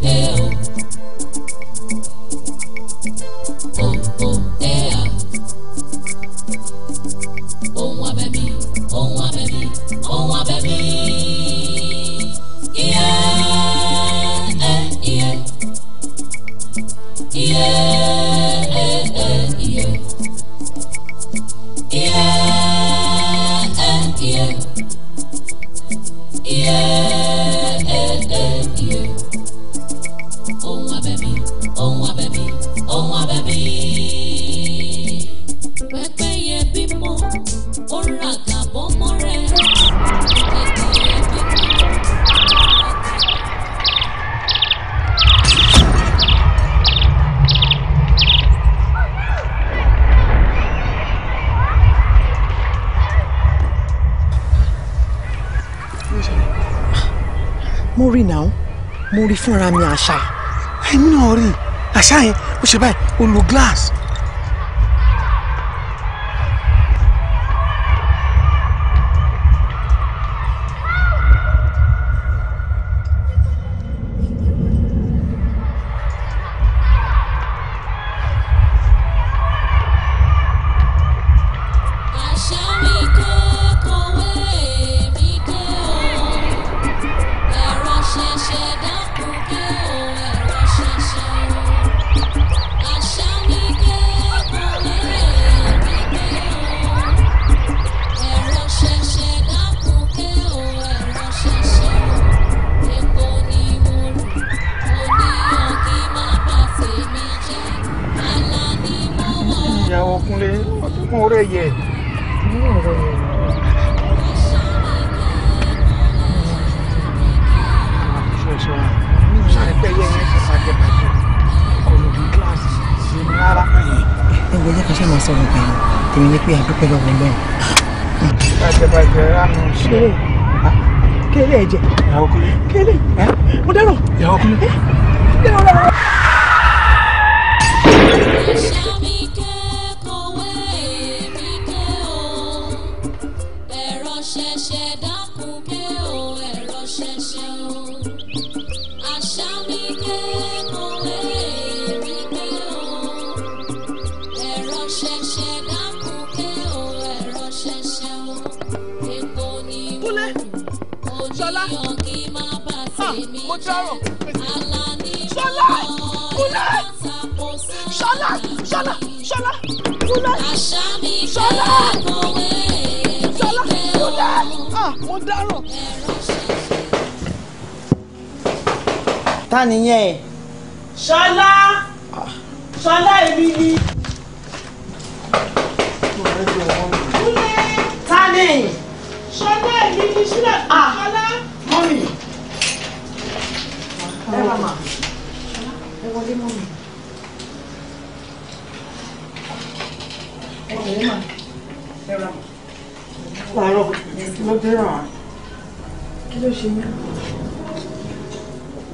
Yeah.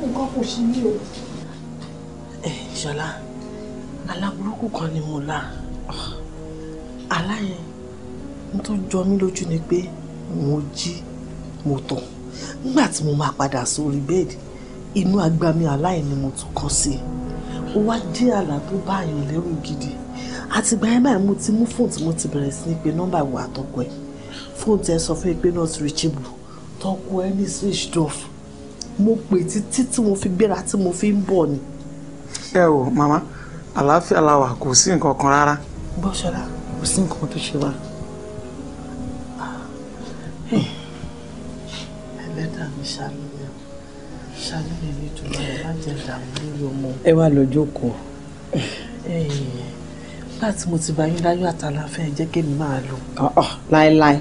nǹkan kò sí ní o. ẹ ṣọlá aláburúkú kan ni mo la àlá yẹn n tó jọ mí lójú ni pé mo jí mo tàn nígbà tí mo máa padà sórí bẹ́ẹ̀dì inú agbami aláìní mo tún kọ́ sí ó wá jẹ́ àlá tó bá àyàn lẹ́rù gidi àti ìgbà yẹn báyìí mo ti mú fóònù tí mo ti bẹ̀rẹ̀ sí ní pé nọ́mbà ìwà àtọkọ ẹ̀ fóònù tí ẹ sọ fún mi pé not reachable tọkọ ẹ ní switched off mo pè títí tí mo fi gbéra tí mo fi ń bọ̀ ni. ẹ o màmá àlàáfíà la wà kò sí nǹkan kan rárá. gbọ́sọ̀lá kò sí nǹkan tó ṣe wá. ẹlẹ́dàá mi ṣàlùyẹ ṣàlùyẹ nítorí ẹ̀ má jẹ́ ìdààmú lórí ọmọ. ẹ wá lọ jókòó. nígbà tí mo ti bá yín láyọ̀ àtàlàfẹ́ jẹ́ kémi máa lọ. Ah, ah, láéláé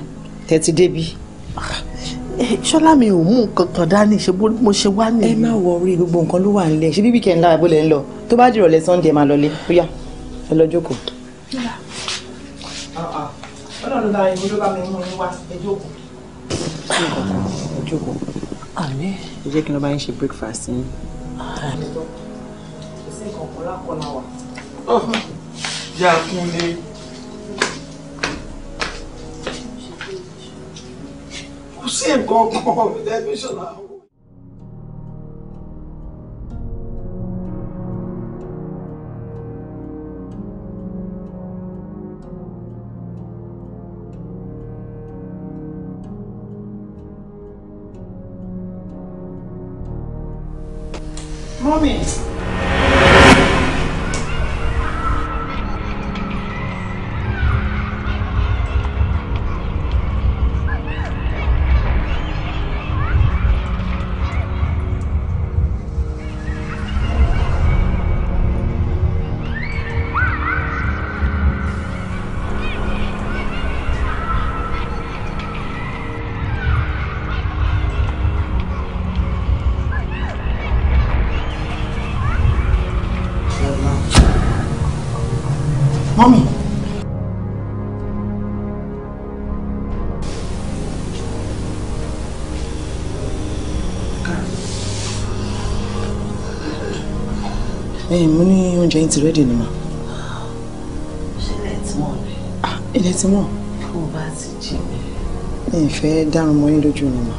tẹ́tí débi ṣọlá mi ò mú nǹkan kan dání ṣe mo ṣe wá nìyí. ẹ má wọrí gbogbo nǹkan ló wà nílẹ̀ ṣe bíbí kẹ́ ń lára bó lẹ̀ ń lọ tó bá dìrọ̀lẹ́ sunday máa lọlé bóyá ẹ lọ jókòó. Ah, ah. ọlọ́run la ìwé ló bá mi mú un wá ẹ jókòó. ẹ jókòó. àmín. ẹ jẹ́ kí n lọ bá yín ṣe breakfast yín. àmín. kò sí nǹkan kan lákọ̀ọ́ náà wà. Oh, yá kúnlé. sempre com alcoólatra interdimensional. Momento. mo ní oúnjẹ yín ti rẹ́dì ni mà. ilẹ̀ tí wọ́n rẹ̀. Ah, ilẹ̀ tí wọ́n. fún bá ti jí mi. mi ì fẹ́ dárun mọ́ yín lójú ni mà.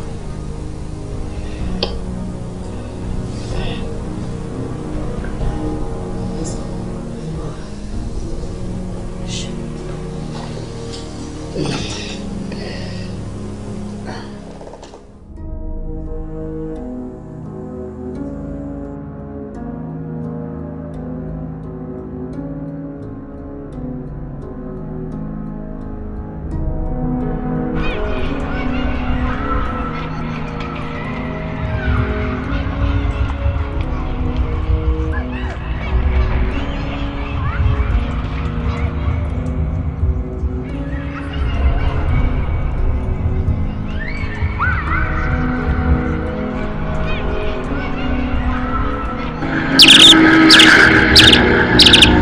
you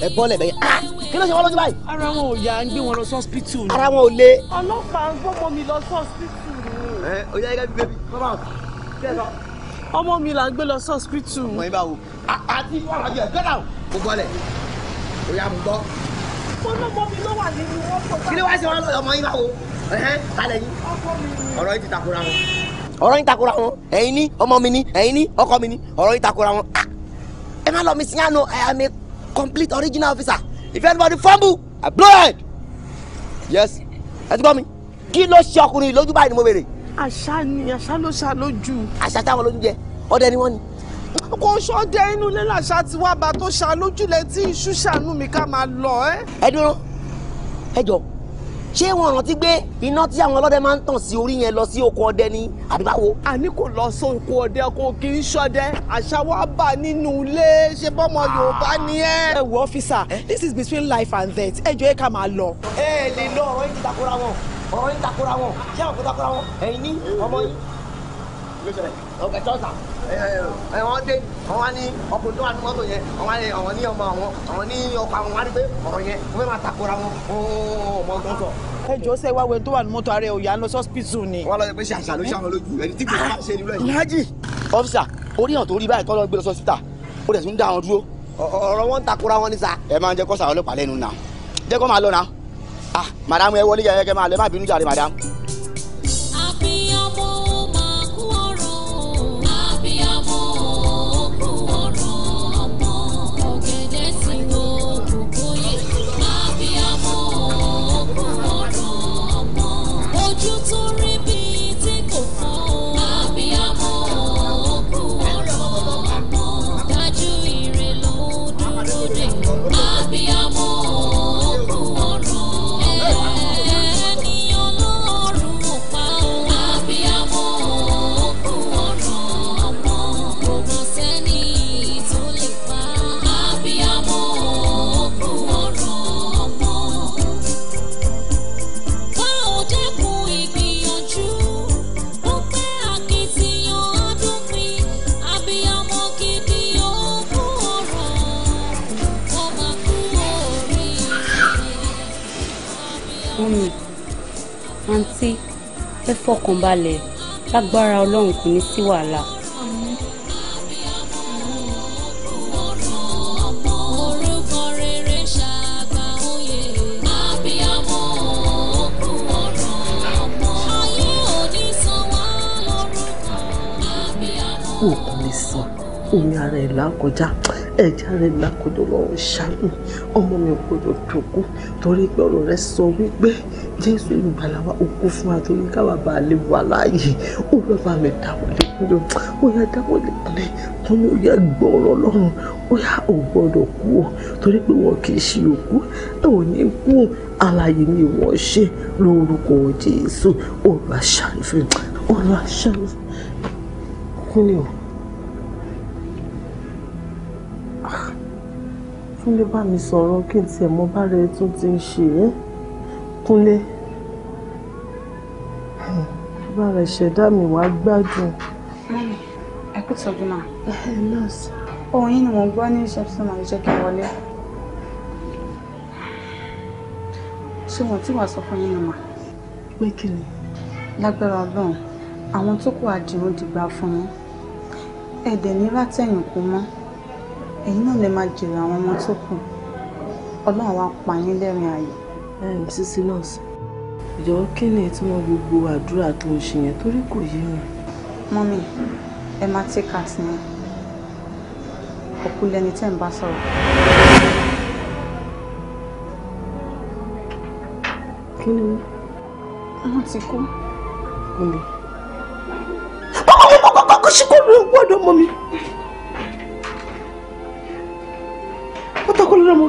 ẹ bọ́lẹ̀ bẹ́yẹ ah! kí ló ṣe wọ́n lọ́jọ́ báyìí. ara wọn ò yá ń gbé wọn lọ sọ́spítù. ara wọn ò le. ọlọ́pàá ń gbọ́mọ mi lọ sọ́spítù. ẹ o yá ẹgẹ bíbélì come out get out. ọmọ mi là ń gbé lọ sọ́spítù. ọmọ yín bá wo àti ọ̀rọ̀ yín ti wọn. ọ̀rọ̀ yín takora wọn ẹ̀yin ní ọmọ mi ní ẹ̀yin ní ọkọ mi ní ọ̀rọ̀ yín takora wọn. Ah! ẹ má lọ mi sí yàn nù ẹ̀ mi complete original officer if anybody fumble i blow head yes ẹ ti gbọ́ mi kí ló ṣe ọkùnrin lójú báyìí ni mo béèrè. àṣà ni àṣà ló ṣà lójú. àṣà táwọn lójú jẹ ọdẹ ni wọn ni. kò sọdẹ inú ilé làṣà ti wá bá tó ṣà lójúlẹ tí iṣu ṣàánú mi ká máa lọ ẹ. ẹ dúró ẹ jọ ṣé wọn rántí pé iná tí àwọn ọlọ́dẹ máa ń tàn sí orí yẹn lọ sí oko ọdẹ ni àbí báwo. àní kò lọ sí ọdẹ kò kì í ṣọdẹ àṣà wa bà nínú ilé ṣe bọ́mọ yorùbá ni ẹ. ẹ wo ọ́fíìsà this is between life and death ẹ ẹ ká máa lọ. ẹ lè lọ ọ̀rọ̀ yìí ti takora wọn ọ̀rọ̀ yìí takora wọn ṣé àwọn kò takora wọn ẹ̀yin ọmọ yìí ọkẹ tọ́sà jọ sẹ wá wẹni tó wà ní òyà lọ sọsipítù ni. wọn lọ sọ pé ṣàṣà ló ṣàwọn lójú ẹni tí kò bá ṣe nílò ẹ. ìhájì ọfíìsà orí hàn tó rí báyìí kọ́lọ́ gbé lọ sọ́sítà ó dẹ̀ tún dá wọn dúró. ọ̀rọ̀ wọn ń takora wọn ní sa. ẹ máa ń jẹ́ kọ́sà ọlọ́pàá lẹ́nu náà jẹ́ kọ́ máa lọ náà. ah madam ẹ wọlé yẹ kẹ́ máa lọ ẹ má bínú jàre madam. fọkàn balẹ̀ lágbára ọlọ́run kò ní sí wàhálà. òkú lè sàn omi ara ẹ̀ là ń kọjá ẹ̀jẹ̀ ara ẹ̀ là ń kọjá ọmọ mi ò gbọdọ̀ dògún torí pé rẹ sọ wípé jésù ìgbàlà wa òkú fún wa torí káwa bá lè wà láàyè olú ọba mi dáwọlé kúlò ó yá dáwọlé kúlẹ̀ kún ní ó yá gbọ́rọ̀ lọ́rùn ó yá ò gbọ́dọ̀ kú o torí pé wọn kì í ṣe òkú ò ní kú alààyè ni wọ́n ṣe lórúkọ jésù olú àṣàlùfẹ́ olú àṣàlùfẹ́ kúnlẹ̀ o. Ah, Túndé bá mi sọ̀rọ̀ kí n tiẹ̀ mọ bá rẹ tún ti ń ṣe é. Kúnlé bára ìṣẹ̀dá mi wàá gbádùn. mami ẹ kú tọ́jú mà. nurse. ohun yìí ni mo gbọ́ ní reception máa jẹ́ kí n wọlé. ṣé wọn tí wàá sọ fún yín ni mà. pé kí ni. lágbára ọlọ́run àwọn tó kù àdìrún dìgbà fún yín ẹ dẹ̀ ní látẹ̀yìn kú mọ́ ẹ̀yin náà lè máa jèrè àwọn ọmọ tó kù ọlọ́run wa pa yín lẹ́rìn ayọ̀ sisi nurse ìjọ̀wọ́ kí ni ìtumọ̀ gbogbo àdúrà tó ń ṣe yẹn torí kò yé mi. mọ́mí ẹ máa take heart ni òkú lẹni tẹ́ ń bá sọ̀rọ̀. kí ni wọ́n ti kú. kọ́kọ́kọ́kọ́ ṣe kó ló ń gbọ́dọ̀ mọ́ lọ́dọ̀ mọ́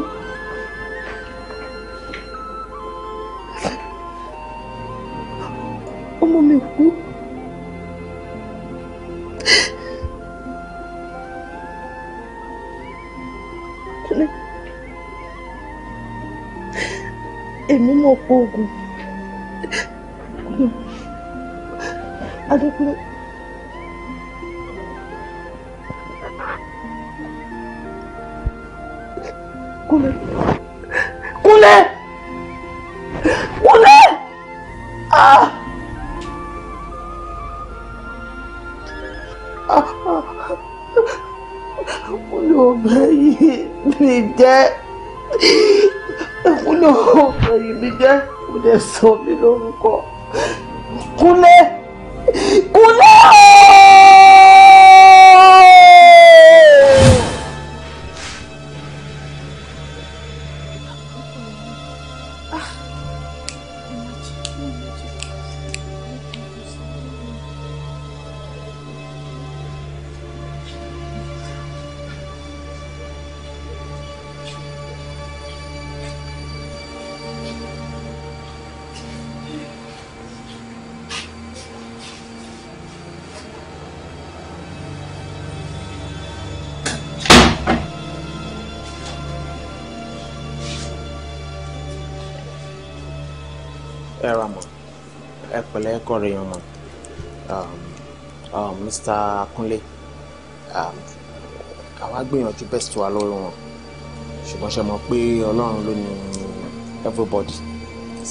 ní mọ̀ pọ̀ oògùn adékúnlé. Kúnlé. Kúnlé. Kúnlé. Ah. Ah. Kúnlé ọ̀bẹ yìí mi jẹ́ lò òyìn mi jẹ́ kò dẹ̀ sọ mí lórúkọ Kúnlé Kúnlé. ẹ ra mọ̀ ẹ pẹ̀lẹ́ ẹ̀kọ́ yan mọ̀ um, um, Mr. Kúnlé àwa um, gbìyànjú best wa lórí wọn ṣùgbọ́n ṣe mọ̀ pé Ọlọ́run ló ní everybody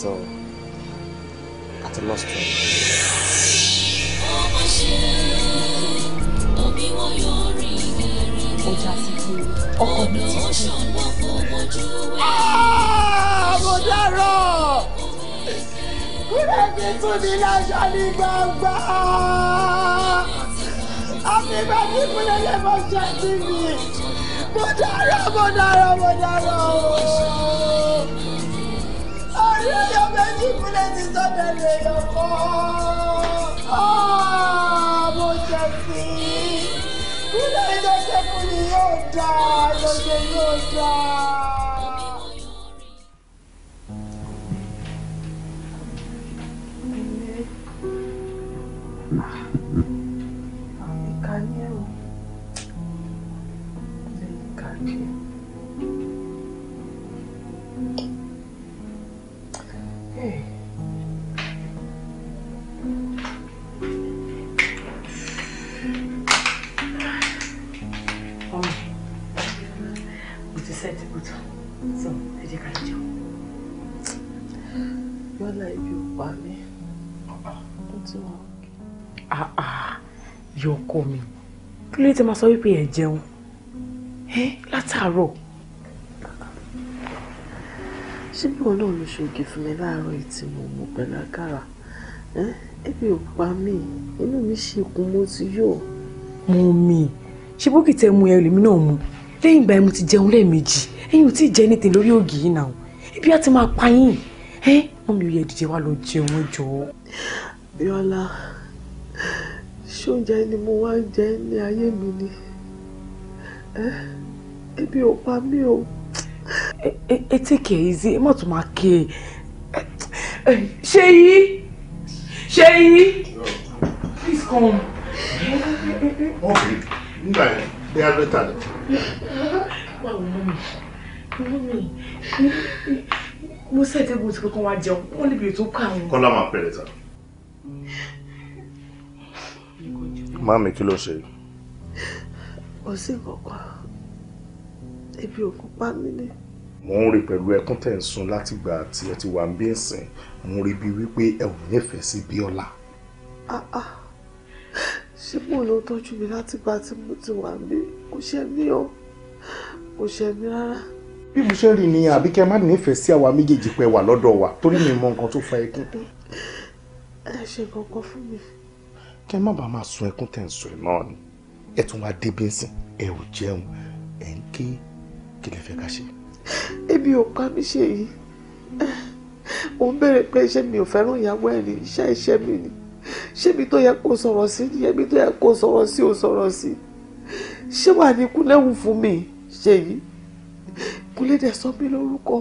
so at lost one. ọkọ mi ti kú. Ah! mo dárò kúrẹ́ mi tún ní láṣọ ní gbangba. àmì ìbàdí kúrẹ́ lè mọ ṣe sí mi. mo dára mo dára mo dára o. ọ̀rẹ́ èèyàn méjì kúrẹ́ ti sọ́dọ̀ èèyàn kan. mo ṣe sí i. kúrẹ́ ìdọ́jẹ́ kúrẹ́ yóò dáa lọ́jọ́ yóò dáa. tẹ máa sọ wípé ẹ jẹun ẹ látàárọ̀ ṣé bí wọn náà ló ṣe ògì fún mi láàárọ̀ ìtì mo mọ pẹ̀lú àkàrà ẹ ebi ò pa mí inú mi ṣì kún mo ti yó. mo mi ṣé bókì tẹ mu ẹrù mi náà mu lẹ́yìn ìgbà mo ti jẹun lẹ́ẹ̀mejì ẹ̀yin ò tí ì jẹ ní tèmi lórí ògì yìí náà ebi á ti máa pa yín ẹ wọn mi ò yẹ dìde wá lọ jẹun jọ. Bíọ́lá ṣóúnjẹ ni mo wá ń jẹ ní ayé mi ni ebi ò pa mí o. ẹ e, e, e, take it easy ẹ má tún máa ké e ṣe yí ṣe yí please come. ok nígbà yẹn bí a lè tà lẹ. báwo ni mo mi mo sẹ́ẹ̀tẹ́gùn tí kankan wá jẹun wọ́n lè bèrè tó kà wọ́n. kọ́lá máa pẹ̀lẹ́ ta. Mami kí ló ṣe? Kò sí kankan. Ebi ò kó pa mí ní. Mo ń rí pẹ̀lú ẹkún tẹ̀ ń sun látìgbà tí ẹ ti wà ń bí ẹ̀sìn. Mo rí bí wípé ẹ ò nífẹ̀ẹ́ sí Bíọ́lá. Ah, ah. Ṣé mò ń lọ tọ́jú mi látìgbà tí mo ti wà ń bí? Kò ṣe mí o. Kò ṣe mí rárá bí mo ṣe rí ni àbíkẹ́ má nífẹ̀ẹ́ sí àwa méjèèjì pé wà lọ́dọ̀ wa torí mi mọ nǹkan tó fa ẹkún. ẹ ṣe kankan fún mi kẹ má bàa máa sun ẹkún tẹ̀ ń sun iná ni ẹ tún wá débi ń sìn ẹ ò jẹun ẹ ń ké kí lẹ fẹ́ ká ṣe. ebi ò pa mí ṣe yìí mo ń béèrè pé ṣé mi ò fẹ́ràn ìyàwó ẹ̀ ni iṣẹ́ iṣẹ́ mi ni ṣé mi tó yẹ kó sọ̀rọ̀ sí ni ẹbí tó yẹ kó sọ̀rọ̀ sí ò sọ̀rọ̀ sí ṣé wà ní kúnlẹ́wù fún mi ṣe yìí kúnlé dẹ̀ sọ mí lórúkọ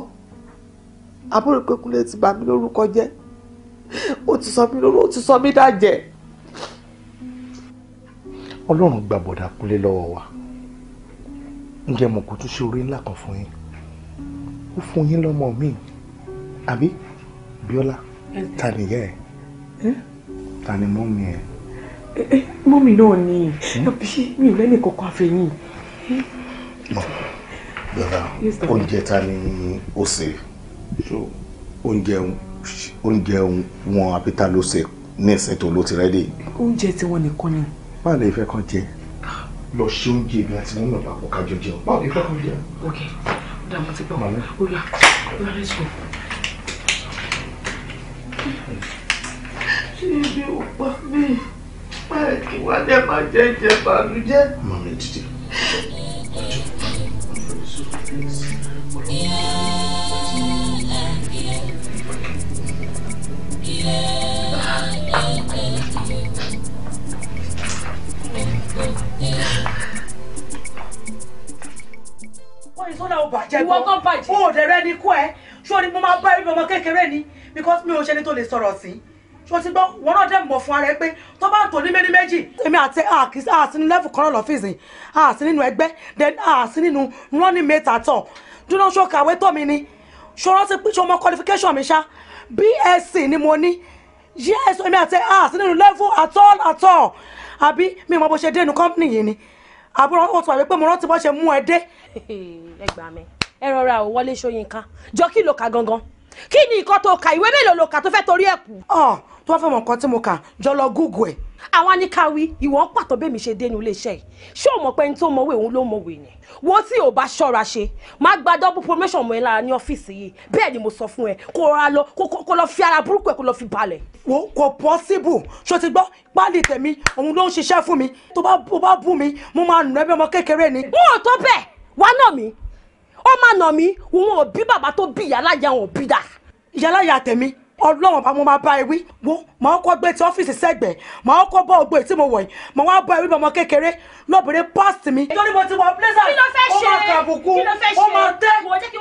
àbúrò pé kúnlé ti bà mí lórúkọ jẹ́ ó ti sọ mí lórúkọ ó ti sọ mí dájẹ́ ọlọ́run gba bọ̀dá kúnlé lọ́wọ́ wa ǹjẹ́ mo kò tún ṣe orí ńlá kan fún yín ó fún yín lọ́mọ mi àbí Bíọ́lá ta ni ìyá ẹ̀ ta ni mọ́mí ẹ̀. mọ́mí náà ni hmm? àbíṣe mi ò lẹ́nu kọ̀ọ̀kan àfẹ́yìn. Bíọ́lá oúnjẹ ta ni ó ṣe oúnjẹ oúnjẹ wọn àbí ta ló ṣe ní ìsìn ló ti rẹ́dì. oúnjẹ tiwọn nìkan ni báwo lè fẹ́ kàn jẹ. lọ ṣe oúnjẹ mi àti mọ́mọ́ ìpapọ̀ kájọ jẹun báwo lè fẹ́ kàn jẹ. ok dàmú ti gbọ́ ó yá ó yá lẹ́sùn. ṣé ibi ò pa mí báyìí kí wá dé máa jẹ jẹ bàlújẹ. mọ̀mí títí. Yeah. ò bàjẹ́ gbọ́ ìwọ kan bàjẹ́ o ò dẹ̀ rẹ́ni kú ẹ sórí mo máa bá ibi ọmọ kékeré ni because mi ò ṣe ni tó lè sọ̀rọ̀ sí so ti gbọ́ wọn náà dẹ̀ mọ̀ fún ara ẹ pé tó bá ń tò ní méní méjì. èmi àti àkìsí àti ní level kan náà lọ́fíìsì àti nínú ẹgbẹ́ then àti nínú running mate àtọ̀ dúró ṣó kàwé tó mi ni ṣó rántí pé ṣó mọ qualification mi ṣá BSc ni mo ní yes èmi àti àti nínú level at all at all àbí mi mọ bó ṣe dé inú company yìí ni àbúrò ó ti wà pé mo rántí bó ṣe mú ẹ dé. ẹ gbà mí ẹ rọra ò wọlé Ṣóyínká jọ kí ló ka gangan kí ni nǹkan tó ka ìwé mélòó ló ka tó fẹ́ torí ẹ̀ kù. ọ tó wàá fẹ́ mọ nǹkan tí mo kà jọ lọ gúgù ẹ̀. àwa ní káwí ìwọ̀n pàtó bẹ́ẹ̀ mi ṣe dé ní ilé iṣẹ́ yìí ṣé o mọ̀ pé ẹni tó mọ̀wé òun ló mọ̀wé ni wo tí o bá ṣọ́ra ṣe má gba double promotion mọ́ ẹ lára ní ọ́fíìsì yìí bẹ́ẹ̀ ni mo sọ fún ẹ kó ra lọ kó lọ fi ara burúkú ẹ kó lọ fi balẹ̀. wo kò possible ṣó ti gbọ́ pálí tèmi òun ló ń ṣiṣẹ́ fún mi tó bá bú mi mo máa nù ẹbí ọmọ kékeré ni. wọn ò tó bẹ́ẹ̀ wá nà mí ó máa nà mí wọn ò bí bàbá tó bí ìyá láyà wọn ò bí dà. ìyá láyà ọlọ́wọ̀n bá mo máa bá ẹ wí wo màá kọ́ gbé ti ọ́fíìsì sẹ́gbẹ̀ẹ́ màá kọ́ bọ́ ògbó tí mo wọ̀ màá wá bá ẹ wí ọmọ kékeré lọ́bìnrin past mi. torí mo ti wọ blazer kí ló fẹ́ ṣe kí ló fẹ́ ṣe mo jẹ́ kí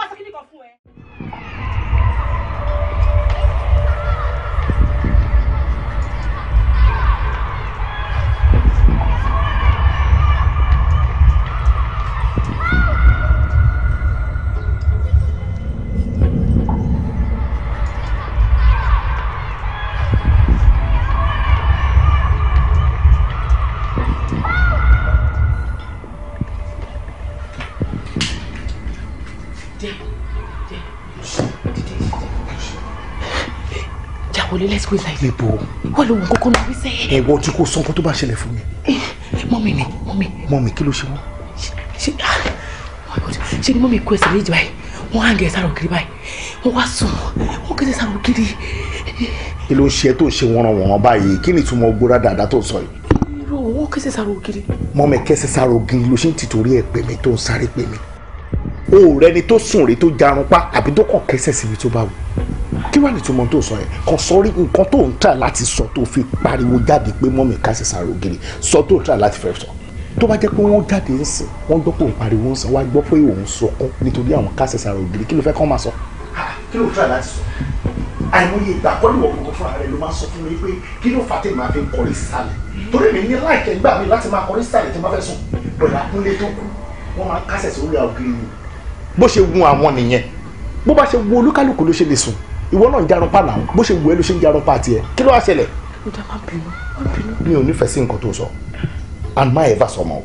wọlé let's go inside. níbo wọ́n ló wọ kókó náà wíṣẹ́. ẹ̀wọ́ tí kò sọ nǹkan tó bá ṣẹlẹ̀ fún mi. Eh, mọ́mì mi mọ́mì. mọ́mì kí ló ṣe wọ́n. ṣe ṣe ah, oh ni mọ́mì kú ẹsẹ̀ méjì báyìí wọ́n hàn gẹ̀ẹ́sà rò kiri báyìí wọ́n wá sùn wọ́n gẹ̀ẹ́sẹ̀ sà rò kí ló ń ṣe tó ń ṣe wọ́n wọ́n báyìí kí ni ìtumọ̀ gbóra dáadáa tó ń sọ yìí. irú wọn kẹsẹ̀ sàrò ògiri. mọ́mì kẹsẹ̀ sàrò ògiri ló ṣe ń tìtorí ẹ̀ pè mí tó ń sáré pè mí. o ò rẹni tó sùn rè tó jarunpa àbí tó kàn kẹsẹ̀ síbi tó bá wù kí wàá nìtumọ̀ tó sọ yẹn kàn sọ rí nǹkan tó ń tà láti sọ tó fi pariwo jáde pé mọ́mì ká sì sàrò gírí sọ tó ń tà láti fẹ́ sọ tó bá jẹ́ pé wọ́n jáde ń sìn wọ́n gbọ́ pé òun pariwo ń sọ wá gbọ́ pé òun sọkún nítorí àwọn ká sì sàrò gírí kí ló fẹ́ kán máa sọ. kí ló ń tà láti sọ àìmọye ìgbà kọ́lé wọ̀ gbogbo fúnra rẹ̀ ló máa sọ fún mi pé kí ló fàtẹ́ máa fi kọrí sálẹ̀ torí mi ní láìkẹ́ gbà mí láti máa kọrí sálẹ̀ tí wọ́n fẹ́ sùn bọ̀dà kúnlé tó kù wọ́n máa kásẹ̀ sórí àgbèrè. bó ṣe gun àwọn nìyẹn bó bá ṣe wo olúkálùkù ló ṣe lè sùn ìwọ náà ń jarun pa náà bó ṣe wù ẹ́ ló ṣe ń jarun pa tiẹ̀ kí ló wá ṣẹlẹ̀. mi ò nífẹ̀ẹ́ sí nǹkan tó sọ and má ever sọmọ o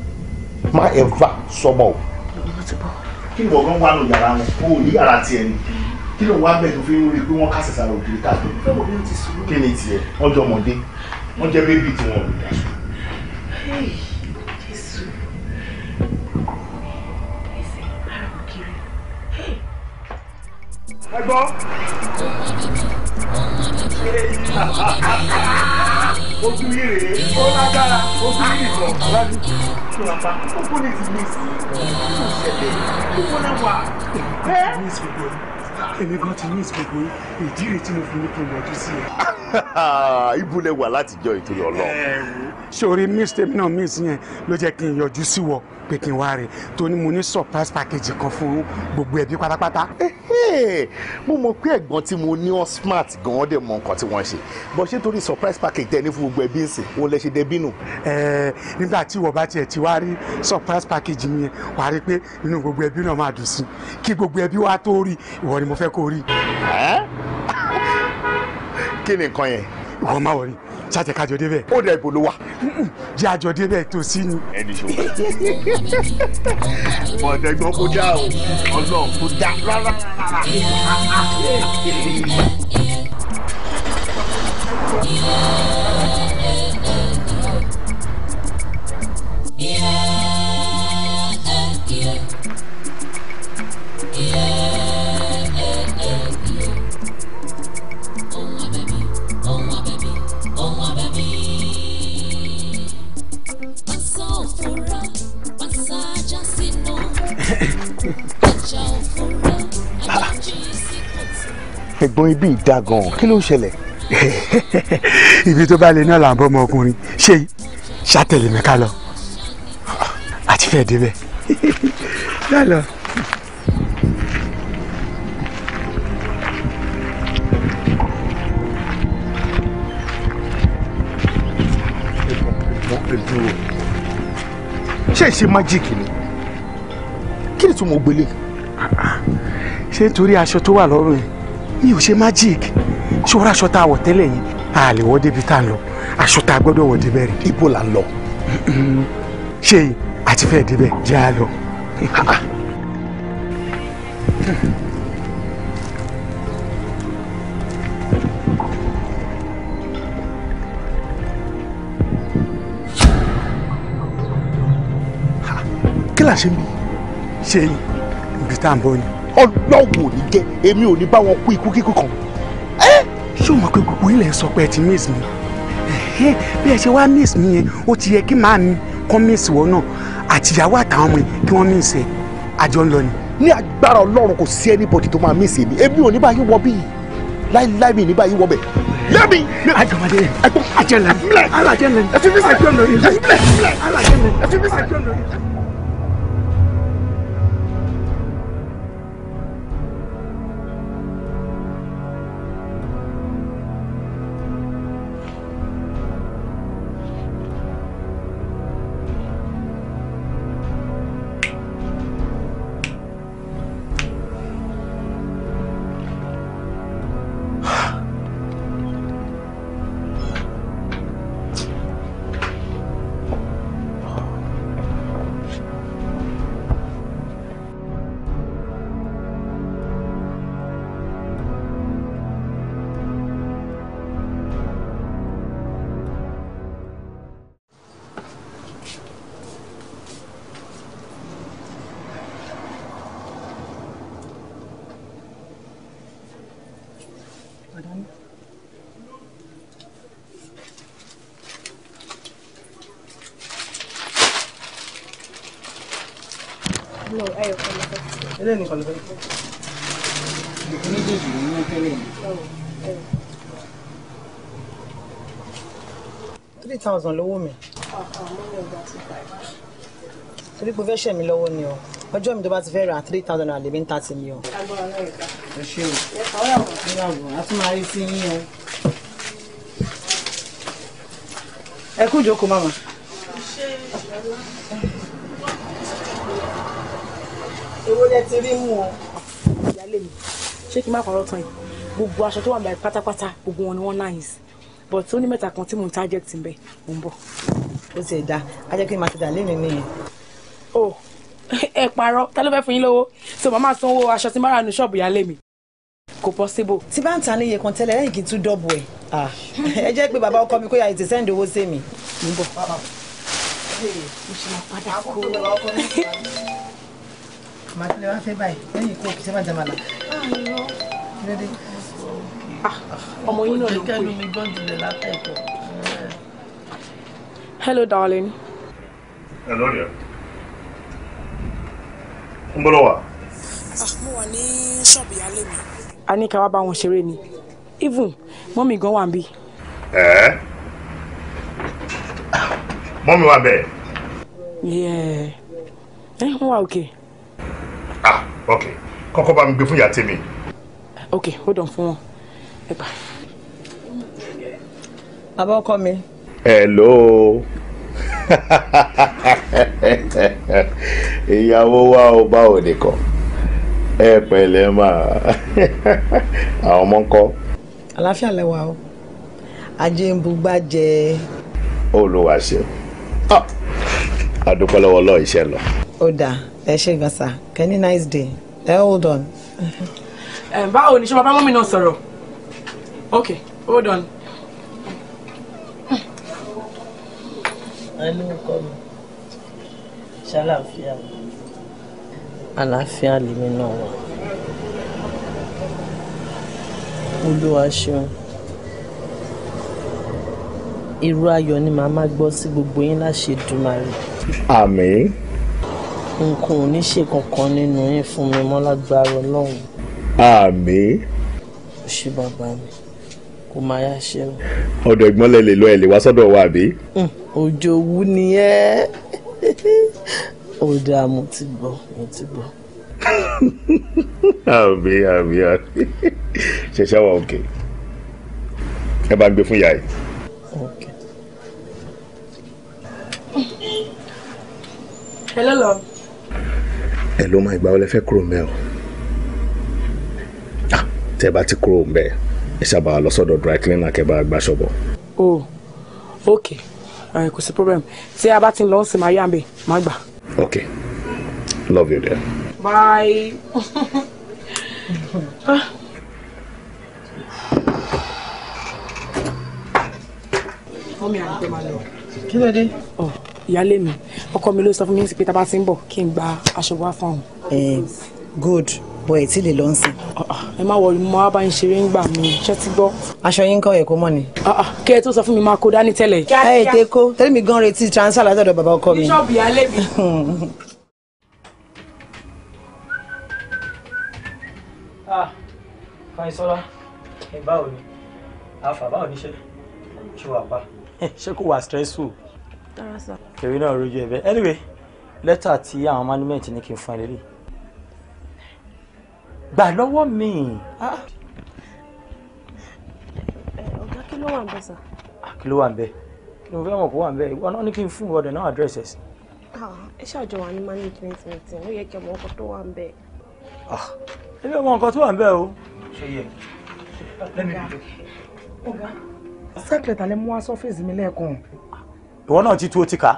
má ever sọmọ o. kí ìwọ gan wà ló yàrá wọn kó o ní yàrá tiẹ̀ ni kí ló wá bẹ́ẹ̀ tó fi ń rí pé wọ́n kà sẹ̀sà rò kiri káàkiri kí ni tiẹ̀ wọ́n jọ ọmọdé wọ́n jẹ́ bébì tiwọn. ẹ gbọ́. ojú yìí rèé ó lágbára ojú yìí rèé kan láti tún apá kókó ní ti miss kókó ṣẹlẹ̀ kókó náà wà. miss gbogbo èmi gan ti miss gbogbo ìdí rèé tí mo fi ní kí n yọjú sí ẹ. ibùdó wà látijọ́ ìtòlọ́lọ́. sori miss tèmi náà miss yẹn ló jẹ́ kí n yọjú sí wọ pé kí n wá rí tó ní mo ní surprise package kan fún gbogbo ẹbí pátápátá. mo mọ pé ẹ̀gbọ́n tí mo ní ọ smart gan-an dẹ̀ mọ nǹkan tí wọ́n ṣe bó ṣe torí surprise package tẹ ní fún gbogbo ẹbí ǹsìn wọn lè ṣe dẹbí nù. nígbà tí ìwọ bá tiẹ̀ ti wá rí surprise package mi yẹn wàá rí pé inú gbogbo ẹbí náà máa dùn sí kí gbogbo ẹbí wa tó rí ìwọ ni mo fẹ́ kó rí. kí ni nǹkan yẹn. ìwọ máa wọ̀ ni ṣàjẹ́ kájọ débẹ̀. ó dẹ̀ ibo ló wà. jẹ́ àjọ débẹ̀ tó sí ni. ẹni ṣòwò ọ̀dẹ́gbọ́n kó dá o ọlọ́run kó dá rárá rárá. Yeah. ẹ̀gbọ́n ibi ìdá gan kí ló ń ṣẹlẹ̀. ibi tó bá lè náà là ń bọ́ ọmọ ọkùnrin ṣe ṣàtẹ̀lé mi ká lọ àti fẹ́ẹ́ débẹ̀ lálọ́. dúró ṣé ìṣe májíìkì ni kí ni tó mọ gbélé. ṣé torí aṣọ tó wà lọ́rùn yìí mi ò ṣe magic ṣòro aṣọ tá a wọ̀ tẹ́lẹ̀ yìí a lè wọ́ débi tá a lọ aṣọ tá a gbọ́dọ̀ wọ̀ débẹ̀ rẹ̀ ibo là ń lọ. ṣé àti fẹ́ẹ̀ débẹ̀ jẹ́ a lọ. kí là ṣe ń bí ṣe ibi tá à ń bọ̀ ni ọlọ́wọ́ ní jẹ́ èmi ò ní bá wọn kú ikú kíkú kan. ṣé o mọ̀ pé gbogbo ilẹ̀ sọ pé ẹ ti miss mi bí ẹ ṣe wá miss mi yẹn ó ti yẹ kí màá mi kọ́ miss wọn náà àtìyàwó àtàwọn ọmọ yẹn kí wọ́n miss ẹ àjọ ń lọ ni. ní agbára ọlọ́run kò sí anybody tó máa miss èmi èmi ò ní bá yín wọ bíi láíláí mi ní bá yín wọ bẹ̀ lẹ́mi. àjọmọdé ẹgbọn àjẹlẹ alajẹlẹ ẹfí mi sẹ àjọ lórí ẹfí mi sẹ àjọ lórí ẹfí mi sẹ àjọ lórí. eléyìí nìkan ló fẹ́ fẹ́. ìdíkùn méjèèjì three thousand lówó mi. torí pé fẹ́ṣẹ̀ mi lọ́wọ́ ni o ọjọ́ mi tó bá ti fẹ́ ra three thousand naira lèmi ń ta sí mi o. ẹ ṣe o a tún máa rí sí yín o. ẹ kú ìjókòó màmá. èwo lẹ ti rí mú o. ìyáálé mi ṣé kí n má parọ́ tán yìí gbogbo aṣọ tó wà báyìí pátápátá gbogbo wọn ni wọ́n náà yìí but ó ní mẹ́ta kan tí mo ń target ń bẹ̀ mò ń bọ̀. ó ti ẹ̀ dá a jẹ́ kí n máa ti dà lẹ́nu nìyẹn. o ẹ parọ́ ta ló fẹ́ fún yín lówó so màmá sanwó aṣọ tí mara nu ṣọ́ọ̀bù ìyáálé mi kò possible. tí bá ń ta ní iye kan tẹ́lẹ̀ lẹ́yìn kí n tún dọ́bù ẹ̀. ẹ jẹ́ pé bàbá ọkọ mi kó ya ètè sẹ́ǹdì owó sí mi. mo ń bọ̀ màá tilẹ̀ wá fẹ́ báyìí lẹ́yìn kó kìí sẹ́wọ́n jàmàlà. ọmọ yín náà ló pè é. hello darling. hello dear. ń bọ́lọ̀ wá. mo wà ní ṣọ́ọ̀bù ìyálé mi. a ní ká wá bá wọn ṣeré ni even mọ́mì gan wà ń bí. ẹ̀ẹ́ mọ́mì wà bẹ́ẹ̀. ẹ eh, wọ́n wà òkè. Okay ah okay, come come mi gbé fún ìyá tèmi. ok hold on fún wọn ẹ gbà. bàbá ọkọ mi. hello ìyàwó wa ò bá òde kọ ẹ pẹ̀lẹ́ máa àwọn ọmọ ń kọ́. àlàáfíà lẹwà o ajé ń bugbá jẹ. olùwàṣẹ àdúpẹ́ ah, lọ́wọ́ ọlọ́ọ̀ iṣẹ́ lọ. ó dáa ẹ ṣe gan sa kẹ́ni nice day ẹ hold on. báwo ni ṣé bàbá mọ́mí náà sọ̀rọ̀ ok hold on. ẹnu kọ mi ṣàlàáfíà àlàáfíà lèmi náà wà olúwa ṣeun irú ayọ̀ ni màá má gbọ́ sí gbogbo yín láṣẹ Èdùmàrè. àmín nǹkan ò ní ṣe kankan nínú yín fún mi mọ́ lágbára ọlọ́run. àmín. ó ṣe bàbá mi kò máa yá ṣe o. ọ̀dọ̀ ẹ̀gbọ́n lẹ lè lọ ẹ̀ lè wá sọ́dọ̀ wa àbí. òjò owú ni ẹ́ ó dáa mo ti gbọ́ mo ti gbọ́. àmín àmín àmín ṣẹ̀ṣẹ̀ wà òkè ẹ bá gbé fún ìyá yìí. Hello, love ẹ ló máa ìgbà wọlé fẹ́ kúrò mẹ́ o ah, tẹ́ bá ti kúrò mbẹ́ ẹ ṣáà bá wa lọ sọ́dọ̀ dry cleaner kẹ́ bá gbà ṣọ́bọ̀. o ok kò sí problem tí a bá ti ń lọ sí máa yá mi máa gbà. ok love you dear. bye. ah. mọ́mí àgbẹ̀ máa lọ. kí ló dé. Oh ìyálé mi ọkọ mi ló sọ fún mi sí pé tá a bá ti ń bọ̀ kí n gba aṣọ wá fáwọn. ẹ good bọ ẹ tí lè lọ nsìn. Ah, ah, ẹ má wọrí mo á bá ń ṣeré ń gbà mí ṣé ti gbọ́. aṣọ yín ń kọ́ ẹ̀ kó mọ̀ ni. Ah, kí ẹ tó sọ fún mi máa kó dání tẹ́lẹ̀. ẹ ètè kó tẹ́lẹ̀ mi gan retí transfer látọ̀dọ̀ bàbá ọkọ mi. bíṣọ̀bù yà lẹ́bi. Kàìsọ́lá ẹ báwo ni àfà báwo ni ṣe ṣe wà pa. ṣé kò wà stressful tara sir. èmi náà rojú ẹ bẹ́ẹ̀ anyway lẹ́tà tí àwọn monument ní kí n fún ẹ lélẹ̀ gbà lọ́wọ́ mi. Ah. Eh, ọ̀gá kí ló wà ń bẹ̀ sà. Ah, kí ló wà ń bẹ̀ kí ló fẹ́ mọ̀ kó wà ń bẹ̀ ìwọ náà ní kí n fún ìwọ́dẹ̀ náà address ah, ẹ ṣàjọ wà ní management meeting ó yẹ kí ọmọ ọkọ tó wà ń bẹ̀. ẹbí ọmọ nǹkan tó wà ń bẹ̀ o. ṣe yẹ lẹ́nu ìdílé. ọ̀gá sáà kìlẹ̀tà lẹ mú wá sọ́fíìsì mi lẹ́ẹ̀kan ìwọ náà ti tú ó ti kà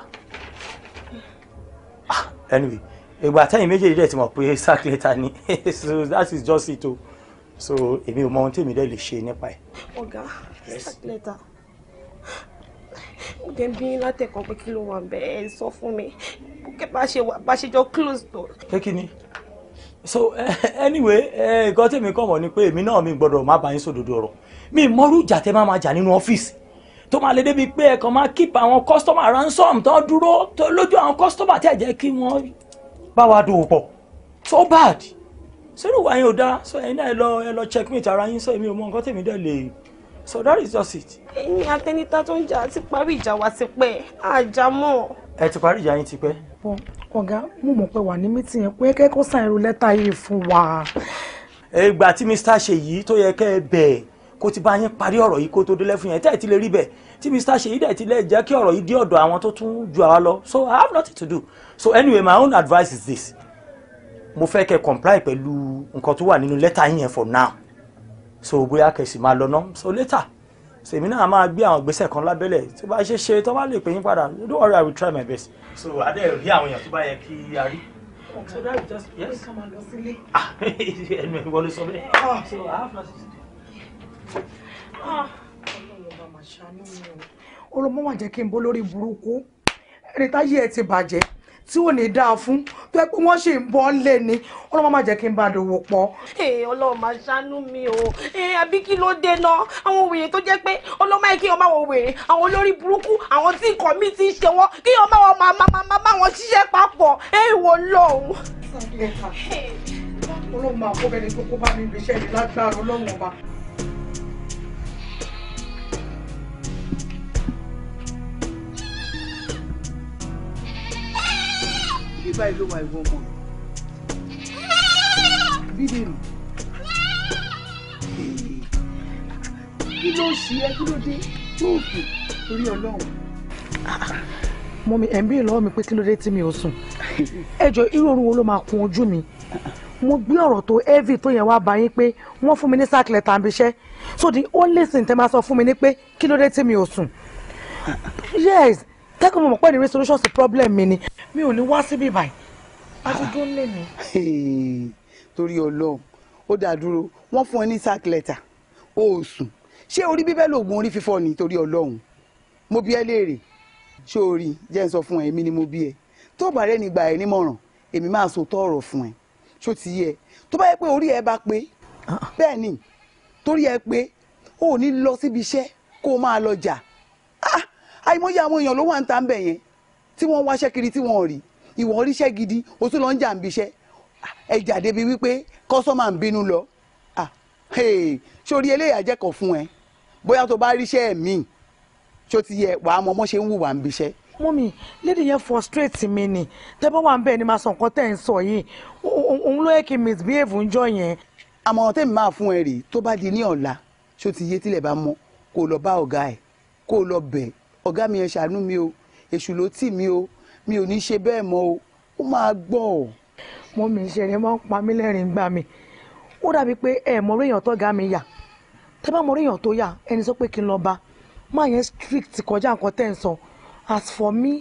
á anyway ìgbà tẹ́yìn méjèèjì dẹ̀ ti mọ̀ pé sack letter ni so that is just it o so èmi ò mọ ohun tèmi dẹ̀ lè ṣe nípa ẹ̀. ọ̀gá sack letter ó dẹ̀ ń bí látẹ̀kọ́ pé kí ló wà bẹ́ẹ̀ ẹ sọ fún mi bá ṣe jọ close door. pé ni so anyway nǹkan tèmi kọ̀ mọ̀ ni pé èmi náà mi gbọ́dọ̀ má bá yín sòdodo ọ̀rọ̀ mi mọ́rú ìjà tẹ́ máa ma jà nínú ọ́fíìsì tó máa lè débi pé ẹ̀kan máa keep àwọn customer ransom tó ń dúró lójú àwọn customer tí ẹ̀ jẹ́ kí wọ́n bá wa dòwò pọ̀ so bad sẹ́rù wa yẹn ò dáa so ẹ̀yin náà ẹ lọ ẹ lọ checkmate ara yín so èmi ò mọ nǹkan tèmi dẹ̀ lè so that is just it. ẹ̀yin atẹnita tó ń jà ti parí ìjà wa ti pẹ́ àjàmọ́. ẹ ti parí ìjà yín ti pẹ́. ọ̀gá mo mọ̀ pé wà ní mítì yẹn pé kẹ́kọ̀ọ́ sàn irú lẹ́tà yìí fún wa. ìgbà tí mr ṣèyí tó yẹ kẹ́ ẹ bẹ̀ẹ́ kó ti bá yín parí ọ̀rọ̀ yìí kó tó délẹ̀ fún yẹn tẹ́ ẹ̀ ti lè rí bẹ́ẹ̀ tí Mr. Seyi dẹ̀ ti lè jẹ́ kí ọ̀rọ̀ yìí dé ọ̀dọ̀ àwọn tó tún ju àwa lọ so I have nothing to do so anyway my own advice is this mo fẹ́ kẹ́ comply pẹ̀lú nǹkan tó wà nínú lẹ́tà yín yẹn for now so bóyá kẹ̀sì máa lọ ná so later sèmi náà máa gbé àwọn ìgbésẹ̀ kan lábẹ́lẹ̀ tó bá ṣe ṣe tó bá lè pè yín padà don't worry I will try my best. so adé rí àwọn èèyàn tó bá yẹ kí a rí. so that just yes. ẹnu ẹ̀ wọlé sọ bẹ́ẹ̀. Ah, so I have nothing to ọlọmọ wà jẹ́ kí n bó lórí burúkú ẹni táyé ẹ ti bàjẹ́ tí ò ní dáa fún tó ẹ pé wọ́n ṣì ń bọ́ lé ni ọlọ́mọ má jẹ́ kí n bá dòwò pọ̀. ee ọlọ́run máa ṣàánú mi o ee àbí kí ló dé náà àwọn wèrè tó jẹ́ pé ọlọ́mọ yẹn kí wọ́n máa wọ wèrè àwọn olórí burúkú àwọn tí nǹkan mi ti ń ṣe wọ́n kí wọ́n máa wọ máa máa máa máa wọn ṣiṣẹ́ papọ̀ ee wò lóhùn. ọlọ́run máa kó bí báyìí ló wà ìwọ ọmọ bídèmí kí ló ṣe ẹ kí ló dé tó òkè torí ọlọ́run. mọ́mi ẹ̀ ń bí lọ́wọ́ mi pé kí ló dé tí mi ò sùn ẹ jọ̀ọ́ irú oorun wo ló máa kun ojú mi mo gbé ọ̀rọ̀ tó heavy tó yẹn wá bá yín pé wọ́n fún mi ní sáàkìlẹ̀ tàbí iṣẹ́ so the only thing tẹ́ máa sọ fún mi ni pé kí ló dé tí mi ò sùn yes tẹ́kùn mo mọ̀ pé ní resolution sí problem mi ni mi ò ní wá síbí báyìí àtúndó ń lè mí. torí ọlọ́run ó dá dúró wọ́n fún ẹ ní sack letter ó sùn ṣé orí bíbẹ́ lòògùn orí fífọ́ ni torí ọlọ́run mo bí ẹ léèrè ṣé o rí jẹ́ ń sọ fún ẹ èmi ni mo bí ẹ tó bá rẹ́ nígbà ẹ nímọ̀ràn èmi máa sọ tọ̀rọ̀ fún ẹ ṣó ti yẹ tó bá yẹ pé orí ẹ bá pé bẹ́ẹ̀ ni torí ẹ pé o ò ní lọ síbi iṣẹ́ kó o máa lọ jà ah àìmọye àwọn èèyàn ló wà ń ta ń bẹ̀ yẹn tí wọ́n wáṣẹ́ kiri tí wọ́n rí ìwọ̀n oríṣẹ́ gidi o tún lọ ń jà ń biṣẹ́ ẹ jáde bíi wípé kọ́sọ́mà ń bínú lọ sórí eléyà jẹ́kọ̀ọ́ fún ẹ bóyá tó bá ríṣẹ́ míì tó ti yẹ wàá mọ ọmọṣẹ́ ń wùwà ń biṣẹ́. mọ́mí lédi yẹn frustrate mi ni tẹ́ bá wà ń bẹ̀ ni màá sọ nǹkan tẹ́ ń sọ yìí òun ló yẹ kí misbehave ń jọ yẹn. àmọ̀ràn tẹ́mi máa fún ẹ rèé tó bá di ní ọ̀la tó ti yé tílẹ̀ bá mọ́ kó lọ bá ọ̀gá ẹ̀ kó lọ bẹ̀ẹ́ ọ̀gá mi ẹ̀ ṣàánú mi o èṣù ló tì mí o mi ò ní ṣe bẹ́ẹ̀ mọ́ o ó máa gbọ́ ọ. mo mi ṣe ẹni máa ń pa mí lẹ́rìn-ín gbà mí ó dàbí pé ẹ mọ orí èèyàn tó mi yà tẹ bá mọ orí èèyàn tó yà ẹni sọ pé kí n lọ bá máa yẹn strict kọjá nǹkan tẹ̀ ń sọ as for me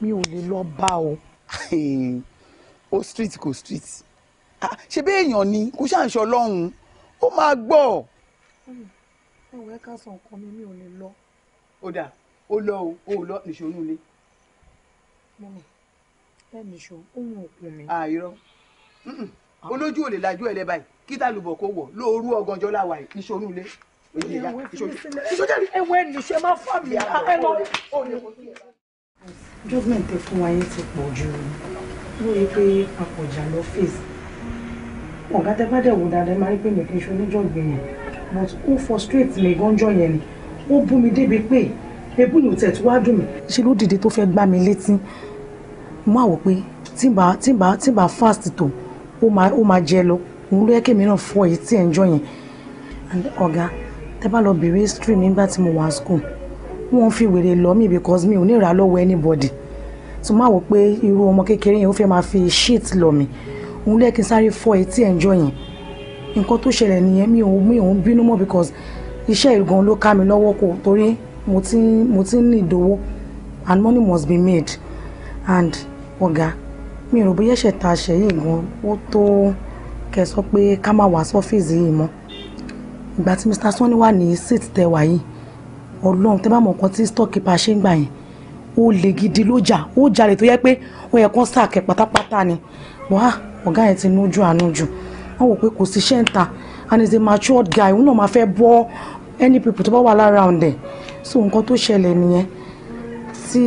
mi ò lè lọ bá o. ó street kò street ṣe bí èèyàn ni kò ṣàǹṣọ lọ́hùn-ún ó máa gbọ́. ẹ wẹ́ẹ́ ká sọ nǹkan mi mi ò lè lọ. ó dáa ó lọ o ó lọ nìṣó nù ilé. mọ́mí bẹ́ẹ̀ nìṣó òun ò kún mi. àìrọ ah, olójú ò lè lajú ẹ̀ lẹ́bàá yìí kí tálùbọ̀ kó wọ̀ lóoru ọ̀gànjọ́ làwà yìí nìṣó nù ilé. ẹwẹ́ nìṣó máa fà mí ẹ lọ. judgment tẹ fún wa yẹn ti pọ̀ jù lórí pé àpọ̀jà lọ fèsì ọ̀gá tẹ bá dẹ̀ wò dáadáa máa ń pè mí kí n ṣe oníjọ̀gbìn yẹn but ó frustrate mi gánjọ́ yẹn ni ó bú mi débi pé ebú ni òtẹ̀ tó wá dùn mí. ṣe ló dìde tó fẹ́ gbá mi létí mo àwọ̀ pé tí n bá tí n bá tí n bá fast tó ó máa ó máa jẹ lọ òun ló yẹ kémi náà fọ èyí tí ẹ̀ ń jọ yẹn ọ̀gá tẹ́ bá lọ bèrè history nígbà tí mo wà school wọ́n fi wèrè lọ mí because mi ò ní ìrà anybody tó máa wò pé irú ọmọ kékeré yẹn ó fẹ́ máa fi shit lọ mi òun lẹ́ kí n sáré fọ etí ẹ̀ ń jọ yẹn nǹkan tó ṣẹlẹ̀ nìyẹn mi ò mi ò ń bínú mọ́ because iṣẹ́ ìgan ló ká mi lọ́wọ́ kò torí mo ti mo ti ń need and money must be made and ọ̀gá mi ò rò bóyá ẹ̀ṣẹ̀ ta ṣe yìí gan ó tó kẹ́ sọ pé ká má wá sọ́fíìsì yìí mọ́ ìgbà tí Mr. Sanni wà ní sit tẹwà yìí ọlọ́run tẹ́ bá mọ̀ nǹkan tí stock keeper ṣe ń gbà yẹn ó lè gidi ló jà ó jalè tó yẹ pé ó yẹ kán sáà kẹ pátápátá ni wàá ah, ọ̀gá yẹn ti nújú àánú jù wọ́n wò pé kò sí ṣẹ́ǹta and is a matured guy òun náà máa fẹ́ bọ́ any people tó bá wà lára ọ̀ǹdẹ̀ so nǹkan tó ṣẹlẹ̀ nìyẹn tí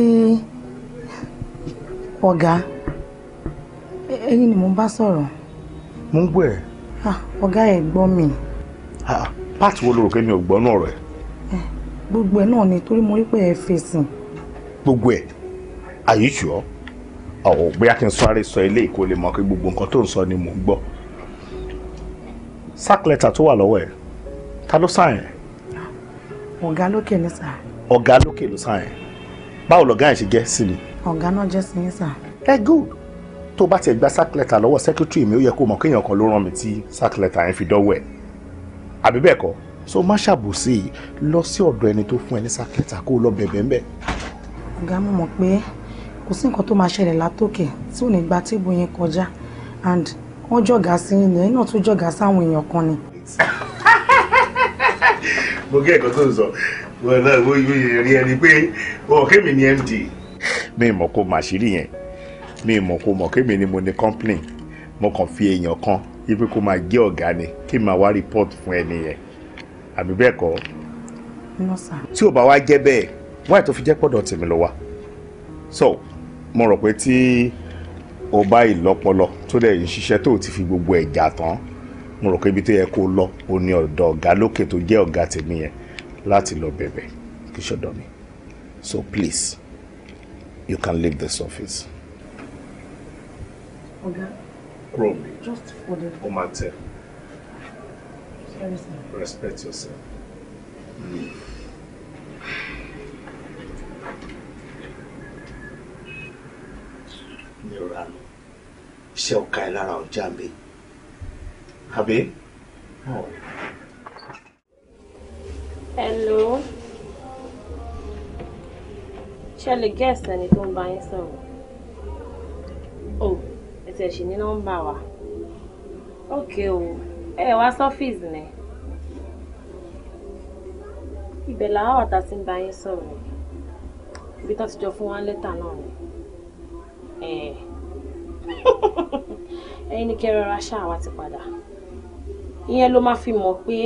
ọ̀gá ẹ̀yin ni mo bá sọ̀rọ̀. mo ń gbọ́ ẹ̀. Ah, ọ̀gá ẹ̀ gbọ́ mi. Ah, pàtì wo lóòrò kẹ́mi ò gbọ́ náà rẹ̀. Eh, gbogbo ẹ̀ náà ni torí mo rí pé ẹ fèsì. gbogbo ẹ̀ àyíṣù ọ́ ọ̀wọ̀ bóyá kí n sáré sọ ilé ìkó lè mọ̀ pé gbogbo nǹkan tó ń sọ ni mò ń gbọ́. sack letter tó wà lọ́wọ́ ẹ̀ ta ló sáyẹn ọ̀gá lókè ní sà. ọ̀gá lókè ló sàn yẹn báwo lọ̀gá yẹn ṣe jẹ́ sí mi. ọ̀gá náà jẹ́ sí yín sà. ẹ good tó bá tiẹ̀ gba sack letter lọ́wọ́ secretary mi ó yẹ kó mọ̀ kéèyàn kan ló rán mi tí sack letter yẹn fi dọ́wọ́ ẹ̀ àbí bẹ́ẹ̀ kọ́ so má ṣàbòsí lọ sí ọ̀dọ̀ ẹni tó fún ẹ ní sack kó o lọ bẹ̀bẹ̀ ńbẹ̀. ọ̀gá mo mọ̀ pé kò sí nǹkan tó máa ṣẹlẹ̀ látòkè tí ò ní gba tíìbù yẹn kọjá and wọ́n jọ̀gá sí yín ni ẹ̀yin náà tún jọ̀gá sáwọn èèyàn kan ni mo gé ẹ̀kọ́ tó ń sọ wọn náà mo yẹ rí ẹni pé wọn kémi ní md. mi mọ̀ kó màṣírí yẹn mi mọ̀ kó mọ̀ kémi ni mo ní complain mo kàn fi èèyàn kan ibi kó máa gé ọ̀gá ni kí n máa wá report fún ẹni yẹn àbí bẹ́ẹ̀ kọ́. No sir. tí ò bá wá jẹ́ bẹ́ẹ̀ wọ́n àìtó fi jẹ́ pọ̀dọ̀ tèmi lọ wa so mo rò pé tí o bá ìlọ́pọlọ tó dẹ̀ ń ṣiṣẹ́ tó ti fi gbogbo ẹ̀ jà tán mo rò pé ibi tó yẹ kó lọ o ní ọ̀dọ̀ ọ̀gá lókè tó jẹ́ ọ̀gá tèmi yẹn láti lọ bẹ̀bẹ̀ kí ṣọ̀dọ̀ mi so please you can leave this office. ọ̀gá kúrò mi ó máa tẹ̀ respect yourself. Mm. mi ò ra lọ iṣẹ́ ọ̀ka ẹ̀ lára ọjà mi àbí. hello ṣe lè gẹ́ẹ̀sì ẹni tó buy some? Oh, it's a ẹsẹ̀ ṣì ní nọ́mbà wa ókè o ẹ wá sọ́fíìsì ni ibẹ̀ làwọn ọ̀tá ti ń bá yín sọ̀rọ̀ ibi tó ti jọ fún wa lẹ́tà náà ni ẹ̀yin ni kẹrọra ṣáà ìyẹn ló máa fi mọ̀ pé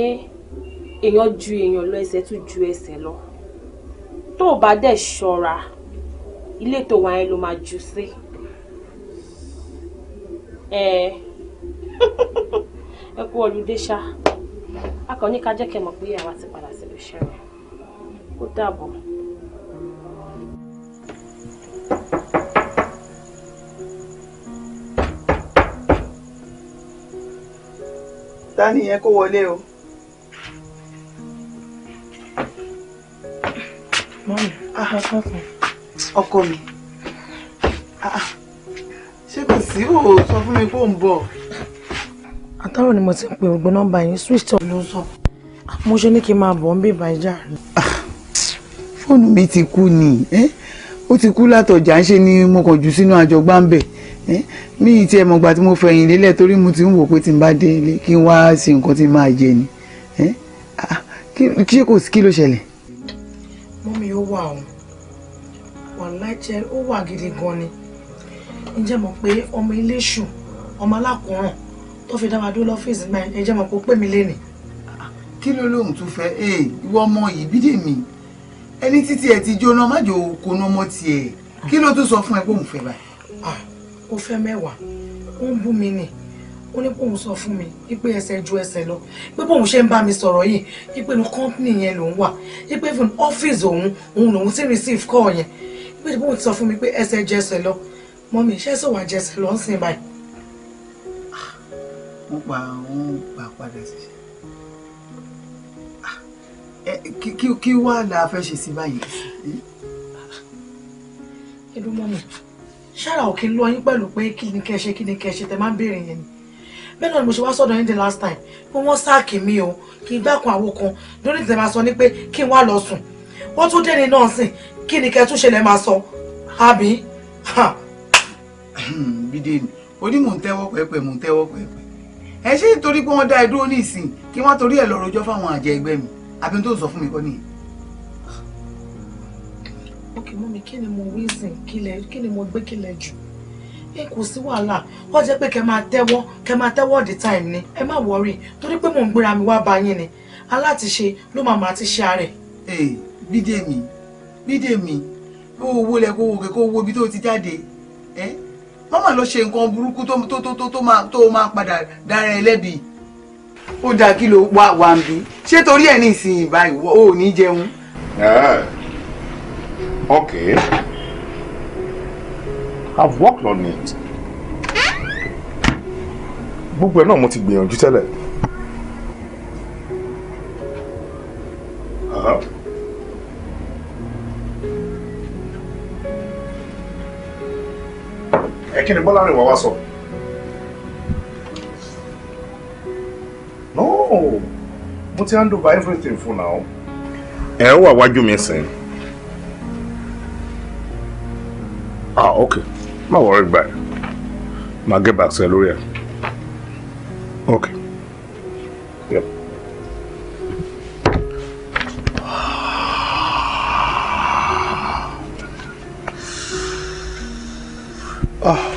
èèyàn ju èèyàn lọ ẹsẹ̀ tún ju ẹsẹ̀ lọ tó o bá dẹ̀ ṣọ́ra ilé tó wà yẹn ló máa jù sí ẹ ẹ kú olùdé ṣá a kàn ní ká jẹ́ kẹ́ mọ̀ pé àwa ti padà sí iṣẹ́ rẹ̀ kó dàbọ̀. ta nìyẹn kó wọlé o. Ah, ah. ọkọ mi ah, ṣé kò sí o sọ fún mi kó ń bọ̀. àtàrò ni mo ti ń pè ògbó nọ́mbà yín switch off ló ń sọ mo ṣe ní kí n máa bọ̀ ń bí ìbá fóònù mi ti kú ni ó ti kú látọjà ń ṣe ni mo kàn jù sínú àjọgbá ń bẹ̀. Eh? mi ì tiẹ̀ mọ̀gbà tí mo fẹ̀yìn lélẹ̀ torí mo ti ń wò pé tí n bá dé ilé kí n wá sí nǹkan tí n máa jẹ ni ṣé eh? ah, kò sí kí ló ṣẹlẹ̀. mọ́mí ó wà o wàláìjẹ́ ó wà gidi gan ni ǹjẹ́ mọ̀ pé ọmọ iléṣù ọmọ alákùnràn tó fi dá wa dúró lọ́fíìsì máa ǹjẹ́ mọ̀ pé ó pè mí lénìí. Ah, kí ló lóun tún fẹ́ ẹ eh, ìwọ ọmọ yìí Bídèmí ẹni títí ẹ ti jóná májò kóná mọ́ tiẹ̀ kí ló tún sọ fún ẹ pé òun fẹ́ báyìí. Ah, kó fẹ́ mẹ́wàá ó ń bú mi nì ó ní bóun sọ fún mi wípé ẹsẹ̀ ju ẹsẹ̀ lọ pé bóun ṣe ń bá mi sọ̀rọ̀ yìí wípé inú kọ́ńpìnì yẹn lòún wà wípé fún ọ́fíìsì òun òun lòún ti receive call yẹn wípé bóun ti sọ fún mi pé ẹsẹ̀ ju ẹsẹ̀ lọ mọ́mí iṣẹ́ sọ̀wà ju ẹsẹ̀ lọ ń sìn báyìí. mo gbà àwọn gbà padà sí ah, kí wàá la fẹ́ ṣe sí báyìí. ẹ ló mọ́ mi ṣára òkè lọ yín pẹ̀lú pé kí ni kẹ́ ṣe kí ni kẹ́ ṣe tẹ máa ń béèrè yẹn ni bẹ́ẹ̀ náà ni mo ṣe wá sọ́dọ̀ yín the last time pé wọ́n sáàkì mi o kí n gbá kan àwo kan lórí ìtẹ̀ máa sọ ni pé kí n wá lọ sùn wọ́n tún dé ní náà sìn kí ni kẹ́ tún ṣe lẹ́ máa sọ àbí. bídé mi ó ní mò ń tẹ́wọ́ pẹ́pẹ́ mò ń tẹ́wọ́ pẹ́pẹ́ ẹ ṣe nítorí pé wọ́n dá ẹ dúró ní ìsìn kí wọ́n torí ẹ̀ lọ rojọ́ fáwọn àjẹ ẹgbẹ́ mi àbí tó sọ fún mi kọ́ nìyẹn okay mummy kí ni mo reason kí ni mo gbé kílẹ̀ jù ẹ kò sí wàhálà ó jẹ́ pé kẹ máa tẹ́wọ́ kẹ máa tẹ́wọ́ the time ni ẹ má worry torí pé mò ń gbéra mi wá bá yín ni alátiṣe ló máa máa ti ṣe ààrẹ. ee bídèmí bídèmí kó owó lẹ kó owó kẹ kó owó ibi tó ti jáde ẹ mọ́mà ló ṣe nǹkan burúkú tó tó tó tó máa tó máa padà dára ẹ lẹ́bi. ó dáa kí ló wá wá ń bí ṣé torí ẹ ní ìsìn ìbá ìwọ ò ní jẹun. Okay. I've worked on it. Gbogbo ẹ̀ náà mo ti gbìyànjú tẹ́lẹ̀. Uh-huh. Ẹ kí ni Bọ́lárìn wá wá sọ? No, mo ti handle by everything for now. Ẹ wà wájú mi sìn. ah okay má worry gba ẹ má get back to ẹ okay yep. ah.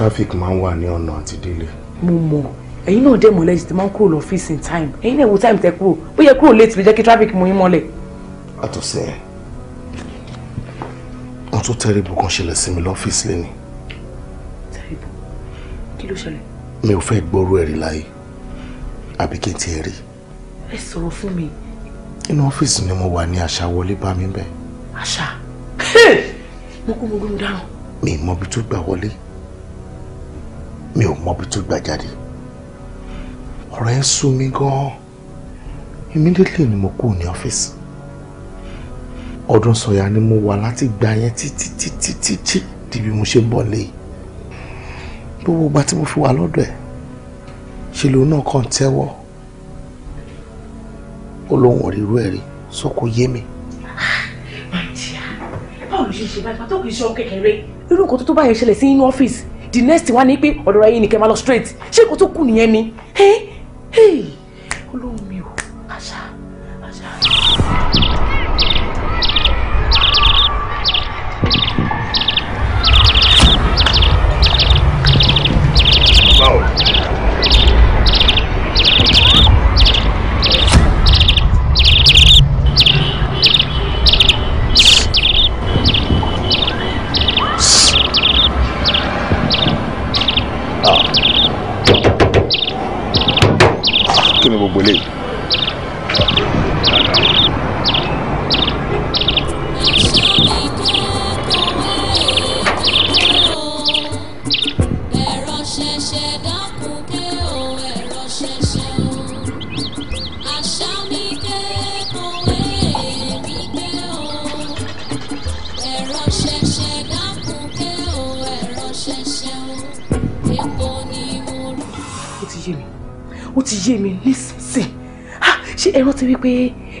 traffic máa ń wà ní ọ̀nà àti délé. mo mọ̀ ẹ̀yin náà dẹ̀ mọ̀lẹ́jì tí máa ń kúrò lọ́fíìsì in time ẹ̀yin náà wo time tẹ kúrò ó yẹ kúrò late lè jẹ́ kí traffic mú yín mọ́lẹ̀. àtọ̀sẹ̀ wọ́n tún tẹ́rìbù kan ṣẹlẹ̀ sí mi lọ́fíìsì lẹ́ni. tẹ́rìbù kí ló ṣẹlẹ̀. mi ò fẹ́ gbọ́rú ẹ̀rí láyé àbí kí n ti rí. ẹ sọ̀rọ̀ fún mi. inú ọ́fíìsì ni mo wà ní àṣà wọlé bá mi bẹ́ẹ̀. àṣà mo kú mo gbóhùn dáhùn. mi ì mọ ibi tó gbà wọlé mọbi tó gbà jáde ọ̀rọ̀ ẹ̀ sú mi gan-an immediately ni mo kúrò ní ọ́fíìsì ọdún sọ̀yà ni mo wà láti gbà yẹn títí títí títí di bí mo ṣe ń bọ̀ léyìí gbogbo ìgbà tí mo fi wà lọ́dọ̀ ẹ̀ ṣe lòun náà kàn tẹ́wọ́ ó lóun ò rí irú ẹ̀ rí sọ kò yé mi ah, báwo ló ṣe ṣe báyìí pàtó kì í ṣe ọ kékeré. irú nǹkan tó tó báyìí ṣẹlẹ̀ sí inú ọ́fíìsì the next one ni pé ọ̀dọ̀ ayé ni kẹ́ máa lọ straight ṣé kò tó kù nìyẹn ni. Hey, hey. kí ni gbogbo eléyìí. ti yé mi nísinsìn ah, ṣé ẹ rántí wípé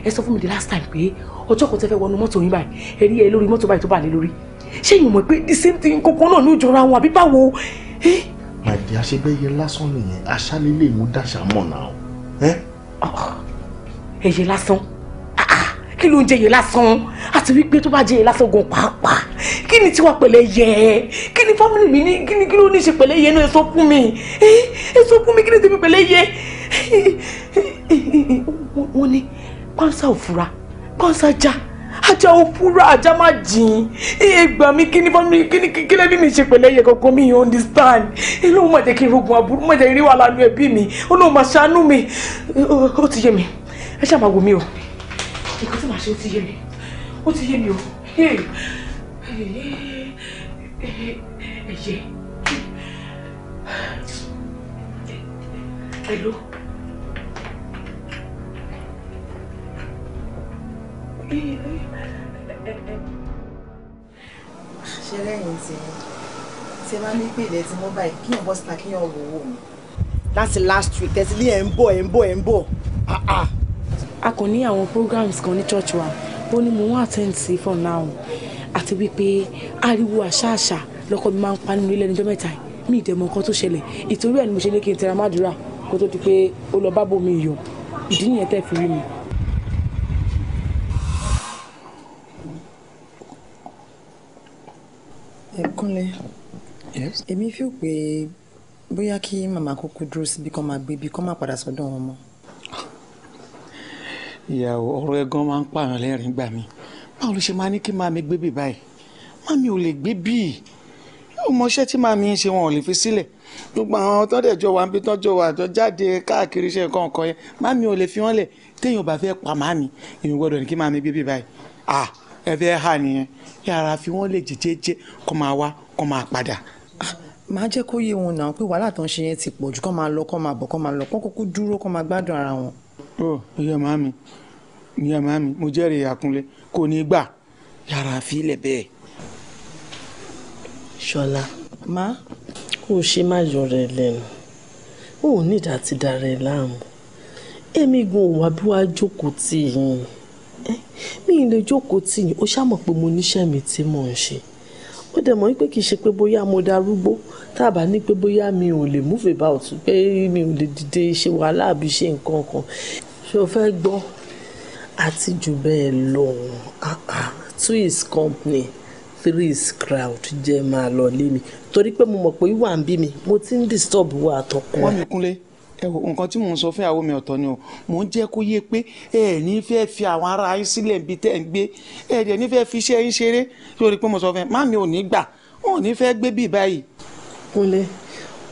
ẹ sọ fún mi the last time pé ọjọ́ kan tẹ́ fẹ́ wọnú mọ́tò yín báyìí ẹ rí ẹ lórí mọ́tò báyìí tó bà lé lórí ṣé ìyẹn mọ̀ pé the same thing kankan náà ní ìjọra wọn àbí báwo. màdì àṣebẹ́yẹ lásán nìyẹn aṣálélé ìmúdàṣà mọ̀ náà. ẹyẹ ah, lásán kí ló ń jẹ yẹn lásán àti wípé tó bá jẹ yẹn lásán gan pàápàá kí ni tiwa pẹ̀lẹ́ yẹ kí ni fámìlì mi ní kí ni kí ló ní ṣe pẹ̀lẹ́ yẹ náà sọ fún mi ẹ sọ fún mi kí ni tèmi pẹ̀lẹ́ yẹ. wọ́n ní pàǹsá òfura pàǹsá já ajá òfura ajá má jìn ẹ gbà mí kí ni fámìlì kí ni kí lẹ́bí mi ṣe pẹ̀lẹ́ yẹ kankan mi yóò understand ẹ lóun má jẹ́ kí irúgbìn aburú má jẹ́ kí rí wàhálà nu ẹbí mi ó lóun má ṣàánú mi ó ti yé mi ẹ ṣáà má o nǹkan tí màá ṣe ó ti yé mi ó ti yé mi o ẹyẹ hello ṣe lẹ́yìn tí tí máa ní pé ilẹ̀ tí báyìí kí yàn bọ́ síta kí yàn wò wò mí. láti last week tẹ́sílẹ̀ ẹ̀ ń bọ̀ ẹ̀ ń bọ̀ ẹ̀ ń bọ̀ ah ah a kò ní àwọn programs kan ní church wa ó ní mo wọ́n attend sí for now àti wípé ariwo àṣàṣà lọ́kọ mi máa ń pa nínú ilé ẹnìjọ́ mẹ́ta mi ì dẹ̀mọ̀ nǹkan tó ṣẹlẹ̀ ìtorí ẹ̀ ni mo ṣe ní kí n tẹra mádùúrà kó tó di pé ó lọ bá bomi yọ ìdí nìyẹn tẹ́ fi rí mi. ẹ̀kúnlẹ̀ èmi fi pé bóyá kí màmá kúkú dúró síbi kan máa gbé ibi kan máa padà sọ́dọ̀ wọn mọ́ ìyàwó ọ̀rọ̀ ẹ gan máa ń pààyàn lẹ́rìn gbà mí báwo ló ṣe máa ní kí máa mi gbé bì báyìí máa mi ò lè gbé bì í yóò mọṣẹ́ tí máa mi ń ṣe wọn ò lè fi sílẹ̀ gbogbo àwọn tó dẹ̀ jọ wà níbi tó jọ wà tó jáde káàkiri iṣẹ́ nǹkan ọ̀kan yẹn máa mi ò lè fi wọ́n lẹ̀ téèyàn bá fẹ́ pa máa mi èmi gbọ́dọ̀ ní kí máa mi gbé bì báyìí à ẹ fẹ́ hà nìyẹn yàrá fi wọ́n lè jẹ́jẹ́jẹ́ kó máa wá kó máa padà máa jẹ́ kó yé wọn náà pé wàhálà tó ń ṣe yẹn ti pọ̀ jù kó máa lọ kó máa bọ̀ kó máa lọ kó kúkú dúró kó máa gbádùn ara wọn. ó ìyá màmí ní ọmọ mi mo jẹ́rìí àkúnlé kò ní gbà yàrá àfilẹ̀ bẹ́ẹ̀. ṣọlá má kó o ṣe má yọ rẹ lẹ́nu ó ní ìdá ti dára ẹ láàmú èmi gan ò wá bí wàá jókòó tì yín mi ì lè jókòó tì yín ó ṣàmọ̀ pé mo níṣẹ́ mi tí mò ń ṣe ó dẹ̀ mọ̀ pé kì í ṣe pé bóyá mo darúgbó tá ní pé bóyá mi ò lè move about pé mi ò lè dìde ṣe wàhálà àbí ṣe nǹkan kan ṣé o fẹ́ gbọ́ àti jù bẹ́ẹ̀ lọ two company three crowd jẹ́ máa lọ lé mi torí pé mo mọ̀ pé wà ń bí mi mo ti ń disturb wa àtọkùn. wọ́n mi kúnlé ẹ wò nǹkan tí mò ń sọ fún ìyàwó mi ọ̀tọ̀ ni o mò ń jẹ́ kó yé pé ẹ ní fẹ́ fi àwọn ará yín sílẹ̀ níbi tẹ́ ń gbé ẹ dẹ̀ ní fẹ́ fi iṣẹ́ yín ṣeré lórí pé mo sọ fún ẹ má mi ò ní gbà wọn ò ní fẹ́ gbé bí báyìí. kúnlé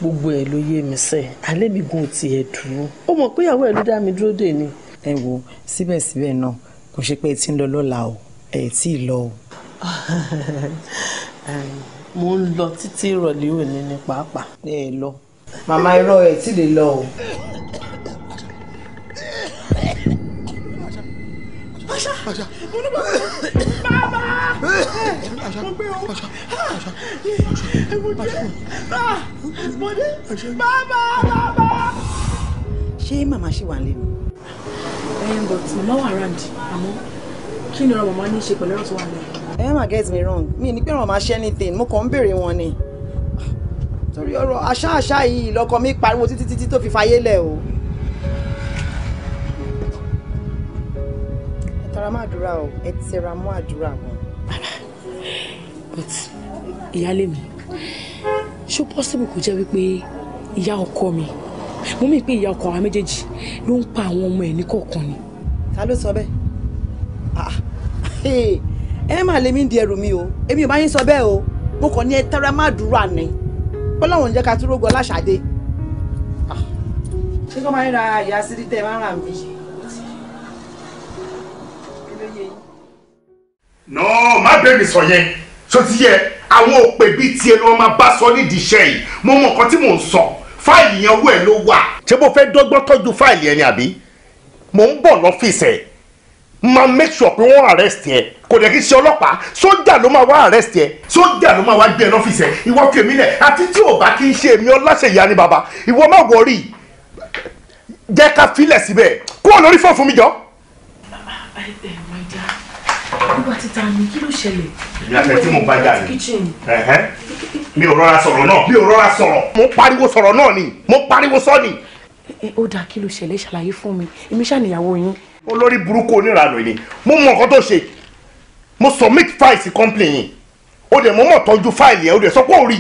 gbogbo ẹ ló yé mi sẹ alẹ́ mi gun tiẹ̀ dúró ó mọ̀ pé ìyàwó ẹ ló dá mi dúró dè ni ẹ wo síbẹ̀síbẹ̀ náà kò ṣe pé ẹ ti ń lọ lọ́la o ẹ tí ì lọ o. mo ń lọ títí ìrọ̀lẹ́ òní ní pàápàá. ẹ lọ màmá irọ́ ẹ tí lè lọ o. Àṣà mo ní bàbá bàbá mo gbé o ah, ah, mo dé mo dé bàbá bàbá. ṣé màmá ṣì wà lẹ́nu. Um, but mo lọ́wọ́ around Amo. kí ni ọ̀rọ̀ màmá ní í ṣe pẹ̀lú ọ̀rọ̀ Emma gets me wrong Me ní pé ọ̀rọ̀ máa ṣe anything mo kàn ń béèrè wọn ni torí ọ̀rọ̀ àṣà àṣà yìí lọ́kọ mi pariwo títí títí tó fi fayé lẹ̀ o. ẹ tara mọ́ àdúrà o ẹ tẹra mọ́ àdúrà wọn. but ìyáálé mi ṣó possible kò jẹ́ wípé ìyá ọkọ mi mo mì pé ìyá ọkọ àwọn méjèèjì ló ń pa àwọn ọmọ ẹ̀ ní kọ̀ọ̀kan ni. ta ló sọ bẹ́ẹ̀ ah, ẹ má lè mí di ẹrù mi o èmi ò bá yín sọ bẹ́ẹ̀ o mo kàn ní ẹ tẹ́ra má dúró àná bọ́láwọn jẹ́ ká tó rógo aláṣàdé ah. ṣé kọ́ máa ń ra ìyá sírí tẹ́ ẹ máa ń rà mí. no má bẹ́ẹ̀ mi sọ yẹn ṣó ti yẹ àwọn òpè bíi tiẹ̀ ni wọ́n máa bá sọ nídìí iṣẹ́ yìí mo mọ nǹkan tí mò ń sọ fáìlì yẹn owó ẹ̀ ló wà. ṣé mo fẹ́ dọ́gbọ́n tọ́jú fáìlì yẹn ni àbí mo ń bọ̀ lọ́fíìsì ẹ̀ máa make sure pé wọ́n arrest yẹn kò dẹ̀ kí ṣe ọlọ́pàá sójà ló máa wá arrest yẹn sójà ló máa wá gbé ẹ lọ́fíìsì ẹ̀ ìwọ fi èmi lẹ̀ àti tí ò bá kí n ṣe èmi ọláṣẹ̀yà ni bàbá ìwọ má wọrí jẹ́ ká filẹ̀ síbẹ̀ kúrò lórí fọ́ọ̀fù mi jọ. Ah, ah, eh, eh. Ìgbà títa ni kí ló ṣẹlẹ̀? Èmi àfẹ́ tí mo bá jà ní. Mi ò rọra sọ̀rọ̀ náà. Mi ò rọra sọ̀rọ̀. Mo pariwo sọ̀rọ̀ náà ni. Mo pariwo sọ ni. Ó dáa kí ló ṣẹlẹ̀ ṣàlàyé fún mi. Èmi ṣàníyàwó yín. Olórí burúkú oníranù ni. Mo mọ nǹkan tó ṣe. Mo submit file sí complain yìí. O dẹ̀ mo mọ̀ tọ́jú fáìlì ẹ̀ o dẹ̀ sọ pé ò rí.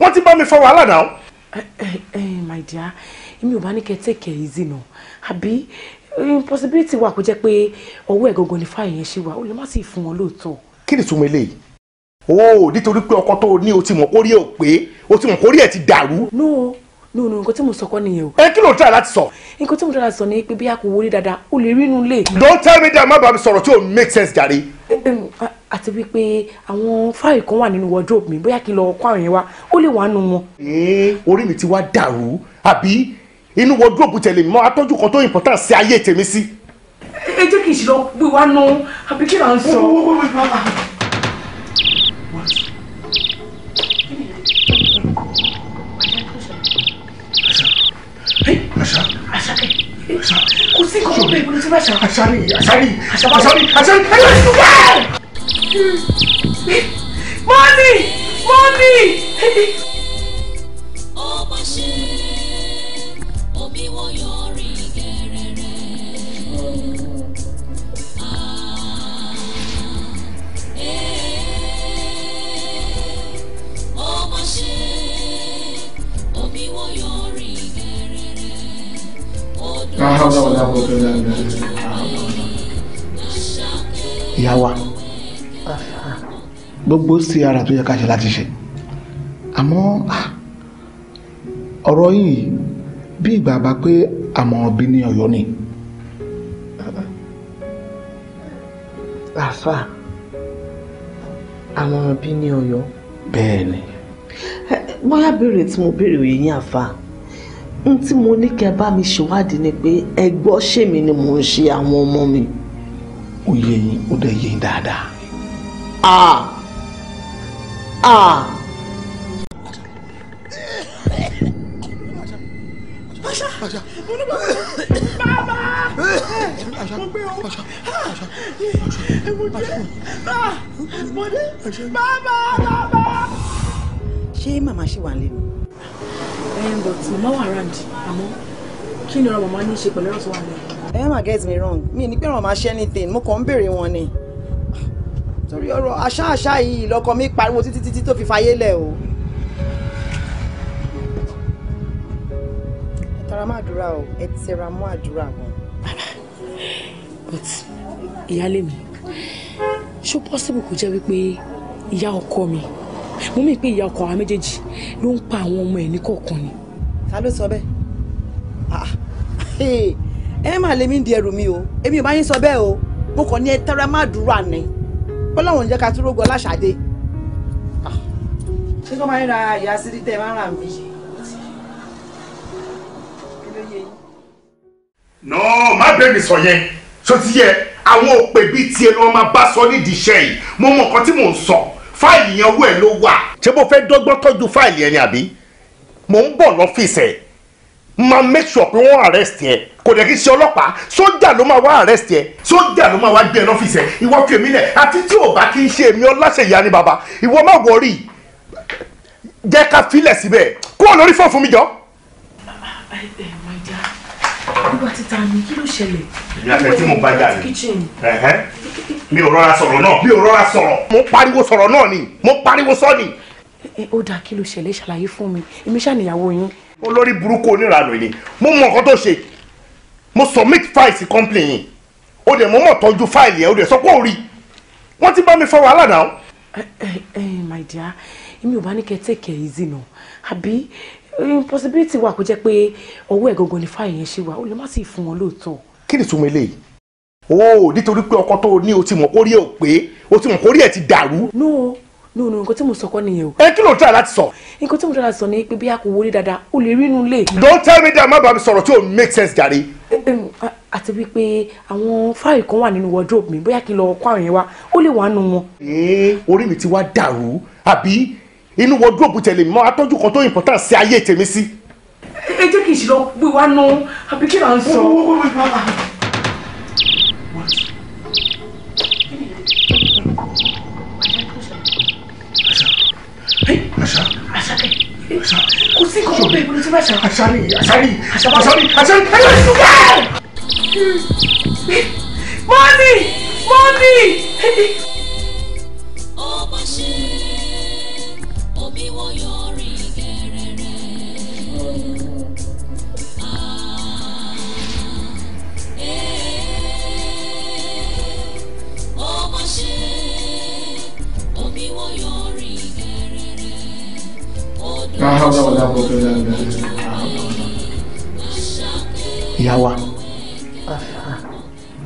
Wọ́n ti bá mi fa wàhálà náà. My dear, èmi ò bá ní kẹ́ take easy náà. Àbí impossibility wà kó jẹ́ pé ọwọ́ ẹ̀ gangan ni fáyì yẹn ṣe wà ó lè má sì fún wọn lóòótọ́. kí ni ìtumọ̀ eléyìí o nítorí pé ọkọ tó o ní o ti mọ̀ kórí ẹ̀ ò pé o ti mọ̀ kórí ẹ̀ ti dàrú. no no no nǹkan tí mo sọ kọ́ nìyẹn o. ẹ kí ló ń tà láti sọ. nǹkan tí mo tà láti sọ ni pé bí a kò wọlé dáadáa o lè rí inú ilé. don't tell me that má bàa mi sọ̀rọ̀ tí o make sense jàre. àti wípé àwọn fáìlì kan wà nínú wardrobe mi bóyá kí n lọ kó àwọn yẹn wá ó lè wà nù wọn. orí mi ti wá dàrú àbí inú wardrobe tẹ̀lé mọ́ atọ́jú kan tó important sí ayé tèmi sí. ẹ jẹ́ kí n ṣe lọ pé wá ná àbí kí là ń sọ. kò sí nǹkan tó bẹ tí bá ṣá. àṣàrí àṣàrí àṣàrí àṣàrí ẹ lọ sí ẹ. mọ́mí mọ́mí. ọmọ ṣe ìyá wa gbogbo sí ara tó yẹ ká ṣe láti ṣe àmọ́ ọ̀rọ̀ yìí bí ìgbà bá pé àmọ́ ọbí ní ọ̀yọ́ ni. àfà àmọ́ ọbí ní ọ̀yọ́. bẹ́ẹ̀ ni. bóyá béèrè tí mo béèrè yìí ní àfà n tí mo ní kẹ́ bá mi ṣèwádìí ni pé ẹgbọ́ ṣèmi ni mò ń ṣe àwọn ọmọ mi. ó yé yín ó dẹ̀ yé yín dáadáa. ah ah. Pasha Pasha bàbá mo gbé o ewu ah, jẹ ah, mo dé bàbá bàbá. ṣé màmá ṣì wà lẹ́nu. Um, but màmá wà round àmọ́ kí ni ọ̀rọ̀ màmá ní í ṣe pẹ̀lú ọ̀rọ̀ tó wà lẹ́yìn. ẹ má get me wrong mi ní pé ọ̀rọ̀ máa ṣe anything mo kàn ń béèrè wọn ni torí ọ̀rọ̀ àṣà àṣà yìí lọ́kọ mi pariwo títí títí tó fi fayé lẹ̀ o. ẹ tara mọ́ àdúrà o ẹ tẹra mọ́ àdúrà gan. but ìyáálé mi ṣó possible kó jẹ́ wípé ìyá ọkọ mi mo mì pé ìyá ọkọ àwọn méjèèjì ló ń pa àwọn ọmọ ẹ̀ ní kọ̀ọ̀kan ni. ta ló sọ bẹ́ẹ̀ ah, ẹ má lè mí di ẹrù mi o èmi ò bá yín sọ bẹ́ẹ̀ o mo kàn ní ẹ tẹ́ra má dúró àná bọ́láwọn ò jẹ́ ká tún rógo aláṣàdé ah, ṣé kọ́ máa ń ra ìyá sírí tẹ́ ẹ máa ń rà mí. nọ́ọ̀ má bẹ́ẹ̀ mi sọ yẹn ṣó ti yẹ àwọn òpè bíi tiẹ̀ ni wọ́n máa bá sọ nídìí iṣẹ́ yìí mo mọ̀ nǹkan tí mò ń sọ fáìlì yẹn owó ẹ̀ ló wà. ṣé mo fẹ́ dọ́gbọ́n tọ́jú fáìlì yẹn ni àbí mò ń bọ̀ lọ́fíìsì ẹ̀ máa make sure pé wọ́n arrest yẹn kò dẹ̀ kí ṣe ọlọ́pàá sójà ló máa wá arrest yẹn sójà ló máa wá gbé ẹ lọ́fíìsì ẹ̀ ìwọ fi èmi lẹ̀ àti tí ò bá kí n ṣe èmi ọláṣẹ̀yà ni bàbá ìwọ má wọrí jẹ́ ká filẹ̀ síbẹ̀ kúrò lórí fọ́ọ̀fù mi jọ nígbà títa ni kí ló ṣẹlẹ̀. èmi àfẹ tí mo bá jà ní mi ò rọra sọ̀rọ̀ náà mi ò rọra sọ̀rọ̀ mo pariwo sọ̀rọ̀ náà ni mo pariwo sọ ni. ó dáa kí ló ṣẹlẹ̀ ṣàlàyé fún mi èmi ṣàníyàwó yín. olórí burúkú oníranù yìí mo mọ nǹkan tó ṣe mo submit file sí complain yìí o dẹ̀ mo mọ̀ tọ́jú fáìlì ẹ̀ o dẹ̀ sọ pé o rí wọ́n ti bá mi fọ́ wàhálà náà. ẹ ẹ my dear èmi ò bá ní kẹ́ take it easy náà àbí impossibility wà kó jẹ́ pé ọwọ́ ẹ̀ gangan ni fáyì yẹn ṣe wà ó lè má sì fún wọn lóòótọ́. kí ni túmọ̀ eléyìí o nítorí pé ọkọ tó o o ti mọ̀ kórìí ò pé o ti mọ̀ kórìí ẹ̀ ti dàrú. no no no nǹkan tí mo sọ kọ́ nìyẹn o. ẹ kí ló ń try láti sọ. nǹkan tí mo try láti ni pé bí a kò wọlé dáadáa o lè rí inú don't tell me that má bàa mi sọ̀rọ̀ tí o make sense jàre. àti wípé àwọn fáìlì kan wà nínú wardrobe mi bóyá kí n lọ kó àwọn yẹn o ó lè wà nù wọn. orí mi ti wá dàrú àbí inú wardrobe tẹ̀lé mọ́ atọ́jú kan tó important sí ayé tèmi sí. ẹ jẹ́ kí n ṣe lọ pé wá ná àbí kí là ń sọ. kò sí kò bẹ́ẹ̀ bolo tí bá ṣe. àṣàrí àṣàrí àṣàrí àṣàrí ẹ lọ sùn bẹ́ẹ̀. mọ́nì mọ́nì. ọmọ ṣe ariwo yọrí kẹrẹrẹ. ọmọ ah, eh, ṣe omi wo yọrí kẹrẹrẹ. odò ṣe ìyá wa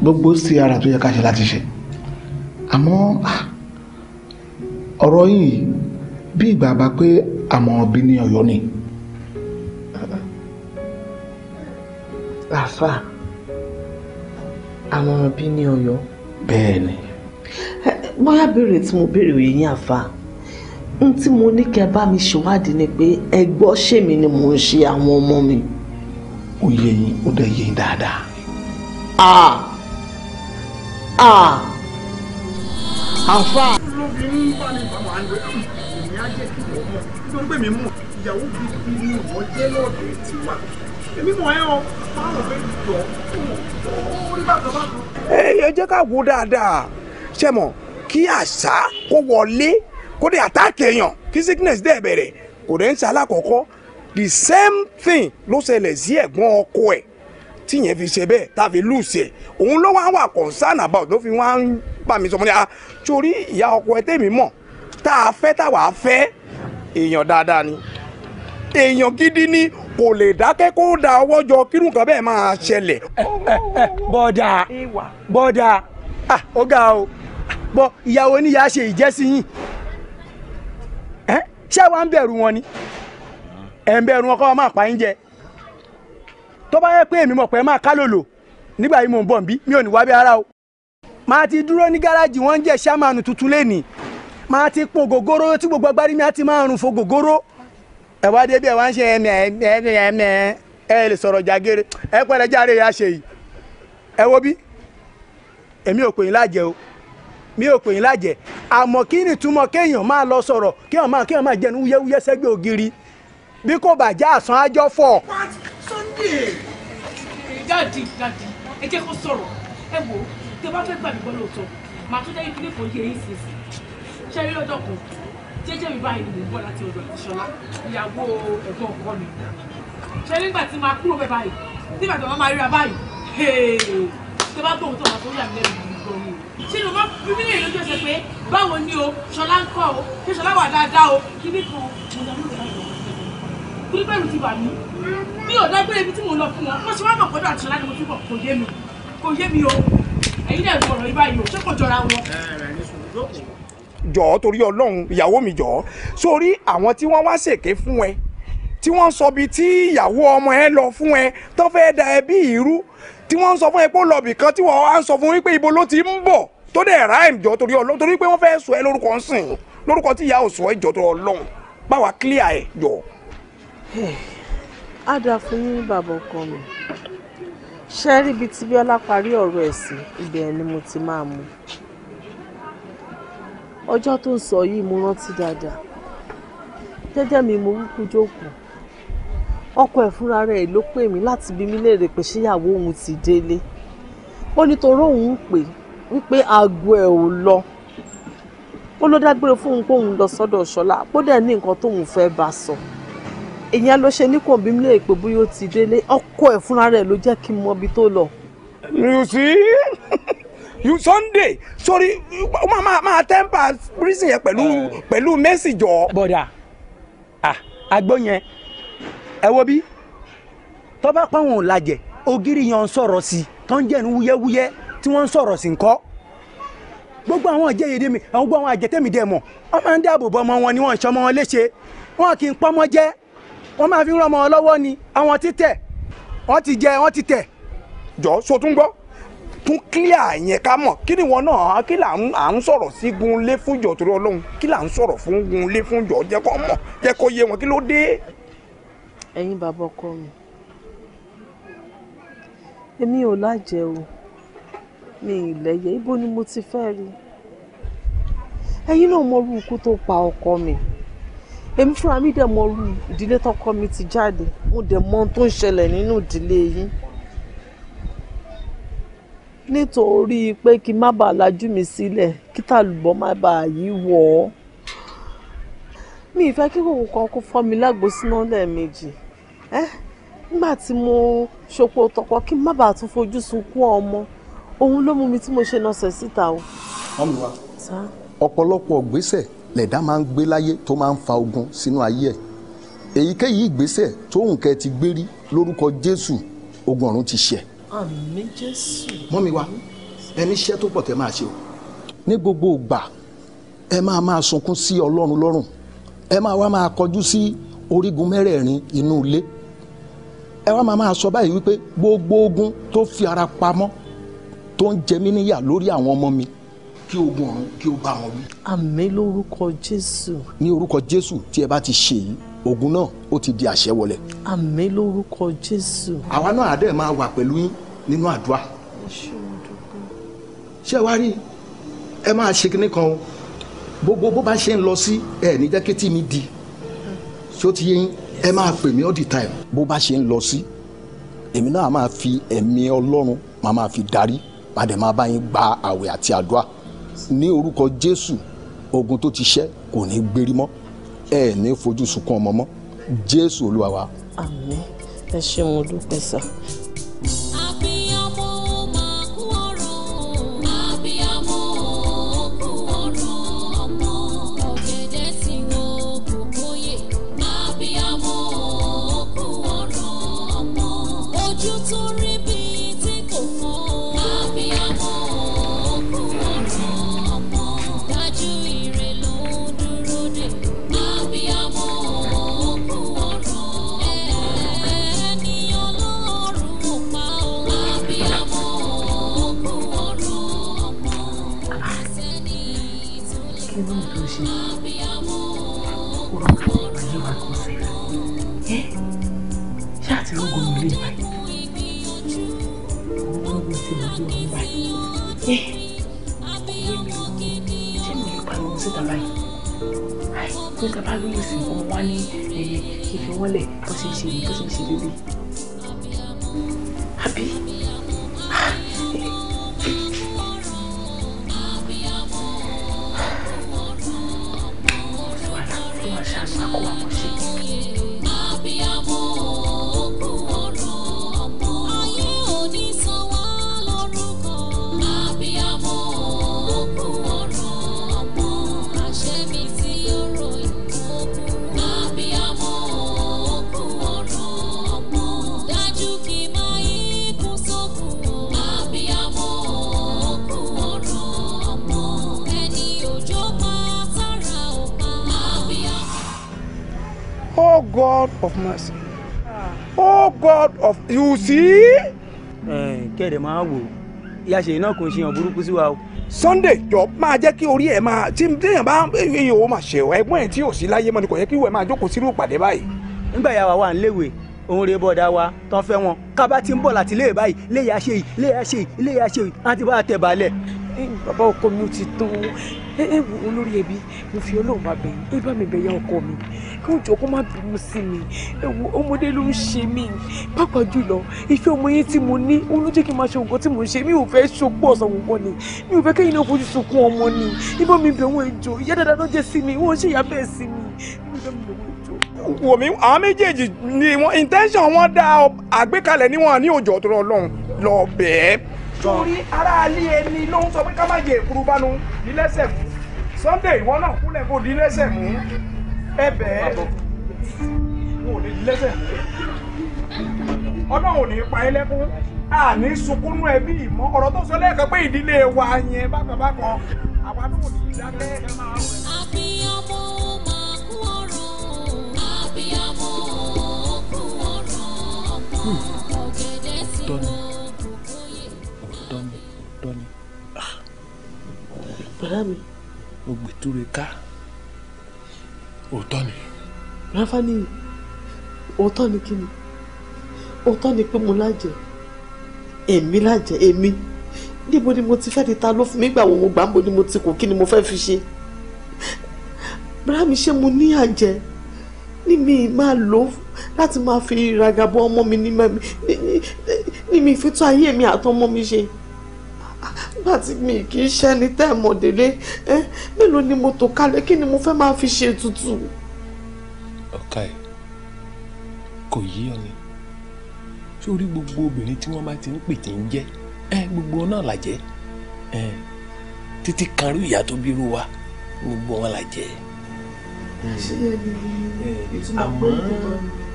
gbogbo cr tó yẹ ká ṣe láti ṣe àmọ́ ah, ọ̀rọ̀ yìí bí ìgbà bá pé àmọ̀ràn bí ní ọ̀yọ́ ni. àfà àmọ̀ràn bí ní ọ̀yọ́. bẹ́ẹ̀ ni. bóyá béèrè tí mo béèrè òye yín àfà n tí mo ní kẹ́ bá mi ṣèwádìí ni pé ẹgbọ́ ṣèmi ni mò ń ṣe àwọn ọmọ mi. ó yé yín ó dẹ̀ yé yín dáadáa. ah ah àfà nítorí pé mi mọ̀ ìyàwó bíbí ni ìwọ jẹ́ lọ́ọ̀dẹ̀ tiwa èmi mọ̀ ẹ́ o báwo fẹ́ jọ orí bàtà bàtà. ẹ ẹ jẹ́ ká wo dáadáa ṣe mọ̀ kí àṣà kó wọlé kó dé àtàkì èèyàn kí sickness dẹ̀ bẹ̀rẹ̀ kò dẹ̀ ń ṣe alákọ̀ọ́kọ́ the same thing ló ṣẹlẹ̀ sí ẹ̀gbọ́n ọkọ ẹ̀ tíyẹn fi ṣe bẹ́ẹ̀ tá a fi lùsì ẹ̀ òun ló wá wà concern about ló fi wá ń bà mí sọmọdé ah torí ìyá ọkọ ẹ tèmi mọ̀ tá a fẹ́ táwa fẹ́ èèyàn dáadáa ni èèyàn gidi ni kò lè dákẹ́ kó da ọwọ́ jọ kírun kan bẹ́ẹ̀ máa ṣẹlẹ̀. bọ́dà bọ́dà ah, ó ga o bọ́ ìyàwó ni níyà ṣe ìjẹ́sí yín ṣé wàá ń bẹ̀rù wọn ni ẹ̀ ń bẹ̀rù wọn kọ́ máa pa yín jẹ tó bá yẹ pé èmi mọ̀ pé máa kálòlò nígbà yìí mò ń bọ̀ nbí mi ò ní wá bí ara o máa ti dúró ní gáràjì wọ́n ń jẹ́ sàmánù tuntun lẹ́nìí ma ti pò gogoro tí gbogbo agbárí mi ti máa rùn fo gògóró ẹ wá débi ẹ wá ń ṣe ẹmẹ ẹmẹ ẹmẹ ẹ lè ẹ pẹrẹ ya ṣe yìí ẹ wo èmi ò pè yín o mi ò pè yín lájẹ kí ni kéèyàn máa lọ sọrọ kéèyàn máa kéèyàn máa jẹnu ògiri bí kò àsán ẹ jẹ́ kó sọ̀rọ̀ ẹ wo ṣe rí lọ́jọ́ kan jẹ́jẹ́ mi báyìí ni mò ń bọ̀ láti ọ̀dọ̀ àtìṣọlá ìyàwó ẹ̀gbọ́n ọkọ mi ṣe nígbà tí máa kúrò bẹ́ẹ̀ báyìí nígbà tí wọ́n máa ríra báyìí tó bá gbóhùn tó máa tó yà mí lẹ́nu gbọ̀n mi ṣé ló máa bí mílíọ̀nù lójú ẹsẹ̀ pé báwo ni o ṣọlá ń kọ́ o ṣé ṣọlá wà dáadáa o kíní kan mo lọ lóòrè láyọ̀ torí bẹ́ẹ̀rù ti bà mí mi ò dágbére ibi tí mo lọ fún wọn mo ṣe wá mọ̀ pẹ̀lú àtìṣọlá ni mo fi bọ̀ kò yé mi kò yé mi o ẹ̀yin náà sọ̀rọ̀ yìí o ṣé kò jọra wọn. ẹ ẹ ní sùn lókun jọ̀ọ́ torí ọlọ́run ìyàwó mi jọ̀ọ́ sórí àwọn tí wọ́n wá ṣèké fún ẹ tí wọ́n sọ bíi tí ìyàwó ọmọ ẹ lọ fún ẹ tó fẹ́ da ẹ bí irú tí wọ́n sọ fún ẹ pé ó lọ bìkan tí wọ́n á sọ fún wípé ibo ló ti ń bọ̀ tó dẹ̀ ra ẹ̀ jọ̀ọ́ torí ọlọ́run torí pé wọ́n fẹ́ sọ ẹ lórúkọ ń lórúkọ tí ìyá ò sọ ẹ jọ̀ọ́ torí ọlọ́run báwa clear ẹ jọ̀ọ́. á dà fún yín bàbá ọkọ mi ṣe é rí ibi tí Bíọ́lá parí ọ̀rọ̀ ẹ̀ ibẹ̀ ni mo ti máa mú ọjọ́ tó sọ yìí mo rántí dáadáa jẹ́jẹ́ mi mo kúkú jókòó ọkọ ẹ̀ fúnra rẹ̀ ló pè mí láti bi mí léèrè pé ṣéyàwó òun ti délé ó nítorí òun ń pè wípé aago ẹ̀ ò lọ ó ló dágbére fún òun pé òun lọ sọ́dọ̀ ṣọlá kó dẹ̀ ní nǹkan tóun fẹ́ bá sọ ìyẹn ló ṣe ní kò bí mi léèrè pé bóyá ó ti délé ọkọ ẹ̀ fúnra rẹ̀ ló jẹ́ kí n mọ ibi tó lọ. you see You Sunday sorry, máa máa máa tẹ́ǹpà prison yẹn pẹ̀lú eh. pẹ̀lú Mercy jọ. bọ̀dà àgbọ̀ ah, yẹn ẹ wo bí tọ́ba pàwọn ò lajẹ̀ ògiri yẹn ń sọ̀rọ̀ sí tó ń jẹ́ ní wúyẹ́wúyẹ́ tí wọ́n ń sọ̀rọ̀ sí ń kọ́ gbogbo àwọn àjẹyèdè mi àwọn gbogbo àwọn àjẹtẹ́mi dẹ̀ mọ̀ wọ́n máa ń dáàbò bọ́ ọmọ wọn ni wọ́n ń sọmọ wọn léṣe wọn kì í pọ́nmọ́ jẹ́ wọ́n máa fi ń rọmọ wọn lọ́wọ́ ni àwọn títẹ̀ wọ́n ti jẹ wọ́n ti tẹ̀ jọ́ sotún gbọ́ tún clear yẹn ká mọ̀ kí ni wọn náà kí là ń sọ̀rọ̀ sí Gunlé fúnjọ torí ọlọ́run kí là ń sọ̀rọ̀ fún Gunlé fúnjọ jẹ́ kó mọ̀ jẹ́ kó yé wọn kí ló dé. ẹ̀yin bàbá ọkọ mi èmi ò lájẹ o mi ìlẹyẹ ibo ni mo ti fẹ́ rí ẹ̀yin náà mọ irú tó pa ọkọ mi èmi fúnra mi dẹ̀ mọ irú ìdílé tọkọ mi ti jáde mo dẹ̀ mọ ohun tó ń ṣẹlẹ̀ nínú ìdílé yín nítorí pé kí n má bàa lajú mi sílẹ̀ kí tàlùbọ́ má bàa yí wọ̀ ọ́ mi ì fẹ́ kí kòkò kan kó fọ́ mi lágbo síná lẹ́ẹ̀mejì ẹ́ nígbà tí mo ṣopọ̀ tọkọ kí n má bàa tún fojú sunkún ọmọ òun ló mú mi tí mo ṣe nọsẹ̀ síta o. wọ́n mi wá ọ̀pọ̀lọpọ̀ ìgbésẹ̀ lẹ̀dá máa ń gbé láyé tó máa ń fa ogun sínú ayé ẹ̀ èyíkéyìí ìgbésẹ̀ tóun kẹ́ ti gbérí lórúkọ Jésù ogun ọ̀run ti ṣẹ̀ àmín jésù. mọ́mi wa ẹni iṣẹ́ tó pọ̀ tẹ́ máa ṣe o ní gbogbo ìgbà ẹ máa máa sunkún sí ọlọ́run lọ́rùn ẹ máa wá máa kọjú sí orígun mẹ́rẹ̀ẹ̀rin inú ilé ẹ wá máa máa sọ báyìí wípé gbogbo ogun tó fi ara pamọ́ tó ń jẹ mí níyà lórí àwọn ọmọ mi kí ogun ọ̀run kí o bá wọn wí. àmín lórúkọ jésù. ní orúkọ jésù tí ẹ bá ti ṣe yìí ogun náà ó ti di àṣẹ wọlé. àmín lórúkọ jésù. àwa náà àdé máa wà pẹ̀lú yín nínú àdúrà ṣé wàá rí ẹ máa ṣe kinní kan o gbogbo bó bá ṣe ń lọ sí ẹ ní jẹ́ kétí mi di ṣé ó ti yé yín ẹ máa pè mí all the time bó bá ṣe ń lọ sí èmi náà máa fi ẹ̀mí ọlọ́run máa máa fi darí padà máa bá yín gba àwẹ̀ àti àdúrà ní orúkọ jésù ogun tó ti ṣẹ́ kò ní gbérí mọ́ ẹ ní fojú sunkún ọmọ mọ́ jésù olúwa wa. ẹ ṣeun olùpẹ̀sà tó tẹ bá lóyún sí ọmọ wa ní ẹ̀yẹ ìfi wọ́n bó ṣe ń ṣe bó ṣe ń ṣe bébí. àbí ṣàṣàkó àkọsí. God of mercy oh God of you see. kẹ́rẹ̀ máa wò ìyá ṣèyí náà kò ń ṣèyàn burúkú sí wa o. Sunday jọ máa jẹ́ kí orí ẹ̀ máa tí téèyàn bá èèyàn ó máa ṣe ọ ẹ̀gbọ́n ẹ̀ tí ò sí láyé mọ́ ni kò yẹ kí ìwẹ̀ máa jókòó sínú ìpàdé báyìí. nígbà yà wá wà ń léwe òun rè bọ́dà wa tán fẹ́ wọn ká bá ti ń bọ̀ láti léè báyìí léè yá ṣe yìí léè yá ṣe yìí léè yá ṣe yìí á ti bá tẹ̀ balẹ̀ bàbá ọkọ mi ò ti tán ẹ ẹ wò ó lórí ẹbí mo fi Ọlọ́run bá bẹ̀ yín ẹ bá mi bẹ̀ yá ọkọ mi kí òjò kó má bínú sí mi ẹ wò ọmọdé ló ń ṣe mí pàápàá jùlọ ìfẹ́ ọmọ yẹn tí mo ní òun ló jẹ́ kí n máa ṣe nǹkan tí mo ń ṣe mi ò fẹ́ ṣokú ọ̀sán kankan ni mi ò fẹ́ kẹ́yìn náà fojú sunkún ọmọ ni ibà mi bẹ̀ wọ́n ẹjọ́ ìyá dáadáa ló jẹ́ sí mi wọ́n ṣèyá bẹ́ẹ̀ sí mi wò mí àwọn méjèèjì ni wọn intention wọn dá àgbékalẹ̀ níwọ̀n ní òjò tó lọ lọ bẹ́ẹ̀ torí aráalé ẹni ló ń sọ pé ká má yẹ èkúrú bánu nílẹ́sẹ̀ mú Sunday ìwọ náà kúnlẹ̀ kó nílẹ́sẹ̀ mú ẹbẹ̀ ẹ́ wọn ò ní nílẹ́sẹ̀ mú ọlọ́run ò ní pa ẹ́ àní sunkúnú ẹbí ìmọ̀ ọ̀rọ̀ tó sọ lẹ́ẹ̀kan pé ìdílé wa yẹn bákan bákan àwa náà ò ní ìdákẹ́ ẹ máa rọ. àbíyamọ bàrá mi. o gbẹ̀túre ká òótọ́ ni. ráfá ni òótọ́ ni kí ni òótọ́ ni pé mo lájẹ èmi lájẹ èmi níbo ni mo ti fẹ́ di ta ló fún mi gbà wọ́n mo gbà níbo ni mo ti kù kí ni mo fẹ́ fi ṣe bàrá mi ṣé mo ní àjẹ ní mi máa lò láti máa fi ragabọ ọmọ mi ní mi fi tún ayé mi àtọmọ mi ṣe nígbà tí mi kì í ṣẹ́ni tẹ́ ẹ̀ mọ̀ délé ẹ́ mélòó ni mo tò kalẹ̀ kí ni mo fẹ́ máa fi ṣe tutù. ọ̀ka ẹ̀ kò yí ọ ni sórí gbogbo obìnrin tí wọ́n bá ti ń pè tí ń jẹ́ ẹ gbogbo náà làjẹ́ ẹ títí kan rí ìyá tó bírú wa gbogbo wọn làjẹ́. ṣé ẹni ìtumọ̀ pé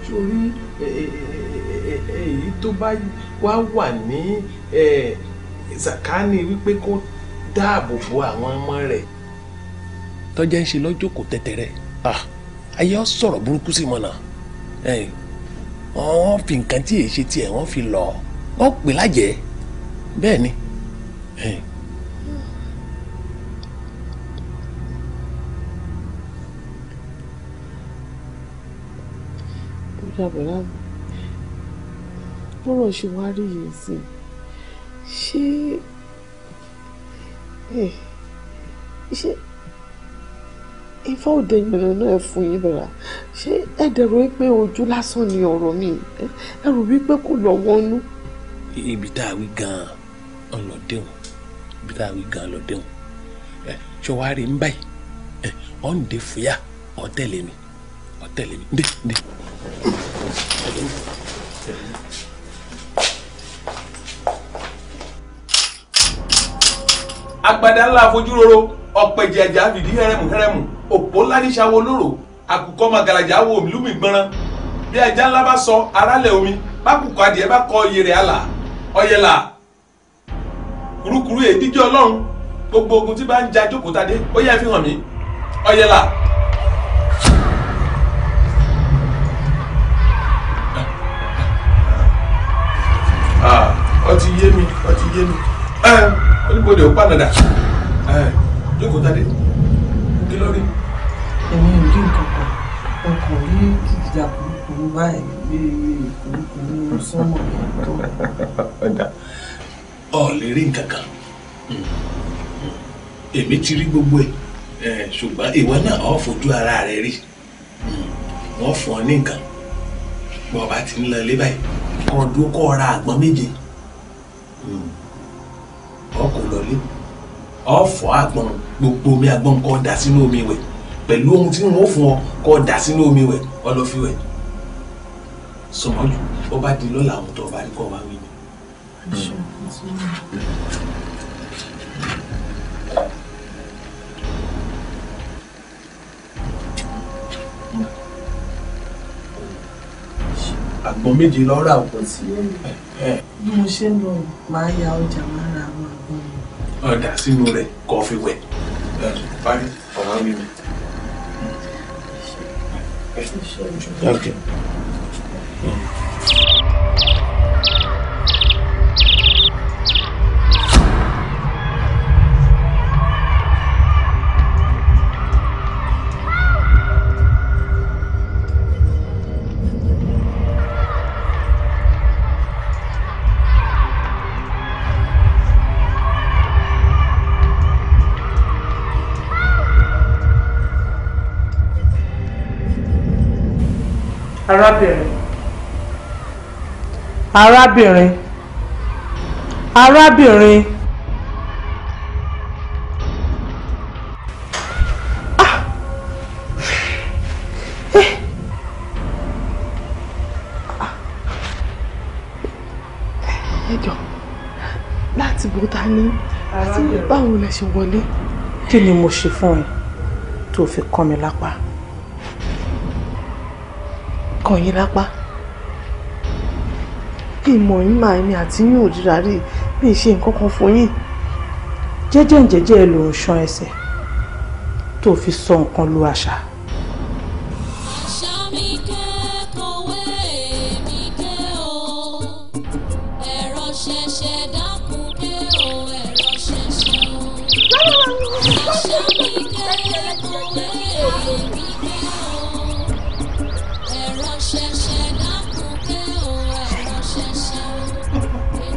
sórí èyí tó bá wà ní. Zakani, wípé kó dáàbò bo àwọn ọmọ rẹ̀ tọ́jà ń ṣe lọ́jọ́ kò tẹ̀tẹ̀ rẹ̀ ah, ayé ọ sọ̀rọ̀ burúkú sí mọ́nà wọ́n fi nǹkan tí èyí ṣe tiẹ̀ wọ́n fi lọ wọ́n pè lájẹ́ bẹ́ẹ̀ ni. bọ́dà bọ́dà bọ́rọ̀ ṣe wá rí yìí sí i ṣé eh, ṣé ifá òde ìrìnà náà fún yín lára ṣé ẹ dẹ̀rọ wípé ojú lásán ni ọ̀rọ̀ mi eh, ẹ rò wípé kò lọ wọnú. ibi tá a wí gan-an lọ dẹ́hùn ibi tá a wí gan-an lọ dẹ́hùn ẹ ṣọ wá rí n ẹ ọ̀ ń de fúyà ọ̀ tẹ̀lé mi ọ̀ tẹ̀lé mi ndé ndé. agbada ńlá afojúroro ọ̀pẹ̀jẹ̀ ẹ̀já fìdí hẹrẹmù hẹrẹmù òpó ládìsáwó lóró àkùkọ màgàlàjà wo òmìlúmì gbọ́nrán bí ajá ńlá bá sọ arálẹ̀ omi bákùkọ adìẹ bá kọ iye rẹ̀ àlà ọ̀yẹ̀là kurukuru èdíjọ́ ọlọ́run gbogbo ogun tí bá ń ja jókòó tadé ó yẹ fi hàn mí ọ̀yẹ̀là. Ah, ó ti yé mi ó yé mi oníbodè ó pàdánà jókòó tadé kí ló rí. èmi ò rí nǹkan kan ọkàn rí ìjà kúrúkúrú báyìí bíi kúrúkúrú sọmọ tó. ọ̀ lè rí nǹkan kan èmi ti rí gbogbo ẹ̀ ṣùgbọ́n ìwọ náà ọ̀ fojú ara rẹ rí wọ́n fún ọ ní nǹkan bọ́ọ̀ bá ti ń lọ ilé báyìí kọ́ ọdún kọ́ ọ ra àgbọn méje ọkọ̀ lọ́lé ọ̀fọ̀ àgbọn gbogbo omi àgbọn kọ́ da sínú omi wẹ̀ pẹ̀lú ohun tí wọ́n fún ọ kọ́ da sínú omi wẹ̀ ọlọ́fi wẹ̀ sọmọ́jú ó bá di lọ́la àwọn tó ọba rí kọ́ wa wí ni. àgbọn méje lọ́ọ́ rà ó. bí mo ṣe ń lọ màá ya ọjà màá ra àwọn àgbọn ọ̀dà sínú rẹ̀ kọ́ fi wẹ̀ parí ọ̀rọ̀ mi mi. Okay. Mm. arábìnrin arábìnrin arábìnrin ah eh ah! ẹ jọ̀ọ́ láti bó ta ni àti báwo lẹ ṣe wọlé kí ni mo ṣe fún ẹ tó fi kán mi lápá kàn yín lápá ìmọ̀ yín máa ní àti yín òdìrà rí mi ṣe nǹkan kan fún yín jẹ́jẹ́ jẹ́jẹ́ ló ń ṣan ẹsẹ̀ tó fi sọ nǹkan lu àṣà.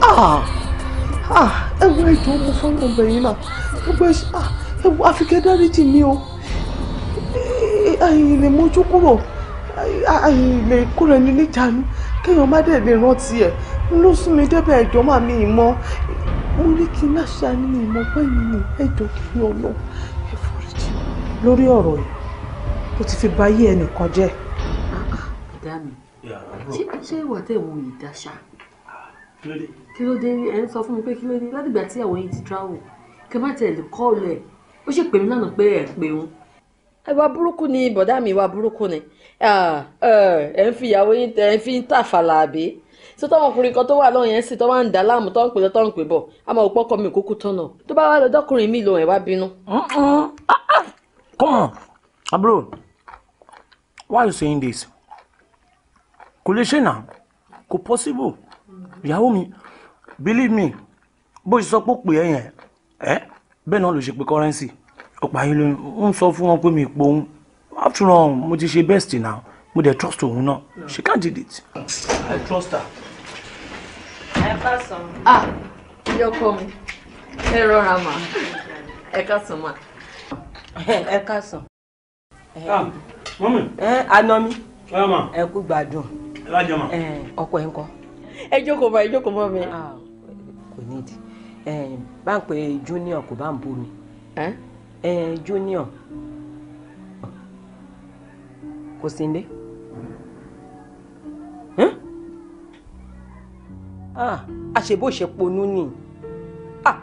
Ah, ah, ẹ wá ètò ọmọ fọlọ bẹyìn náà ẹ wá ẹ ah, wá àfikẹ́ dáríjì mi o àyè lè mójú kúrò àyè lè kúrò ní níjànú kéèyàn má dẹ̀ lè rántí ẹ̀ ló sún mi débẹ̀ ẹ̀jọ́ mà mí ìmọ̀ mo ní kí n má ṣàní ìmọ̀ pé ìmọ̀ ẹ̀jọ́ kí ni ọ̀nà ẹ̀fọ́rìjì lórí ọ̀rọ̀ yìí ó ti fi ba ayé ẹnìkan jẹ́. dá mi ṣé ìwà tẹ̀ wọ ìdáṣà. kí ló kí ló dé ẹ ń sọ fún mi pé kí ló dé látìgbà tí àwọn yìí ti travel kí má tẹ̀lé kọ́ọ̀lù ẹ̀ ó ṣe pè mí lánàá pé ẹ̀ pé òun. ìwà burúkú ni bọ̀dá mi ìwà burúkú ni ẹ ń fi ìyàwó yín ẹ ń fi tàfàlà àbí tó tọ́wọ́n ọkùnrin kan tó wà lọ́wọ́ yẹn sì tó ń dà láàmú tó ń pè lọ ń pè bọ̀ a máa pọ́ kọ́ mi kúkú tọ́nà tó bá wà lọ́dọ́kùnrin mi lòun ẹ̀ wá bínú. Ah, ah. come on àbúrò why you saying this kò lè ṣe náà kò possible ìyàwó mi believe me bó ṣe sọ pé ó pè é yẹn ẹ bẹ́ẹ̀ náà ló ṣe pé currency ọ̀pọ̀ ayé ló ń sọ fún wọn pé mi ìpò òun after all mo ti ṣe best now mo dẹ̀ trust òun náà she can't did it. I trust her. ẹ bá sọ. ah yọkọ mi ẹ rọra mà ẹ ká sàn mà ẹ ká sàn. Ah, mọ́mì. ẹ àná mi ẹ kú gbádùn ọkọ ẹ ń kọ́. ẹ jókòó bá ẹ jókòó bá mi. Ah kò nídìí bá ń pe junior kò bá ń bú mi junior kò sí ilé. àṣebó ah, ṣe ponú ni ah,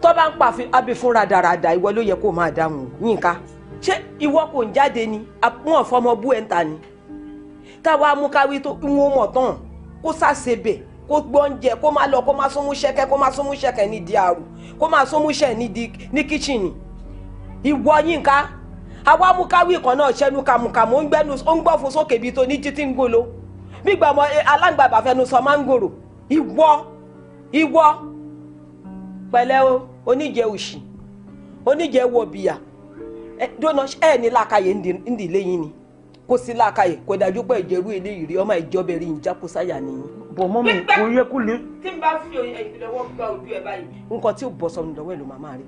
tó bá ń pa abẹ́fúnra dáradá ìwọ ló yẹ kó máa dáhùn yínká ṣé ìwọ kò ń jáde ni wọn fọmọ bú ẹ̀ ń ta ni táwa mú tó ń wọ́n mọ̀ tán kó sá ṣe bẹ́ẹ̀. kó gbọ́ oúnjẹ kó má lọ kó má súnmú ṣẹ́kẹ́ kó má súnmú ṣẹ́kẹ́ ní diaru kó má súnmú ṣẹ́ ní kíchìnì ìwọ yín ká àwa mú káwí kan náà ṣẹ́nu kàmùkàmù ó ń gbọ́ fún sókè bíi tó ní ń gbígbà ọmọ eh, alágbàbà fẹnu sọ ìwọ ìwọ pẹ̀lẹ́ o oníjẹ òṣì oníjẹ wo bìyà ní làákàyè ni sí bọ̀ mọ́ mi kò yẹ kó lè. tí n bá fi ìdọ̀wọ́ gba ojú ẹ báyìí. nǹkan tí ó bọ̀ sọnù dọ̀wọ́ ẹ̀ ló máa máa rí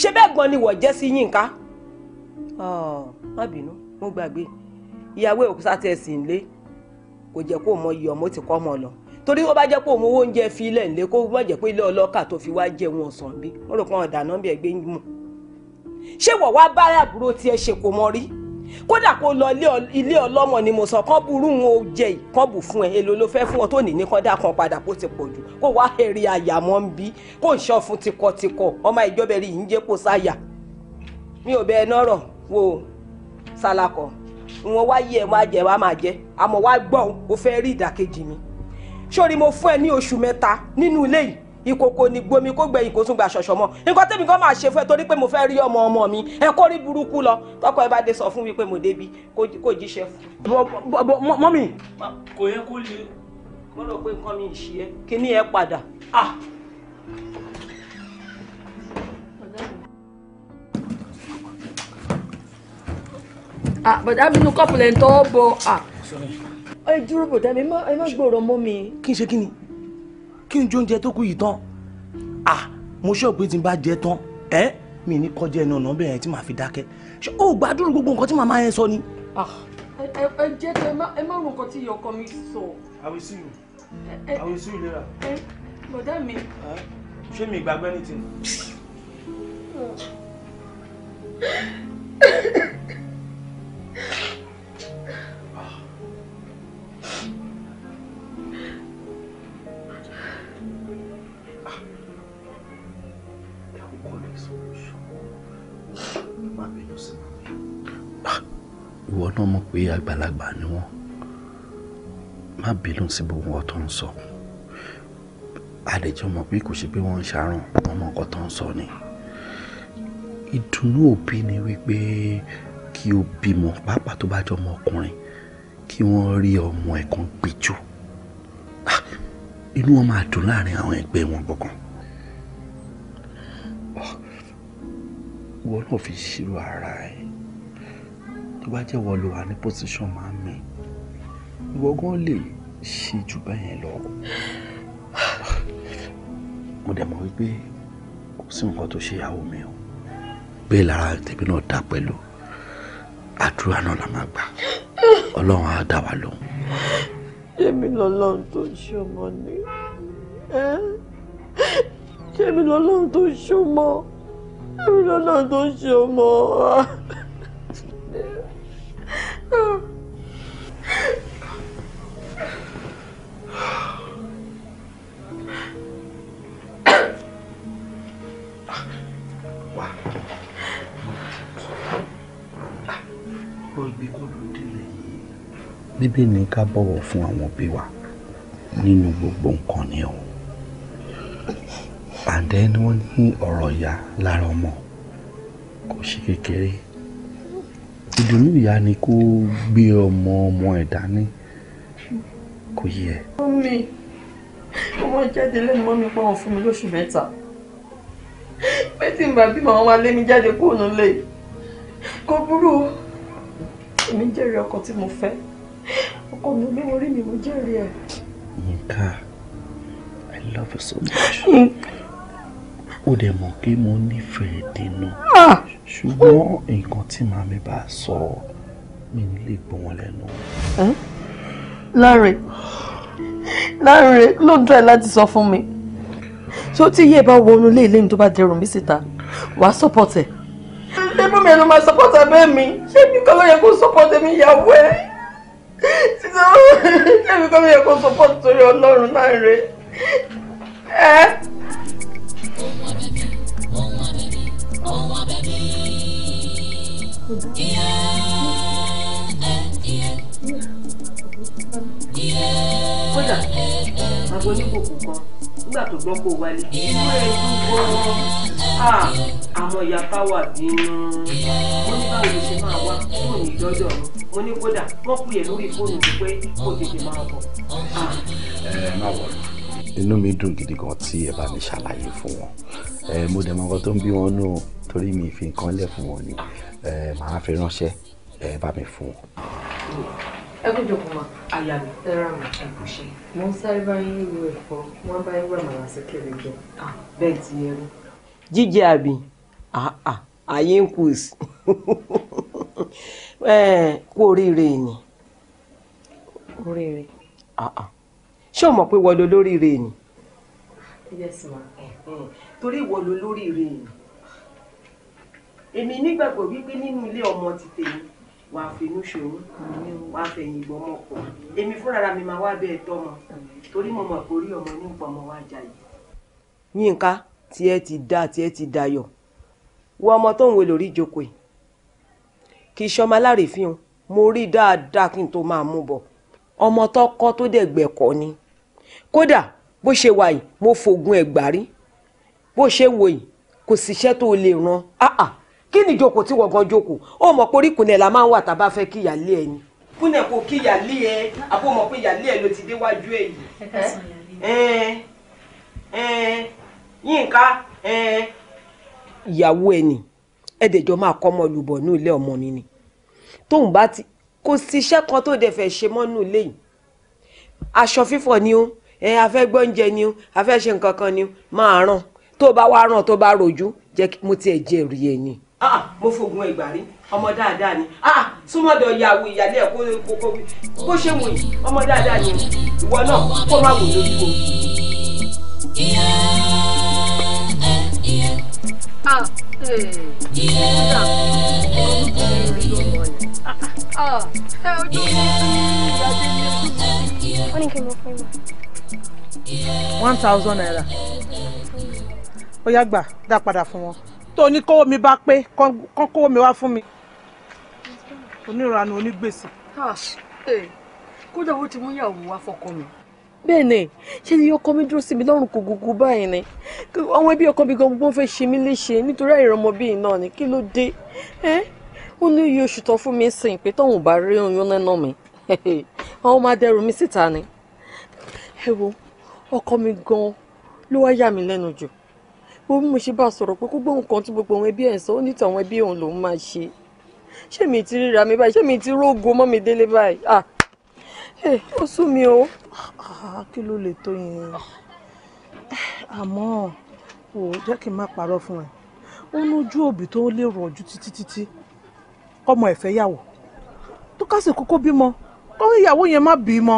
ṣé bẹ́ẹ̀ gan ni wọ́n jẹ́ sí yínká. má bínú mo gbàgbé ìyàwó òkúta tẹ̀ sí ilé kò jẹ́ kó mọ iyọ̀ mo ti kọ́ ọmọ lọ torí wọ́n bá jẹ́ pé òun owó oúnjẹ fi ilẹ̀ ńlẹ̀ kó wọ́n jẹ́ pé ilé ọlọ́kà tó fi wá jẹun ọ̀sán bí wọ́n rò pé wọn dà nọ́mbì ẹgbẹ́ yín mọ̀ ṣé wọ́n wá bá kódà kó lọ ilé ọlọ́mọ ni mo sọ kán burú wọn ò jẹ ìkán bù fún ẹ èlò ló fẹ́ fún ọ tó nìní kan dá kan padà kó ti pọ̀ jù kó wá èrè àyàmọ́ ń bí kó ń sọ fún tikọtikọ ọmọ ìjọba yìí ń jẹ́ kó sáyà mi ò bẹ ẹ nọ́rọ̀ wo sálakọ̀ wọn wá yí ẹ máa jẹ wá máa jẹ àmọ́ wá gbọ́n o fẹ́ rí ìdàkejì mi sórí mo fún ẹ ní oṣù mẹ́ta nínú ilé yìí ìkòkò ní gbomi kó gbẹ̀yìn kó tún gba ṣọ̀ṣọ̀ mọ́ nǹkan tẹ́mi kan máa ṣe fún ẹ torí pé mo fẹ́ rí ọmọ ọmọ mi ẹ kó rí burúkú lọ tọkọ ẹ bá dé sọ fún mi pé mo débi kó jíṣẹ́ fún. mọ́mì. kò yẹ kó le. mo rò pé nǹkan mi ì ṣe é kíní ẹ padà. bọ̀dá mi nu kọ́pù lẹ́ńtọ́ bọ̀. ẹ dúró bọ̀dá mi ẹ má gbòòrò mọ́ mi. kí n ṣe kí ni kí n jó oúnjẹ tó kù yìí tán ah mo ṣọ́ pé tí n bá jẹ tán ẹ́ mi ní kọjá ẹnu ọ̀nà bẹ́ẹ̀ tí màá fi dákẹ́ ṣé o gbàdúrà gbogbo nǹkan tí màmá yẹn sọ ni. ẹ jẹ́ tó ẹ má rò nǹkan tí iye ọkọ mi sọ. àwọn èsì yìí àwọn èsì yìí lera. bọ̀dá mi. ṣé mi ìgbàgbọ́ ní tìǹbù. pé àgbàlagbà ni wọ́n má bínú sí gbogbo wọn tó ń sọ àdèjọ mọ̀ pé kò ṣe pé wọ́n ń ṣàrùn wọ́n mọ̀ nǹkan tó ń sọ ni ìdùnnú òbí ni wípé kí o bímọ pàápàá tó bá jọ ọmọ ọkùnrin kí wọ́n rí ọmọ ẹ̀ kan gbẹjọ́ ah! inú wọn máa dùn láàrin àwọn ẹgbẹ́ wọn gbọ̀ngàn ah! wọn náà fi ṣírò ara ẹ̀ tó bá jẹ́ wọ́n ló wà ní pòsíṣàn máa ń mi ìwọ gan lè ṣe jù bẹ́yẹn lọ mo dẹ̀ mọ̀ wípé kò sí nǹkan tó ṣe ìyàwó mi o bẹ́ẹ̀ lára tèmi náà dá pẹ̀lú àdúrà náà la máa gbà ọlọ́run á dá wa lóhùn. ṣémi lọ́lọ́run tó ṣọmọ ni ṣémi lọ́lọ́run tó ṣọmọ ṣémi lọ́lọ́run tó ṣọmọ bíbí ni ká bọ̀wọ̀ fún àwọn òbí wa nínú gbogbo nǹkan ni o àǹdẹ́ ni wọ́n ní ọ̀rọ̀ ìyá lára ọmọ kò ṣe kékeré ìdùnnú ìyá ni kó gbé ọmọ ọmọ ẹ̀ dání kò yẹ. mọ́mí ọmọ jáde lẹ́nu mọ́mí pé wọ́n fún mi lóṣù mẹ́ta pé tí n bá bímọ àwọn alẹ́ mi jáde kúrò nílé kò burú èmi jẹ́rìí ọkọ tí mo fẹ́ ọkọ mi mi orí mi mo jẹ́rìí ẹ̀. Yinka, I love you so much. Mm ó dẹ̀ mọ̀ pé mo nífẹ̀ẹ́ dínú ah! ṣùgbọ́n nǹkan tí màmí bá sọ mi ò lè gbọ́ wọn lẹ́nu. Láre Láre ló ń tọ́ ẹ láti sọ fún mi tó tí yé bá wọnú ilé ilé mi tó bá dẹrùn mi síta wàá sọ́pọ̀tẹ̀. débú mi ló máa sọ́pọ̀tẹ̀ abẹ́ mi ṣé mi kọ́ ló yẹ kó sọ́pọ̀tẹ̀ mi ìyàwó ẹ̀ ṣé mi kọ́ ló yẹ kó sọ́pọ̀tẹ̀ torí Ọlọ́run Láre kódà àgbo oníbò kò kọ nígbà tó gbọ́ kó wálé ìwé ètò gbọ́ ah, àmọ́ ìyapa wà bínú mo ní báwo ló ṣe máa wá fóònù ìjọ́jọ́ mi mo ní kódà wọ́n pè é lórí fóònù mi pé kó tètè máa bọ̀. Ah. ẹ má wọlé inú mi dùn gidi gan tí ẹ bá mi ṣàlàyé fún wọn Eh, mo dẹ̀ mọ nǹkan tó ń bí wọn nù torí mi fi nǹkan lẹ̀ fún wọn ni eh, màá fi ránṣẹ́ ẹ eh, bá mi fún wọn. ẹ kó jọ kó ma àyà mi ẹ rà ẹ kò ṣe. mo ń sáré báyìí ru ẹ̀fọ́ wọ́n bá yín wà màmá sí kéré jẹ bẹ́ẹ̀ ti yẹ rú. jíjẹ àbí àyè ń kù sí kú oríire ni. oríire. ṣé o mọ̀ pé wọ́n lo ni. yes ma. Mm torí ìwọ ló lórí rẹ̀ èèyàn èmi nígbàgbọ́ wípé nínú ilé ọmọ ti tèmi wàá fẹnu ṣòro wàá fẹ̀yìn ìbọn ọmọ pọ̀ èmi fúnra mi máa wá bẹ́ẹ̀ tọ́mọ torí mo mọ̀ pé orí ọmọ ní nǹkan ọmọ wa jà yìí. Yínká tiẹ̀ ti dá tiẹ̀ ti dayọ̀ wo ọmọ tó ń wo lórí ìjókòó yìí kì í ṣọmọ alárèéfín o mo rí dáadáa kí n tó máa mú bọ̀ ọmọ tó kọ́ tó dẹ̀ gbẹ̀kọ́ ni kódà bó ṣe wà yìí mo fògùn ẹ̀gbárí bó ṣe wò yìí kò síṣẹ́ tó lè ran áà kí ni ìjókòó tí wọ́n gan jókòó ó mọ̀ pé oríkùnlẹ̀ la máa ń wà tá a bá fẹ́ kí ìyálé ẹ ni. kúnlẹ̀ kò kí ìyálé ẹ àbó mọ̀ pé ìyálé ẹ ló ti déwájú ẹ yìí. yínká ìyàwó ẹ ni ẹ̀ẹ́dẹ̀jọ́ máa kọ́ ọmọ lùbọ̀ ní ilé ọmọ mi ni tóun bá ti kò síṣẹ́ kan tó dẹ̀ fẹ́ ṣe mọ́nú ilé yìí aṣọ fífọ̀ ni ó ẹ afẹ́ gbọ́únjẹ ni ó afẹ́ ṣe nǹkan kan ni ó máa ràn tó bá wá ràn tó bá rojú jẹ́ kí mo tiẹ̀ jẹ́ rí ẹ ni. mo fògùn ẹgbà rí ọmọ dáadáa ni súnmọ́dọ̀ ìyàwó ìyàlẹ́ ẹ̀ kókó bó ṣe wù ọmọ dáadáa ni ìwọ náà kó má wò lójú One thousand naira ó yá gbà dá padà fún wọn tó ní kówó mi bá pé kán kówó mi wá fún mi oníranú onígbèsè. Eh, kódà ó ti mú ìyàwó wá fọkọ mi bẹ́ẹ̀ ni ṣé ni ọkọ mi dúró sí mi lọ́rùn kògógó báyìí ni àwọn ẹbí ọkọ mi gan gbọ́n fẹ́ ṣe mí léṣe nítorí àìrọ́mọ bíi náà ni kí ló dé ẹ́ ó ní iye oṣù tán fún mi sìn pé tóun bá rí oyún lẹ́nà mi àwọn máa dẹrù mi síta ni ẹ wo ọkọ mi gan ló wá yà mí lẹ́nu jù ó mú ṣe bá sọ̀rọ̀ pé gbogbo nǹkan tí gbogbo àwọn ẹbí ẹ̀ ń sọ ó ní tàwọn ẹbí òun lòún máa ṣe ṣé mi ti ríra mi báyìí ṣé mi ti rógo mọ́ mi délé báyìí ah ó sú mi o. Ah, kí ló lè tó yẹn àmọ́ ò jẹ́ kí n má parọ́ fún ẹ ó ní ojú òbí tó lè rọ̀jú títí títí kọ́mọ ẹ̀fẹ́ yàwó tó kásìkò kó bímọ kọ́ ìyàwó yẹn má bímọ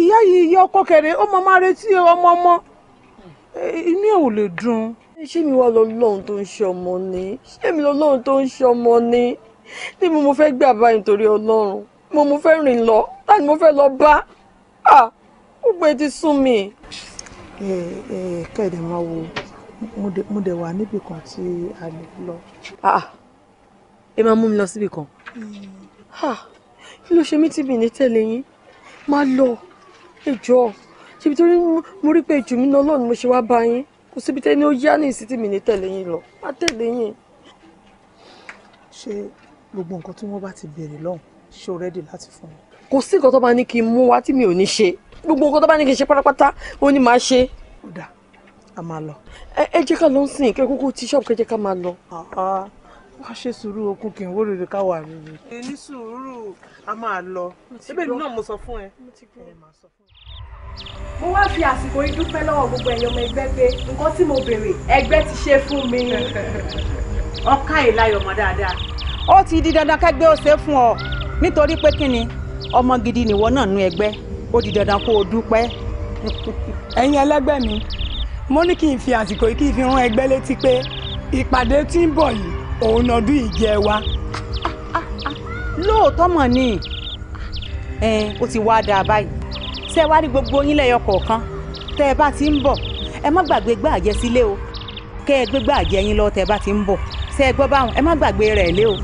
ìyá yìí ìyá ọkọ kẹrẹ ó mọ má retí ọmọ ọmọ inú ẹ ò lè dùn ṣé mi wá lọ lọ́hun tó ń ṣe ọmọ ni ṣé mi lọ lọ́hun tó ń ṣe ọmọ ni ní mo mo fẹ́ gbà báyìí nítorí ọlọ́run mo mo fẹ́ rìn lọ ta ni mo fẹ́ lọ bá à gbogbo etí sún mi. ẹ ẹ kẹ́ẹ̀dẹ̀ máa wo mo dẹ̀ wà níbì kan tí a lè lọ. ẹ máa mú mi lọ síbì kan. Hmm. kí ló ṣe mí tí mi ní tẹ̀lé yín máa lọ ẹ jọ̀ọ́ ṣèbí mo rí pé jù mí lọ lọ́nà mo ṣe wá bá yín kò síbi tẹ́ ni ó yá ní ìsítì mi ní tẹ̀lé yín lọ má tẹ̀lé yín. ṣé gbogbo nǹkan tí wọ́n bá ti béèrè lọ́hùn ṣé o rẹ́dì láti fún mi. kò sí nǹkan tó bá ní kí n mú wá tí mi ò ní ṣe gbogbo nǹkan tó bá ní kí n ṣe pátápátá ó ní máa ṣe. ó dà a máa lọ. ẹ jẹ́ ká lọ ń sìn kẹ́ kúkú tí ṣọ́ọ̀bù kẹ́jẹ́ ká máa lọ. wá ṣe sùúrù okun kì í wó rere ká wà rere. ní sùúrù a máa lọ. síbẹ̀ mo wá fi àsìkò yìí dúpẹ́ lọ́wọ́ gbogbo ẹ̀yàn ọmọ ẹgbẹ́ pé nǹkan tí mo béèrè ẹgbẹ́ ti ṣe fún mi. ọkà ìlayọ̀ mọ́ dáadáa. ó ti di dandan kẹgbẹ́ ó ṣe fún ọ nítorí pé kí ni ọmọ gidi nìwọ náà nú ẹgbẹ́ ó di dandan kó o dúpẹ́. ẹ̀yin ẹlẹ́gbẹ́ mi mo ní kí n fi àsìkò yìí kí n fi rán ẹgbẹ́ létí pé ìpàdé tí ń bọ̀ yìí òun ọdún ìjẹ wa. lóòótọ́ mọ̀ ni ó ti wá dáa báyìí ṣé wá rí gbogbo yín lẹ́yọ kọ̀ọ̀kan tẹ́ ẹ bá ti ń bọ̀ ẹ má gbàgbé gbàjẹ́ sílé o kẹ́ ẹ gbé gbàjẹ́ yín lọ tẹ́ ẹ bá ti ń bọ̀ ṣé ẹ gbọ́ báwọn ẹ má gbàgbé rẹ̀ lé o.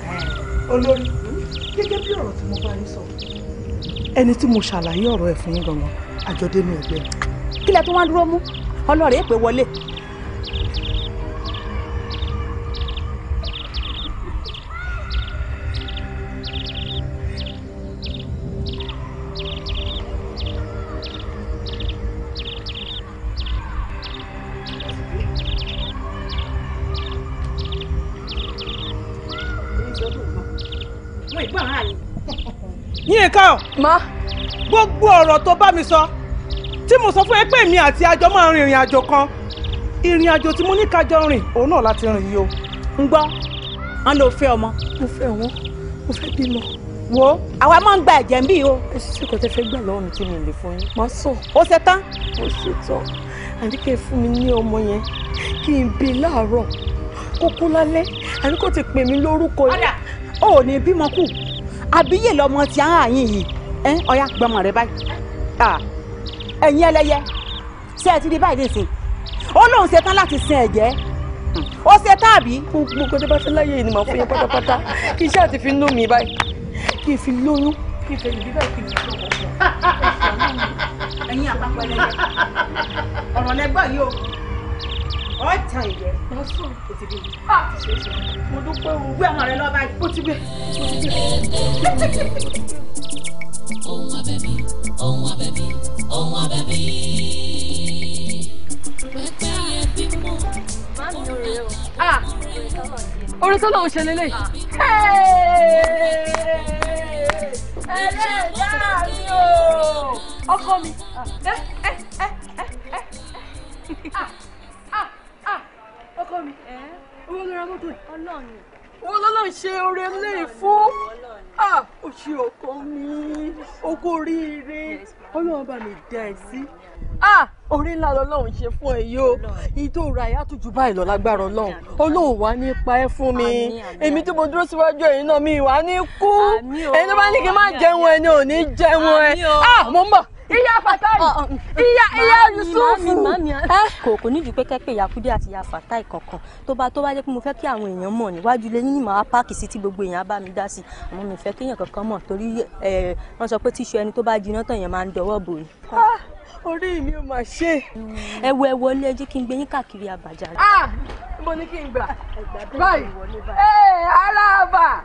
olórí gẹ́gẹ́ bí ọ̀rọ̀ tí mo bá yín sọ ẹni tí mo ṣàlàyé ọ̀rọ̀ ẹ̀ fún yín gangan àjọdé mi ẹ̀gbẹ́. kílẹ̀ tó wá dúró mú ọlọ́rẹ̀ èpè wọlé ọ̀rọ̀ tó bá mi sọ tí mo sọ fún ẹ pé mi àti àjọ máa rin ìrìn àjò kan ìrìn àjò tí mo ní kájọ rìn òun náà láti rìn yìí o. ń gbọ́ wọn ló fẹ́ ọmọ. mo fẹ́ wọn mo fẹ́ bímọ. wo àwa máa ń gba ẹ̀jẹ̀ ń bí o. ẹ ṣíṣe kò tẹ́ fẹ́ gbà lọ́rùn tí mi lè fún yín. má sọ. ó ṣe tán. mo ṣe tán àríkẹ́ fún mi ní ọmọ yẹn kí n bí láàárọ̀ kókó lálẹ́ àríkọ́ ti pè mí lórúkọ yẹn. ó ní bímọ kù àbíyè lọmọ ti àárín yìí ẹ ọyá gbọmọ rẹ báyìí. Ah, ẹ̀yin ẹlẹ́yẹ ṣé ẹ ti di báyìí nísìn ó lóun ṣetán láti sin ẹ̀jẹ̀ ó ṣe tàbí. gbogbo gbogbo bá fẹ́ láyé ìnìmọ̀ fún yín pátápátá kí iṣẹ́ àti fi ń lómi báyìí kí n fi lóyún kí n fẹ̀yìn bíbẹ̀ kí n fi lọ́wọ́ ẹ̀yin àpapọ̀ ẹlẹ́yẹ ọ̀rọ̀ lẹ́gbọ́n yìí o ọ̀tàn ìyẹ́ lọ́sùn kò ti gbé mo dúpẹ́ o gbé àwọn ọ̀rẹ́ lọ́ọ́ báyìí kò ti gbé kò ti gbé ohun abẹ̀mí ohun abẹ̀mí ohun abẹ̀mí. pẹpẹ yẹ bímọ. máàmì oore o. ah oore tó lóun ṣe lélẹ̀. ẹlẹ́dàá mi o. ọkọ mi. ẹ ẹ ẹ ẹ ẹ. ah ah ah ọkọ mi. Eh? owó ló ra mọ́tò yìí. ọlọ́run wọ́n lọ́nà ṣe oore lẹ́yìn fún òṣì ọkọ mi oko oríire ọlọ́run bá mi dá ẹ sí orí ńlá lọ́lọ́run ṣe fún ẹ yó yìí tó ra ìyá tuntun báyìí lọ lágbára ọlọ́run ọlọ́run wà nípa ẹ fún mi èmi tí mo dúró síwájú ẹ̀yin náà mi wà ní kú ẹ̀yin tó bá ní kí n má jẹun ẹ ní jẹun ẹ mo mọ̀ ìyá fatai ìyá ìyá yusufu. kò kò nídìí pé kẹ́pẹ́ ìyàkúdé àti ìyá fatai kankan tó bá tó bá jẹ́ pé mo fẹ́ kí àwọn èèyàn mọ̀ níwájú ilé yín ni màá páàkì sí tí gbogbo èèyàn bá mi dá sí àmọ́ mi fẹ́ kéèyàn kankan mọ̀ torí wọ́n sọ pé tíṣu ẹni tó bá jiná tán yẹn máa ń dọwọ́ bò yìí ah, orí mi ò máa ṣe. Hmm. ẹ wo ẹ wọlé ẹ jẹ́ kí n gbé yín káàkiri àbàjá. Ah, mo ní kí n gbà báyìí eh, aráàbà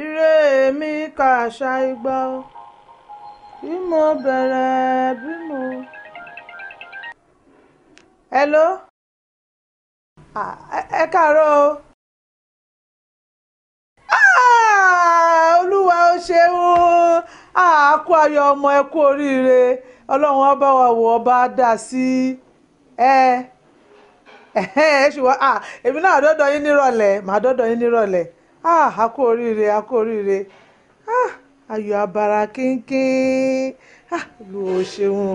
ire èmi kà àṣà o bí mo bẹ̀rẹ̀ bínú. hello ẹ káàárọ̀ o. Ah, olúwa ó ṣeun àákú ayọ̀ ọmọ ẹ kú oríire ọlọ́run ọba wa ọba dà sí ẹ ẹ ṣùgbọ́n èmi náà dọ́dọ̀ yín nírọ̀lẹ́ màá dọ́dọ̀ yín nírọ̀lẹ́. ah a kú oríire a kú oríire ah ayọ̀ abara kínkín ah ìlú o ṣeun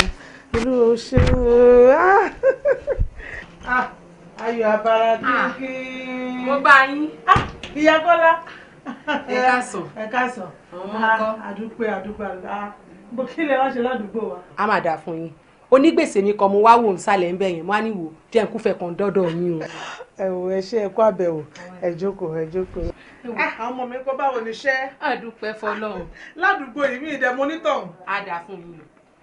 ìlú o ṣeun ah ah ayọ̀ abara ah, kínkín. mo bá yín. ah ìyá kọ́lá. ẹ ká sọ. ẹ ká sọ. àdúpẹ́ ah, àdúpẹ́ àdúpẹ́ ah, àdúpẹ́ bó kílẹ̀ wá ṣe ládùúgbò wa. a máa dà fún yín onígbèsè mi kan mo wá wò ń sálẹ̀ ńbẹ̀ yẹn mo á ní wò jẹ́ n kúfẹ́ kan dọ́dọ̀ yín o. ẹ̀wò ẹ ṣe ẹ̀kọ́ àbẹ̀wò ẹ jókòó ẹ jókòó. Ah, àwọn ọmọ mi kọ́ báwo ni iṣẹ́. àdúpẹ́ o ládùúgbò yìí mi ìdẹ monítọ̀hún. a dà fún mi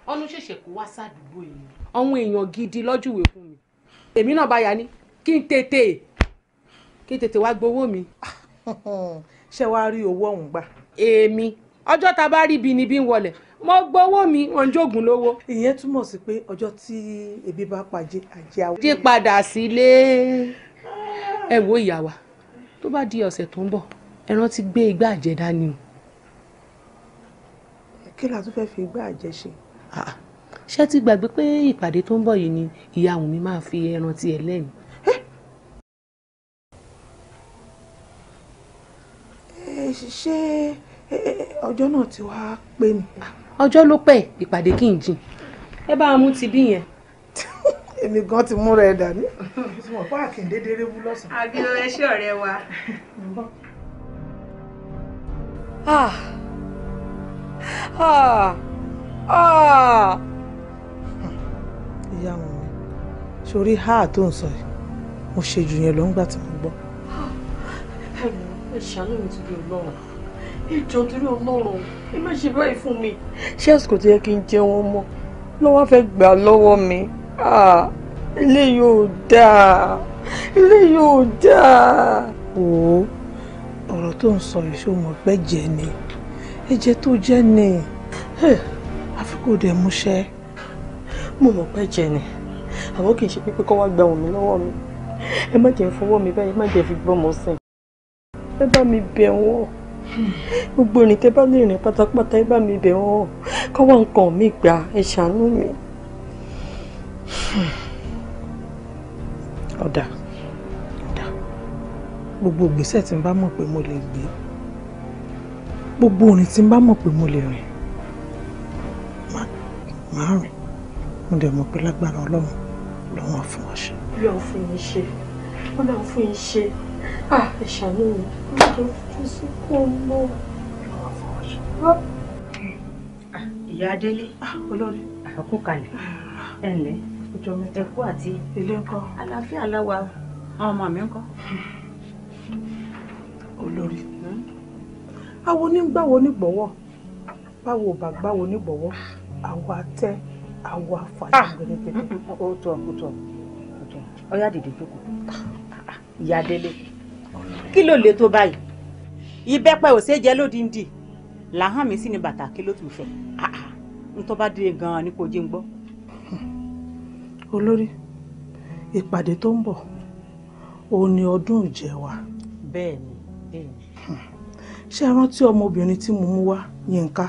ọ̀nù ṣẹ̀ṣẹ̀ kó wá sádùúgbò yìí. àwọn èèyàn gidi lọ́júwe fún mi èmi náà bá ya ní kí n tètè kí n tètè wá gbowó mi. ṣé wàá rí owó ọ̀hún gbà. èmi ọjọ́ ta bá rí ibi ni bí ń wọlẹ̀ mo gbowó mi wọn jogun lówó. ìyẹn túmọ̀ sí pé ọjọ́ tí ebi bá pàjẹ́ àjẹ́ àwọn. jí padà sílé ẹ wo ìyá tó bá di ọ̀sẹ̀ tó ń bọ̀ ẹran ti gbé igbá àjẹ́ dání o. kí la tún fẹ́ fi igbá àjẹ́ ṣe. ṣé ti gbàgbé pé ìpàdé tó ń bọ̀ yìí ni ìyá àwọn mi máa fi ẹran tiẹ̀ lẹ́nu. ṣe ọjọ́ náà ti wá pé mi ọjọ́ ló pẹ́ ìpàdé kì í jìn ẹ bá a mú ti bí yẹn. èmi gan ti múra ẹ dání. mo fọ àkìndé déré wú lọ́sàn-án. àbí ẹ ọ̀rẹ́ wa. ah ah ah. ìyá wọn mi sórí háà tó ń sọ yìí mo ṣe jù yẹn lọ ńgbà tí mo gbọ́. ẹ ṣàánú mi torí ìjọ torí ọlọ́run ẹ má ṣe báyìí fún mi. ṣé àsìkò tó yẹ kí n jẹ wọn mọ lọ́wọ́ fẹ́ gbà lọ́wọ́ mi ah, ilé yóò dáa ilé yóò dáa. wò ó ọ̀rọ̀ tó ń sọ yìí ṣó mọ̀ pé jẹ́ ni ẹ̀jẹ̀ tó jẹ́ ni àfi kò dẹ̀ múṣẹ́. mo mọ̀ pé jẹ́ ni àmọ́ kì í ṣe pípé kọ́ wá gba òun mi lọ́wọ́ mi ẹ má jẹ́ fọwọ́ mi báyìí ẹ má jẹ́ fi gbọ́mọ sìn ẹ bá mi bẹ̀ wọ́n gbogbo ìrìn tẹ́ bá lè rìn pátápátá ẹ bá mi bẹ̀ wọ́n kọ́ wá nǹkan mi gbà ẹ ṣàánú mi. ọ̀dà ọ̀dà gbogbo ìgbésẹ̀ tí n bá mọ̀ pé mo lè gbé gbogbo ìrìn tí n bá mọ̀ pé mo lè rìn màá rìn mo dẹ̀ mọ̀ pé lágbára ọlọ́run lọ́wọ́ fún wa ṣe. yóò fún mi ṣe ọlọ́run fún iṣẹ́ ìṣàánú mi ọjọ́ fojú sunkún ọmọ. ìyá adélé olórí àkókò kalẹ̀ ẹ ǹlẹ́ ọjọ́ mẹ́ta ẹ̀kú àti ilé ńkọ́ àlàáfíà láwa àwọn ọmọ mi ńkọ́. olórí àwọn onígbàwọ̀ onígbọ̀wọ̀ báwo bá gbáwo onígbọ̀wọ̀ àwọn atẹ́ àwọn afàyà gbẹ̀rẹ̀gbẹ̀rẹ̀. ó tọ̀ ó tọ̀ ó tọ̀ ó yá dìde jókòó ìyá délé kí ló lè tó báyìí ìbẹ́pẹ ò ṣeé jẹ lódìndì làhán mi sì ni bàtà kí ló tún fẹ́ n tó bá dé gan ni kò jẹ́ ń gbọ́. olórí ìpàdé tó ń bọ̀ òun ni ọdún ìjẹ wa. bẹ́ẹ̀ni bẹ́ẹ̀ni. ṣé ẹ rántí ọmọbìnrin tí mo mú wá yinka,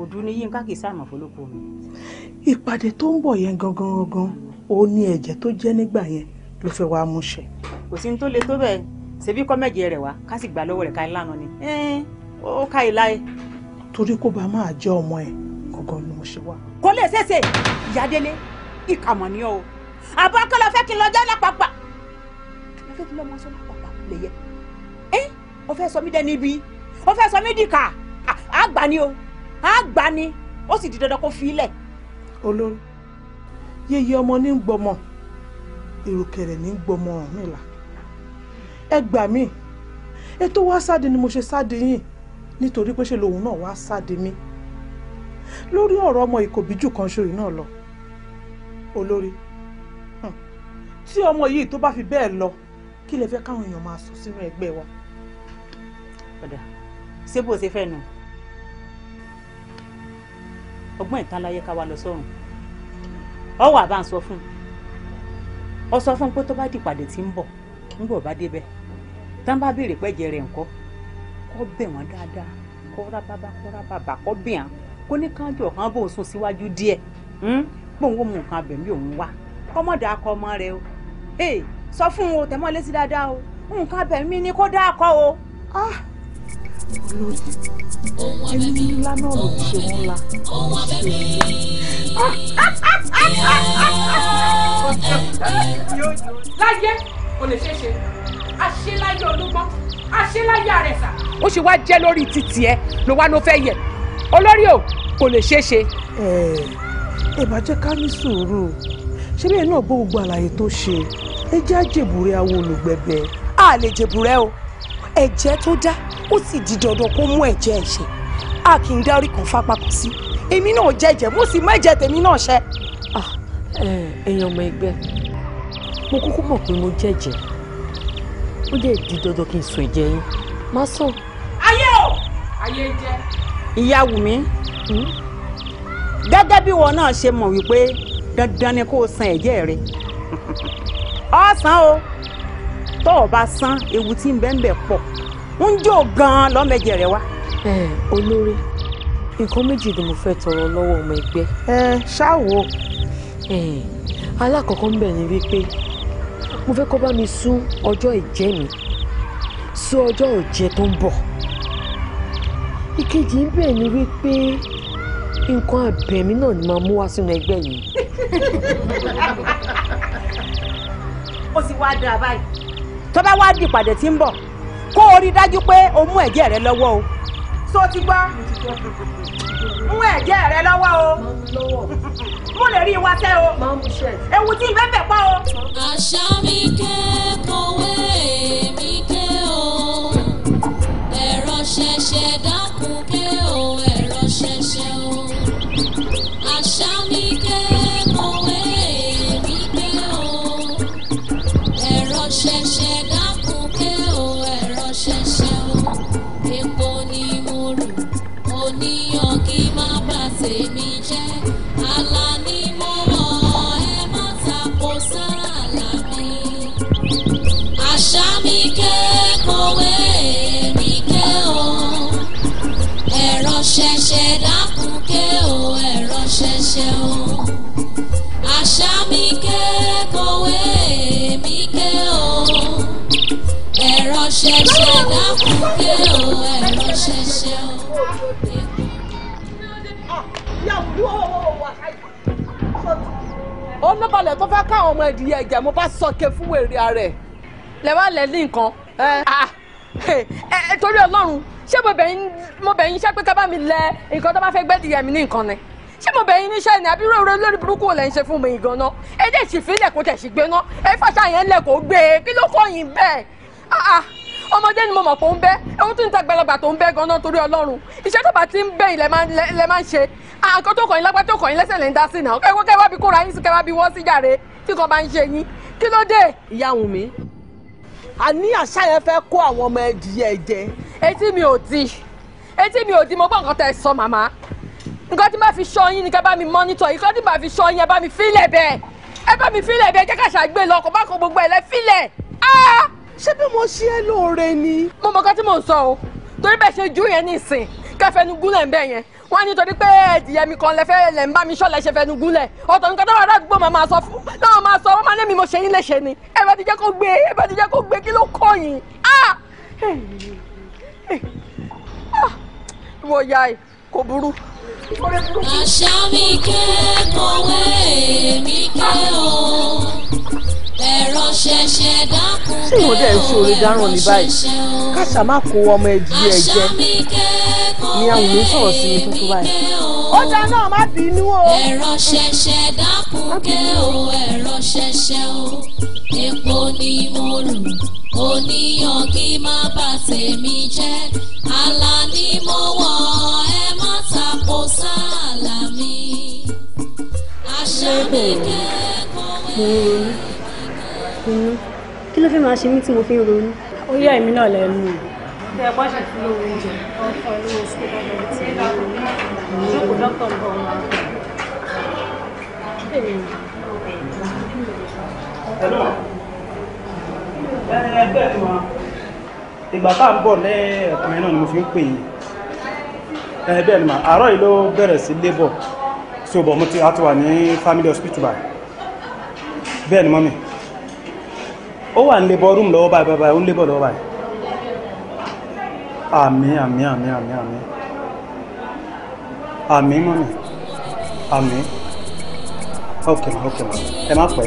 òdù ni yinka kì í sáà mọ̀ fọlọ́kọ mi. ìpàdé tó ń bọ̀ yẹn gangan gangan òun ni ẹ̀jẹ̀ tó jẹ́ nígbà yẹn ló fẹ́ wá múṣẹ. kò sí ní tó le tó bẹ́ẹ̀ ṣebí kọ́ mẹ́jẹ rẹ̀ wá ká sì gbà lọ́wọ́ rẹ̀ ká ìlànà ni ó ká ìlà ẹ̀. torí kó bá máa jẹ́ ọmọ ẹ̀ gangan ni mo ṣe wá. kò lè ṣeéṣe ìyá délé ìkàmọ̀ ni o àbọ̀ kọ́ lọ fẹ́ kí n lọ jẹ́ lápapà lọ fẹ́ kí lọ́mọ sọ lápapà lè yẹ ẹ́ o fẹ́ sọ mí dẹ́ni ibi o fẹ́ sọ mí dìkà àgbà ni o àgbà ni o sì di dandan kó fi ilẹ̀. olórí yeye ọmọ ní gbọmọ ìrùkẹ̀rẹ̀ ní gbọmọ ọ̀hún ìlà ẹ gbà mí ètò e wá sáde ni mo ṣe sáde yín nítorí pé ṣe lòun náà wá sáde mí lórí ọ̀rọ̀ ọmọ ìkòbíjù kan ṣòyìn náà lọ olórí tí ọmọ yìí tó bá fi bẹ́ẹ̀ lọ kí lè fẹ́ káwọn èèyàn máa sọ sínú ẹgbẹ́ wa. ọ̀dà ṣé bó ṣe fẹ́ nù ọgbọ́n ìtàn láyé ká wa lọ sọ́run ọ̀wọ́ àbá ń sọ fún un ọ sọ fún un pé tó bá di ìpàdé tí ń bọ̀ ń bọ̀ bá débẹ̀ tá n bá béèrè pẹ́jẹ rẹ̀ ńkọ́ kó bẹ̀ wọ́n dáadáa kó rá bàbá kó rá bàbá kó bẹ̀ hàn kó ní kánjọ kan bò ń sún síwájú díẹ̀ hmm? pòun ó mú nǹkan abẹ̀mí òun wá kọ́mọ̀ dáa kọ́ ọmọ rẹ o sọ fún un o tẹ̀mọ́ létí dáadáa o nǹkan abẹ̀mí ni kó dáa kọ́ o. Ah olórí ẹni ńlá náà ló ti ṣe wọn ńlá. láyé kò lè ṣeé ṣe àṣeláyé olúgbọ́n àṣeláyé àrẹ̀sà. ó ṣe wá jẹ́ lórí títì ẹ ló wá ló fẹ́ yẹ olórí o kò lè ṣeé ṣe. ẹ bá jẹ́ ká ní sùúrù ṣé bẹ́ẹ̀ náà gbọ́ gbogbo àlàyé tó ṣe ẹ jẹ́ àjèbùrẹ́ àwọn olùgbẹ̀bẹ̀. a lè jèbùrẹ́ o ẹ̀jẹ̀ tó dá ó sì di dandan kó mú ẹ̀jẹ̀ ẹ̀ṣẹ̀ a kì í dárí kan fapá kan sí èmi náà jẹ́jẹ̀ mo sì mẹ́jẹ̀ tèmi náà ṣẹ. Ah, ẹ̀yin ọmọ ẹgbẹ́ mo kúkú mọ̀ pé mo jẹ́jẹ̀ ó dẹ̀ di dandan kí n sọ ẹ̀jẹ̀ yín má sọ. ayé o ayé jẹ. ìyá Wùmí hmm? gẹ́gẹ́ bí wọn náà ṣe mọ̀ wípé dandan ni kó o san ẹ̀jẹ̀ rẹ ọ̀sán o tọ́ ọ bá san ewu tí ń bẹ́ ń bẹ̀ pọ̀ ń jò gan-an lọ́mẹjẹ rẹ wá. ẹ olórí nǹkan méjì ni mo fẹ́ tọrọ lọ́wọ́ ọmọ ẹgbẹ́. ẹ ṣáwo. alákọ̀ọ́kọ́ ń bẹ̀ ni wípé mo fẹ́ kó bá mi sún ọjọ́ ìjẹ́ mi sí ọjọ́ òjẹ tó ń bọ̀. ìkejì ń bẹ̀ ni wípé nǹkan abẹ̀mí náà ni màá mú wá sínú ẹgbẹ́ yìí. ó sì wá dáa báyìí tó bá wá di ìpàdé tí ń bọ̀ kó o rí dájú pé o mú ẹ̀jẹ̀ rẹ lọ́wọ́ o so ti gbọ́ mú ẹ̀jẹ̀ rẹ lọ́wọ́ o mo lè rí iwa tẹ́ o ewu tí ìfẹ́ bẹ̀ pa o. àṣà mi kẹ́kọ̀ọ́wé mi kẹ́ o ẹ̀rọ ṣẹ̀ṣẹ̀ dákun kẹ́ o ẹ̀. ṣeun àṣà mi kẹ́kọ̀ọ́wé mi kẹ́ o ẹ̀rọ ó ná balẹ̀ tó fẹ́ káwọn ọmọ ẹ̀dìyẹ ẹ̀jẹ̀ mo bá sọ̀kè fún wèrè ara ẹ̀ lẹ́wà lẹ́lí nǹkan torí ọlọ́run ṣé mo bẹ̀ yín pé ká bá mi lẹ nǹkan tó bá fẹ́ gbẹ́dìyẹ mi ní nǹkan ni ṣé mo bẹ̀yìn níṣẹ́ ni àbí rẹ́rẹ́ lórí burúkú ò lẹ́ ń ṣe fún mi gan náà ẹ dẹ̀ sì fílẹ̀ kó tẹ̀sí gbé ná ẹ fàṣà yẹn lẹ̀ kó gbé e kí ló kọ́ yín bẹ́ẹ̀ ah, ah. ọmọdé ni mo mọ̀ pé ó ń bẹ́ ohun tí ń ta gbalagbà tó ń bẹ́ gan-an torí ọlọ́run iṣẹ́ tó bá ti ń bẹ́yìn lẹ máa ń ṣe àkọ́ ah, tó kọ̀yìn lápá tó kọ̀yìn lẹ́sẹ̀ lẹ́ ń dá sí náà kẹ́wọ́ kẹ́wọ́ bí kóra yín sí kẹ́wọ́ bí wọ́n sí jàre tí kan bá ń ṣe yín kí ló dé. ìyá wù mí àní àṣà yẹn fẹ́ kó àwọn ọmọ ẹdìyẹ mo gbọ́ nǹkan tẹ́ sọ nǹkan tí máa fi ṣọ́ yín ni ká bá mi mọ́nítọ̀ yìí nǹkan tí máa fi ṣọ́ yín ẹ bá mi fílẹ̀ bẹ́ẹ̀ ẹ bá mi fílẹ̀ bẹ́ẹ̀ jẹ́ ká ṣàgbé lọ kó bá kó gbogbo ẹ̀ lẹ́ fílẹ̀ ṣé bí mo ṣe é lóore ni. mo mọ nǹkan tí mò ń sọ o torí bẹ́ẹ̀ ṣe ju yẹn nísìn kẹfẹ́nu gúnlẹ̀ ń bẹ̀ yẹn wọ́n á ní torí pé ẹ̀dìyẹ mi kan lẹ́fẹ́ lẹ̀ ń bá mi ṣọ́lẹ̀ ṣe fẹ́nu gúnlẹ̀ ọ̀tọ̀ nǹkan tó wà ládùúgbò máa máa sọ fún náà máa sọ wọ́n máa lémi mo ṣe yín léṣe ni ẹ bá ti jẹ́ kó gbé ẹ bá ti jẹ́ kó gbé kí ló kọ́ yín. Ah! ìwọ ya yìí kò burú. àṣà mi kẹ́kọ̀ọ́wé mi kẹ́ o ẹ̀rọ ṣẹ̀ṣẹ̀ dákun kẹ́ o ẹ̀rọ ṣẹ̀ṣẹ̀ o kàṣà má kó ọmọ ẹ̀jì ẹ̀ jẹ ni àwọn ò sọ̀rọ̀ sí mi tuntun báyìí. ọjà náà má bínú o. ẹ̀rọ ṣẹ̀ṣẹ̀ dákun kẹ́ o ẹ̀rọ ṣẹ̀ṣẹ̀ o epo ni mo lù oníyàn kí má bà tèmi jẹ́ àlá ni mo wọ̀ ọ́. sọ̀rọ̀ mo ronú ronú kí ló fẹ́ máa ṣe mí tí mo fi ń ronú. ó yá èmi náà lẹ́nu. ṣé ẹ pàṣẹ fún lówó oúnjẹ ọkọ lówó sílẹ̀ tí ó lọ jókòó dókítà ń bọ̀ wọn. ìgbà tá à ń bọ̀ lẹ́ẹ̀kan náà ni mo fi ń pè yín ẹgbẹ́ àárọ̀ yìí ló bẹ̀rẹ̀ sí lébọ̀ so bọ̀ mo ti a ti wà ní family hospital báyìí bẹ́ẹ̀ ni mọ́mì ó wà ní labour room lọ́wọ́ báyìí báyìí ó ń labour lọ́wọ́ báyìí àmín àmín àmín àmín àmín àmín mọ́mì àmín ok ma ok ẹ má pẹ́.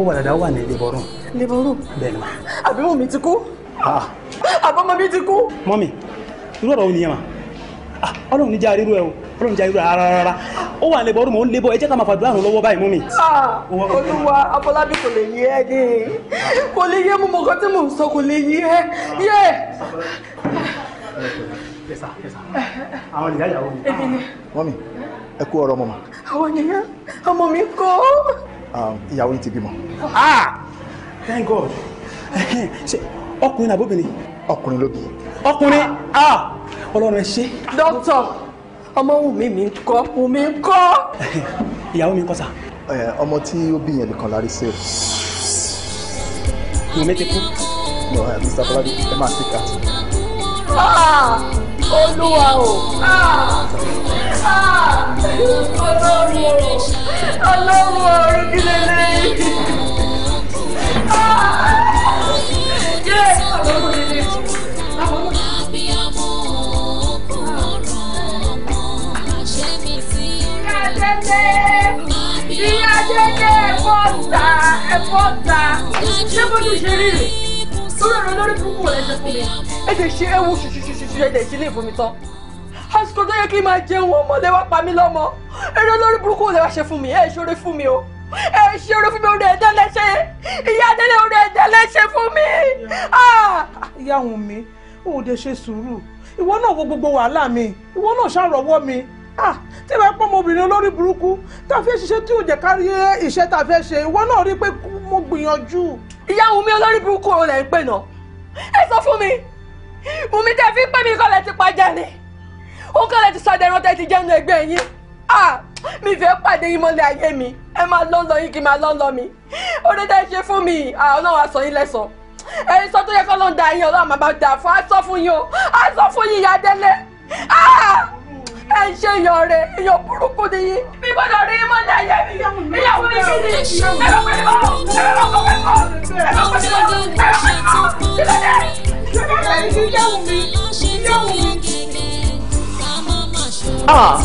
ó wà dáadáa ó wà ní lébọrún. lébọrún. bẹ́ẹ̀ ni ma. àbí mọ̀mí ti kú. àbọ̀ mọ̀mí ti kú. mọ́mí irú ọ̀rọ̀ ònìyàn ma ọlọ́run ní já ríru ẹ o ọlọ́run já ríru ẹ rárá rárá ó wà lébọ̀ ọdún mọ̀ ń lébọ̀ ẹ jẹ́ ká máa fàdúrà ràn lọ́wọ́ báyìí mọ́mí. olúwa afọlábí kò lè yé ẹ ní kò lè yé mú mọ kan tí mò ń sọ kò lè yé ẹ yé. àwọn ìyá ìyàwó mi. mọ́mí ẹ kú ọ̀rọ̀ ọmọ mà. àwọn ènìyàn ọmọ mi kọ́. Um, ìyàwó yìí ti bímọ. Ah! thank god ṣe ọkùnrin àbóbìnrin. ọkùnrin ló bí. ọkùnrin ah! ọlọ́run ẹ ṣe. dókítà ọmọ wùmí mi ń kọ́ wùmí ń kọ́. ìyàwó mi ń kọ́ sa. ọmọ tí ó bí yẹn nìkan lárí sí o. wùmí ti kú. no mr bọ́lá ẹ máa ṣe kàtó olúwa o. olórí olówó orí kílé lẹ́yìn. Ìyá jẹ́jẹ́ ẹ̀fọ́ ta ẹ̀fọ́ ta ṣé ṣe rí rè? Tó lè lọ lórí púpọ̀ rẹ̀ fún mi ẹ tẹ̀ ṣe ẹwù ṣùṣùṣùṣù ẹ tẹ̀ ṣe lè fún mi tán àsìkò tó yẹ kí n máa jẹun ọmọ lẹ wá pa mí lọ́mọ eré lórí burúkú lẹ wá ṣe fún mi ẹ ṣoore fún mi o ẹ ṣoore fún mi orí ẹdẹ lẹṣẹ ìyá délé orí ẹdẹ lẹṣẹ fún mi. ìyá àwọn mi ò dé ṣe sùúrù ìwọ náà wo gbogbo wàhálà mi ìwọ náà ṣàrọwọ mi tí wàá pọ́n ọmọbìnrin olórí burúkú tá a fẹ́ ṣiṣẹ́ tí ò jẹ́ kárí iṣẹ́ tá a fẹ́ ṣe ìwọ náà rí i pé mo gbìyànjú. ìyá àwọn mi olórí burúkú rẹ̀ ń pè náà ẹ sọ fún mi Wùmí tẹ́ fi pé mi kọ́lẹ̀ ti pàjá ni. Ó kọ́lẹ̀ ti sọ̀dọ̀ ẹran tẹ́ ti jẹ́nu ẹgbẹ́ yín. Ah, mi fẹ́ pàdé yín mọ́lẹ̀ ayé mi. Ẹ máa lọ́ lọ yín kí n máa lọ́ lọ mi. Orí tẹ́ ṣe fún mi, ah, Ọlọ́run á yín lẹ́san. Ẹyin sọ tó yẹ kọ́ ló ń da yín, Ọlọ́run máa dà fún aṣọ fún yín o. Aṣọ fún yín ìyá délé. Ah, ẹ ń ṣe èèyàn rẹ̀, èèyàn burúkú ni yín. Mi gbọ́dọ̀ rí yín mọ́lẹ̀ ayé mi. Ìyàwó mi ṣì ni. Ẹ lọ pẹ̀lú bọ́ọ̀lù. Ẹ lọ pẹ̀lú bọ́ọ̀lù. Ẹ lọ pẹ̀lú bọ́ọ̀lù. Ẹ lọ pẹ̀lú bọ́ọ̀lù. Ah.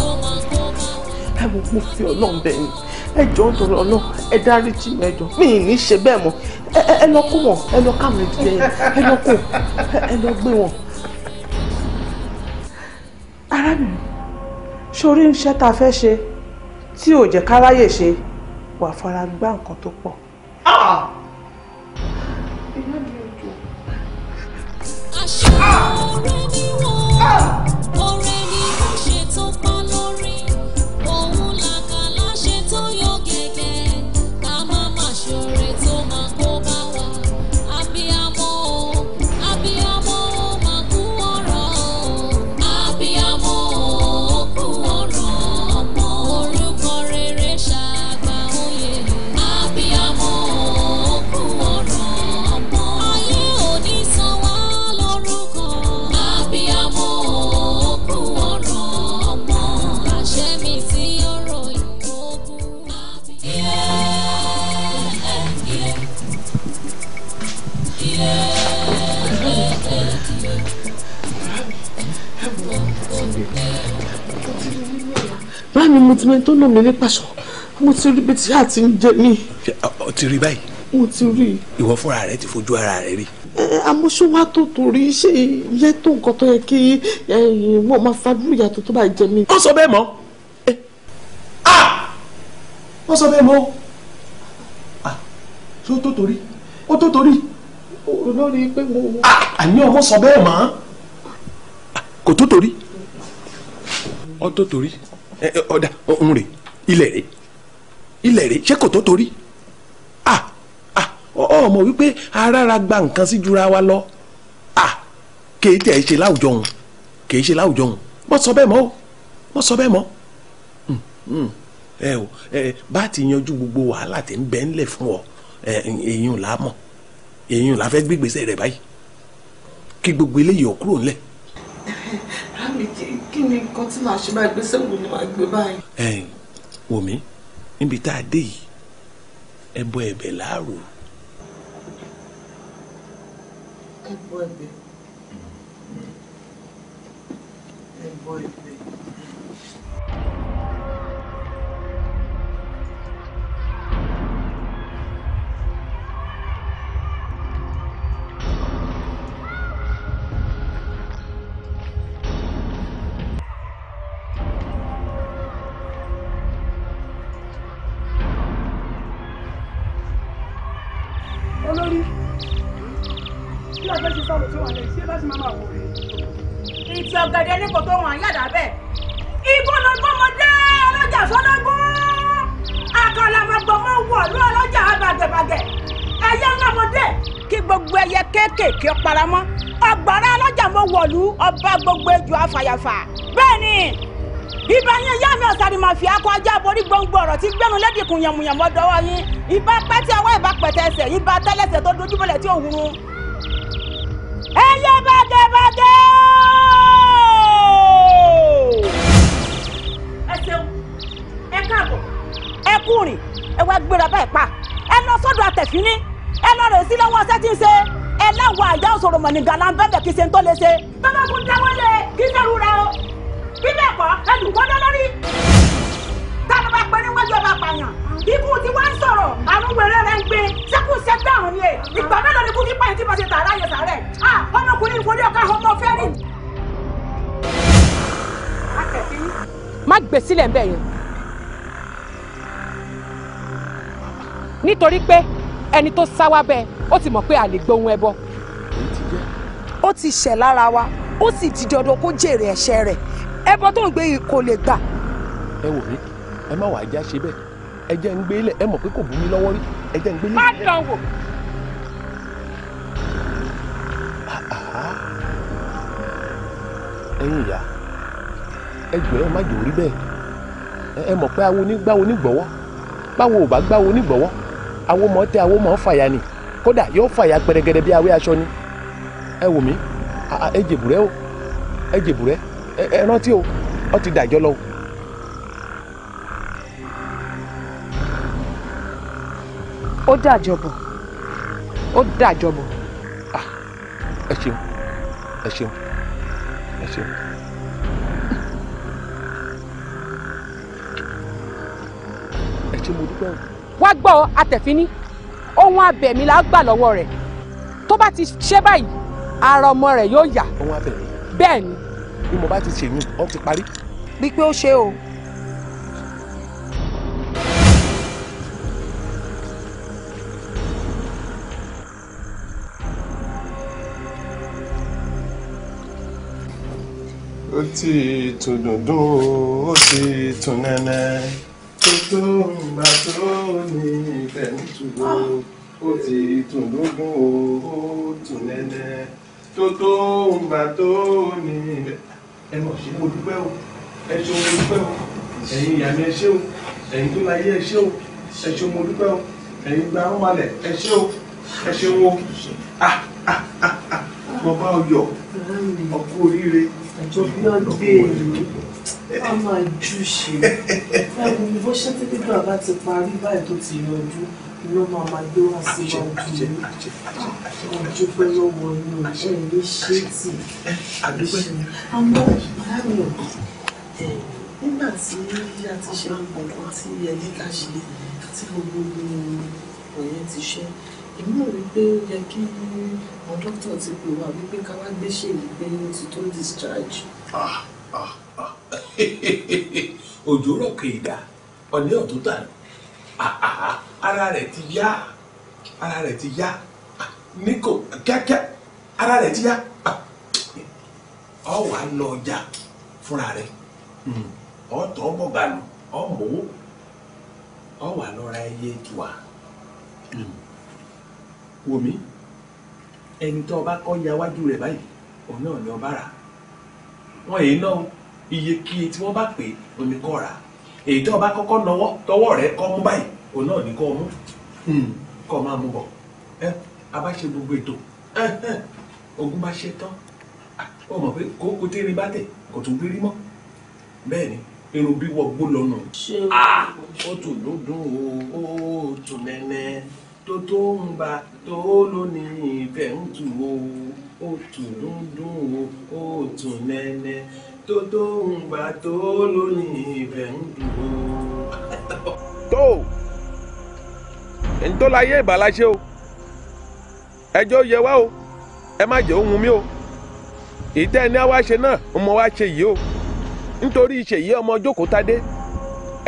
ẹ wo mo fi ọlọ́run bẹ̀ yín ẹ jọ̀ọ́ ń tọrọ ọlọ́run ẹ dáríjì mi ẹ jọ̀ọ́ mi ì ní ṣe bẹ́ẹ̀ mọ́ ẹ lọ kó wọn ẹ lọ ká mi jẹ ẹ lọ kó ẹ lọ gbé wọn. arábìnrin sórí iṣẹ́ tá a fẹ́ ṣe tí ò jẹ́ káráyè ṣe wà fara gbá nǹkan tó pọ̀. Ah! ọ̀rẹ́ ni wọ́n ah! ọ̀rẹ́ ni mo ṣe bá mi mo ti mẹ́ni tó nà mí ní pàṣọ mo ti rí bíi tí a ti ń jẹ mí. o ti rí báyìí. mo ti rí. ìwọ fúnra rẹ ti fojú ara rẹ rí. amúṣúwá tó torí ṣe lẹ́tọ̀ nǹkan tó yẹ kí wọ́n máa fadúrú ìyàtọ̀ tó bá jẹ mí. wọ́n sọ bẹ́ẹ̀ mọ́ wọ́n sọ bẹ́ẹ̀ mọ́ ṣé ó tó torí ó tó torí. olórí pé mo. àní ọmọ sọ bẹ́ẹ̀ mọ́ kò tó torí ó tó torí ọ̀dà ọ̀hún rè ilẹ̀ rè ilẹ̀ rè ṣé kò tó torí ah ah ọmọ wípé arára gba nǹkan sí jura wa lọ ah kèé tẹ̀ ṣe láwùjọ òun kèé ṣe láwùjọ òun mọ́ sọ bẹ́ẹ̀ mọ́ o mọ́ sọ bẹ́ẹ̀ mọ́ hmm, hmm, ẹ o ẹ bá ti yanjú gbogbo wàhálà tẹ̀ ń bẹ ńlẹ̀ fún ọ èyí ò lámọ̀ èyí ò láfẹ́ gbégbèsè rẹ̀ báyìí kí gbogbo eléyìí ọ̀ kúrò ńlẹ̀ kí ni nǹkan tí màá ṣe báyìí gbèsè wo ni màá gbé báyìí. ẹ ẹ wò mí níbi tá a dé yìí ẹ bọ ẹ̀bẹ̀ láàrò. ẹ bọ ẹ̀bẹ̀ mm. ẹ bọ ẹ̀bẹ̀. ní kò tó wọn àyàdá bẹ́ẹ̀. igbó ló gbọ́mọdé ọlọ́jà sọ́dọ́gbọ́ akọ̀làmọ̀gbọ̀mọ̀ wọ̀lú ọlọ́jà abàgẹ̀bàgẹ̀ ẹyẹ ńlámọdé kí gbogbo ẹyẹ kéékèèké paramọ́ ọgbàrá ọlọ́jà mọ̀ wọ̀lú ọba gbogbo ejò afàyàfà bẹ́ẹ̀ ni ibà yín ìyá mi ọ̀sàrì màfi akọ ajá borí gbòǹgbò ọ̀rọ̀ tí gbẹ́nu lẹ́dìkùn yànmùyànmọ́ dọ́wọ́ yín ibà pẹ́tí ọwọ́ ìbá pẹ̀tẹ́ ẹsẹ̀ ibà tẹ́lẹ̀sẹ̀ tó dojúbọ̀lẹ̀ tí òun run. ẹyẹ bàgẹ́bàgẹ́. kùnrin ẹ wá gbéra bẹ́ẹ̀ pa ẹ lọ sọ́dọ̀ àtẹ̀fínní ẹ lọ rè sí lọ́wọ́ ṣẹ́ tí ń ṣe ẹ láwọn àjà òṣòro mọ̀nìgà la ń bẹ̀bẹ̀ kí ṣe ń tó lè ṣe. tọ́lá kun dáwọ́ lé kí sẹ́rù rẹ o bí bẹ́ẹ̀ kọ́ ẹ lù wọ́dọ́ lórí. táwọn bá pẹ́ níwájú ọba pààyàn ikú tí wọ́n ń sọ̀rọ̀ àrùn wẹ̀rẹ̀ rẹ̀ ń gbé sẹ́kù sẹ́gbẹ́ àrùn ni ẹ̀ ìgbà mélòó ni kú ní pààyàn tí mo ṣe tààrà yẹn sàárẹ̀ ọmọkùnrin ìforí ọ̀ká ọmọ fẹ́rìn. má gbèsílẹ̀ ń bẹ̀ yẹn nítorí pé ẹni tó sá wá bẹ́ẹ̀ ó ti mọ̀ pé a lè gbóhùn ẹbọ. ó ti ṣẹ̀ lára wa ó sì ti dandan kó jèrè ẹ̀ṣẹ̀ rẹ̀ ẹbọ tó ń gbé yìí kò lè gbà. ẹ wò mí ẹ má wàá já ṣe bẹ́ẹ̀ ẹ jẹ́ ń gbé lẹ̀ ẹ mọ̀ pé kò bú mi lọ́wọ́ rí ẹ jẹ́ ń gbé lẹ̀. má dán wò. ẹ̀yin ìyá ẹ jọ ẹ má jò rí bẹ́ẹ̀ ẹ mọ̀ pé awo ní gbáwo ní gbọ́wọ́ báwo ò bá gbáwo ní gbọ́wọ́ àwọn ọmọ tẹ àwọn ọmọ fàyà ni kódà yóò fàyà pẹrẹgẹdẹ bí awé aṣọ ni ẹ wò mí ẹ jèbùrẹ́ o ẹ jèbùrẹ́ ẹ rántí o ọ ti dàjọ́ lọ o. ó dàjọ́ bọ̀ ó dàjọ́ bọ̀. ẹ ṣeun ẹ ṣeun ẹ ṣeun. ẹ ṣe mo muito bom wá gbọ́ àtẹ̀fíní ohun abẹ̀mí la gbà lọ́wọ́ rẹ̀ tó bá ti ṣe báyìí ara ọmọ rẹ̀ yóò yá. ohun abẹ̀mí. bẹ́ẹ̀ ni. bí mo bá ti ṣèyún ọ ti parí. bí pé ó ṣe o. ó ti tùdùndún ó ti tùnẹ́nẹ́ tó ìgbà tó ní ìfẹ̀mítùgbò ó ti tún lógún o ó tún lẹ́lẹ́ tó tó ìgbà tó ní ẹ mọ̀ ṣe mo dúpẹ́ o ẹ ṣe mo dúpẹ́ o ẹ̀yin ìyá ẹ ṣé o ẹ̀yin tó láyé ẹ ṣé o ẹ ṣe mo dúpẹ́ o ẹ̀yin gba ń malẹ̀ ẹ ṣé o ẹ ṣe wo bàbá ọyọ ọkọ oríire ọjọ́ bí ọdún a máa jù ṣe ẹ̀wọ̀n bó ṣe títí bàbá ti parí báyìí tó ti yọjú ló máa máa gbé wá sí iwájú mi ọjọ́ pẹ́ lọ́wọ́ inú ẹ̀ lè ṣe tì àmọ́ bàbá mi ò nígbà tí a ti ṣe nǹkan tí ẹni ká ṣe tí gbogbo ọ̀yẹ́ ti ṣe èmi náà rí pé ó yẹ kí àwọn dókítà ti pè wá wípé ká wá gbéṣẹ́ ìlú pé ó ti tó discharge. ah ah òjò rọ̀ kéèdà ọ̀ní ọ̀tún tà ní ara rẹ̀ ti yá ara rẹ̀ ti yá ní kò kíákíá ara rẹ̀ ti yá ọ wà lọ ọjà fúnra rẹ̀ ọ̀tọ̀ bọ̀gbàlù ọ̀mọ́ ọ wà lọ́ra ẹyẹ tiwa wò mí ẹni tó ọba kọ́ ya wájú rẹ̀ báyìí òun náà ni ọba rà wọ́n èyí náà iyekíye tí wọ́n bá pè oníkọ́ra èyí tí wọ́n bá kọ́kọ́ nọwọ́ tọwọ́ rẹ kọ́ mú báyìí òun náà ní kọ́ mú hmm. kọ́ máa mú bọ̀ ẹ a bá ṣe gbogbo ètò ogun bá ṣe tán ó mọ̀ pé kókó tí erin bá tẹ̀ kò tún gbérí mọ́ bẹ́ẹ̀ ni irun bí wọ́n gbó lọ́nà ó tún dúndún o ó tún nẹ́nẹ́ tó tó ń ba tó lónìí ìfẹ́ ń tù o ó tún dúndún o ó tún nẹ́nẹ́. tó tó ń gbà tó lónìí ibẹ̀ ń tó ìbàláṣẹ́ o ẹjọ́ yẹ wá o ẹ má jẹ́ ohun mi o ìtẹ́ ẹni àwa ṣe náà ọmọ wa ṣe yìí o nítorí ṣe yìí ọmọ jókòó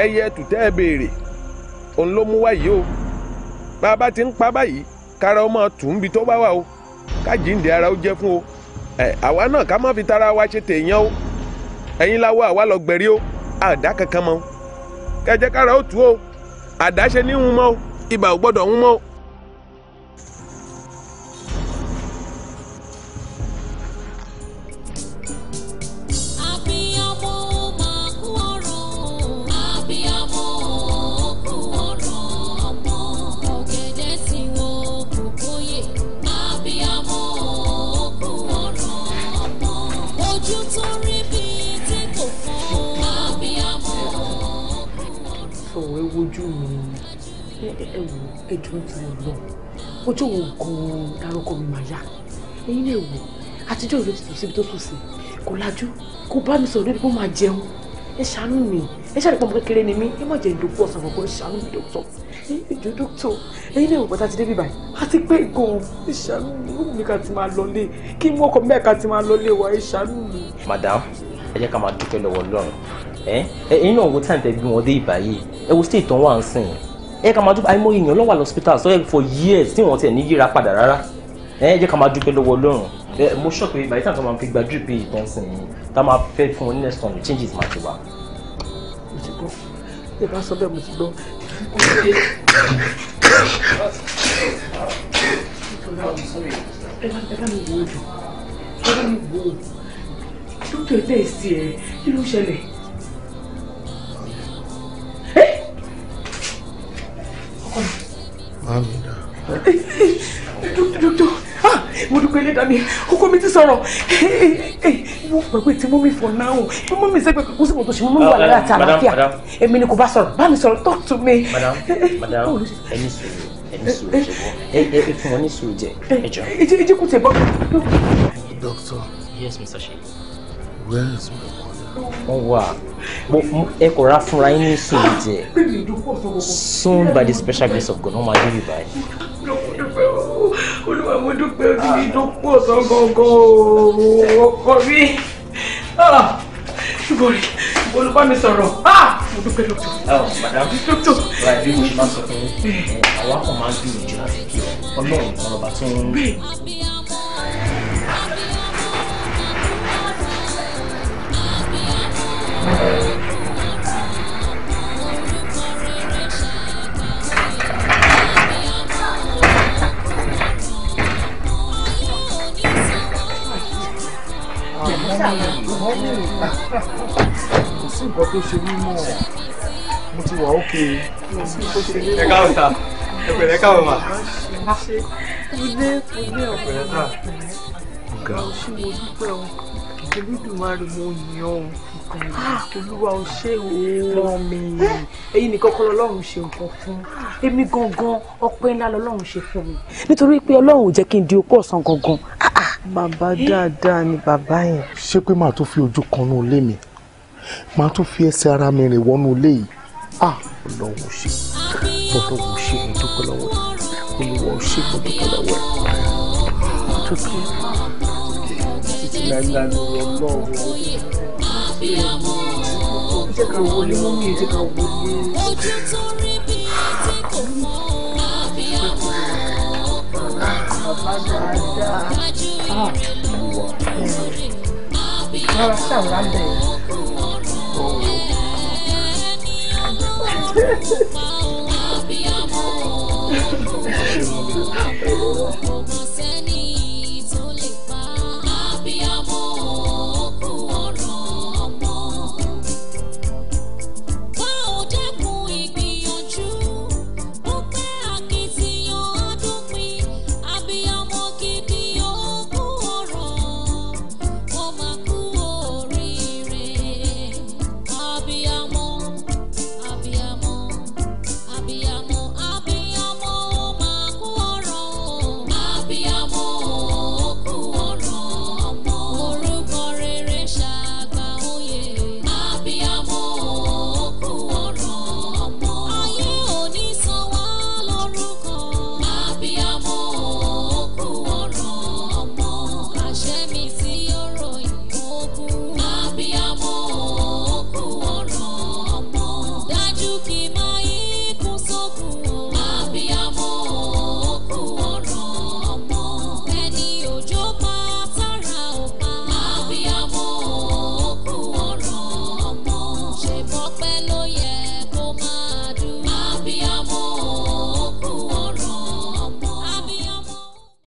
ẹyẹ tùtẹ́ ẹ béèrè òun ló mú wá yìí o ti ń pa báyìí kára ọmọ tó ara wa ṣe tèèyàn o. ẹ̀yin láwọ àwa lọ gbẹ̀rí o àdá kankan mọ́ kẹjẹ kára ó tù ó àdáṣe ní hun mọ́ ibà ò gbọ́dọ̀ hun mọ́ ẹ wò ẹdùn ti rẹ lọ ojú wo gan-an dárúkọ mi máa yá ẹ̀yin náà wò àtijọ́ ìlú ti tò síbi tó tò sí kò lajú kò bá mi sọ̀rọ̀ lórí kó máa jẹun ẹ ṣàánú mi ẹ ṣàlùpọ̀ ọmọ kékeré ni mí ẹ má jẹ́ ìdòkú ọ̀sán ọ̀gbọ̀n ẹ ṣàánú mi dókítọ̀ ìjọ dókítọ̀ ẹ̀yin náà ìpàtà ti débi báyìí a ti pé gan-an ẹ ṣàánú mi ó mi ká ti máa lọlé kí mú ọkọ mẹ́ẹ̀ká ti máa lọlé wa ẹ ṣàánú ẹ ká máa dúpẹ́ àìmọye èèyàn ló wà lọ́sípítà sọ for years tí wọ́n tiẹ̀ ní yíra padà rárá ẹ jẹ́ ká máa dúpẹ́ lọ́wọ́ Ọlọ́run ẹ mo sọ pé bàyí tàbí máa fi gba drip yìí tán sí i tá máa fẹ́ fún wọn next time changes máa ti wà. mo ti gbọ́ ẹ bá sọ bẹ́ẹ̀ mo ti gbọ́. ẹ bá mi wo ojú ẹ bá mi wo ojú dókítà ẹ tẹ̀ ẹ kí ló ṣẹlẹ̀. Mami dà. Dókítà mo dúpẹ́ lé dàbí ọkọ mi ti sọ̀rọ̀ mo pẹ̀pẹ́ tí mọ́mí for now bí mọ́mí sẹ́gbẹ́ kò sí mọ́tò ṣe mọ́mí wà oh, lára àti àlàáfíà èmi ni kò bá sọ̀rọ̀ bá mi sọ̀rọ̀ talk to me. madam madam ẹni sùúrù ẹni sùúrù ṣe bọ́ ẹ fún wọn ní sùúrù jẹ ẹjọ. ìjẹ́kùtẹ̀ bọ́. doctor. yes mr sheik. where is my wọ́n wà ẹ kò rà fúnra yín ní sùúrù jẹ soon by the special grace of God wọ́n máa dé bí báyìí. olúwa mo dúpẹ́ òbí dúpọ̀ tán gangan ọkọ mi ṣùgbọ́n rẹ̀ olùkọ́ mi sọ̀rọ̀ mo dúpẹ́ dókítà. ẹ ọ madam dókítà. láì Oh mo máa sọ fún yín àwa kò máa ń gbìyànjú láti kí ọ ọlọ́run ọlọ́ba tó ń. nǹkan tó ṣe mí mọ̀ mo ti wà ókè ẹ káwọn ta ẹ pẹ̀lẹ́ káwọn mà. ilé ilé ọ̀pẹ̀lẹ́ ta ọ̀gá ọ̀ṣun olúwa ò ṣe òun mi èyí nìkan kọ́ lọ́lọ́run ṣe nǹkan fún èmi gangan ọpẹ́ ńlá lọ́lọ́run ṣe fún mi nítorí pé ọlọ́run ò jẹ́ kí n di opó ọ̀sán gangan. Ah, ah. bàbá dáadáa ni bàbá yẹn. ṣé pé màá tó fi ojú kan nú ilé mi màá tó fi ẹsẹ̀ ara mi rìn wọnú ilé yìí ah, ọlọ́run ò ṣe ọlọ́run ò ṣe mo dúpẹ́ lọ́wọ́ ẹ olúwa ò ṣe mo dúpẹ́ lọ́wọ́ ẹ tó títí láíláí ọlọ́run ò bí ọmọ òwòlò ojú tó rí bí etí kò mọ àbí ọmọ wájú ìrẹ̀lú lórí àbí ọmọ àbí ọmọ.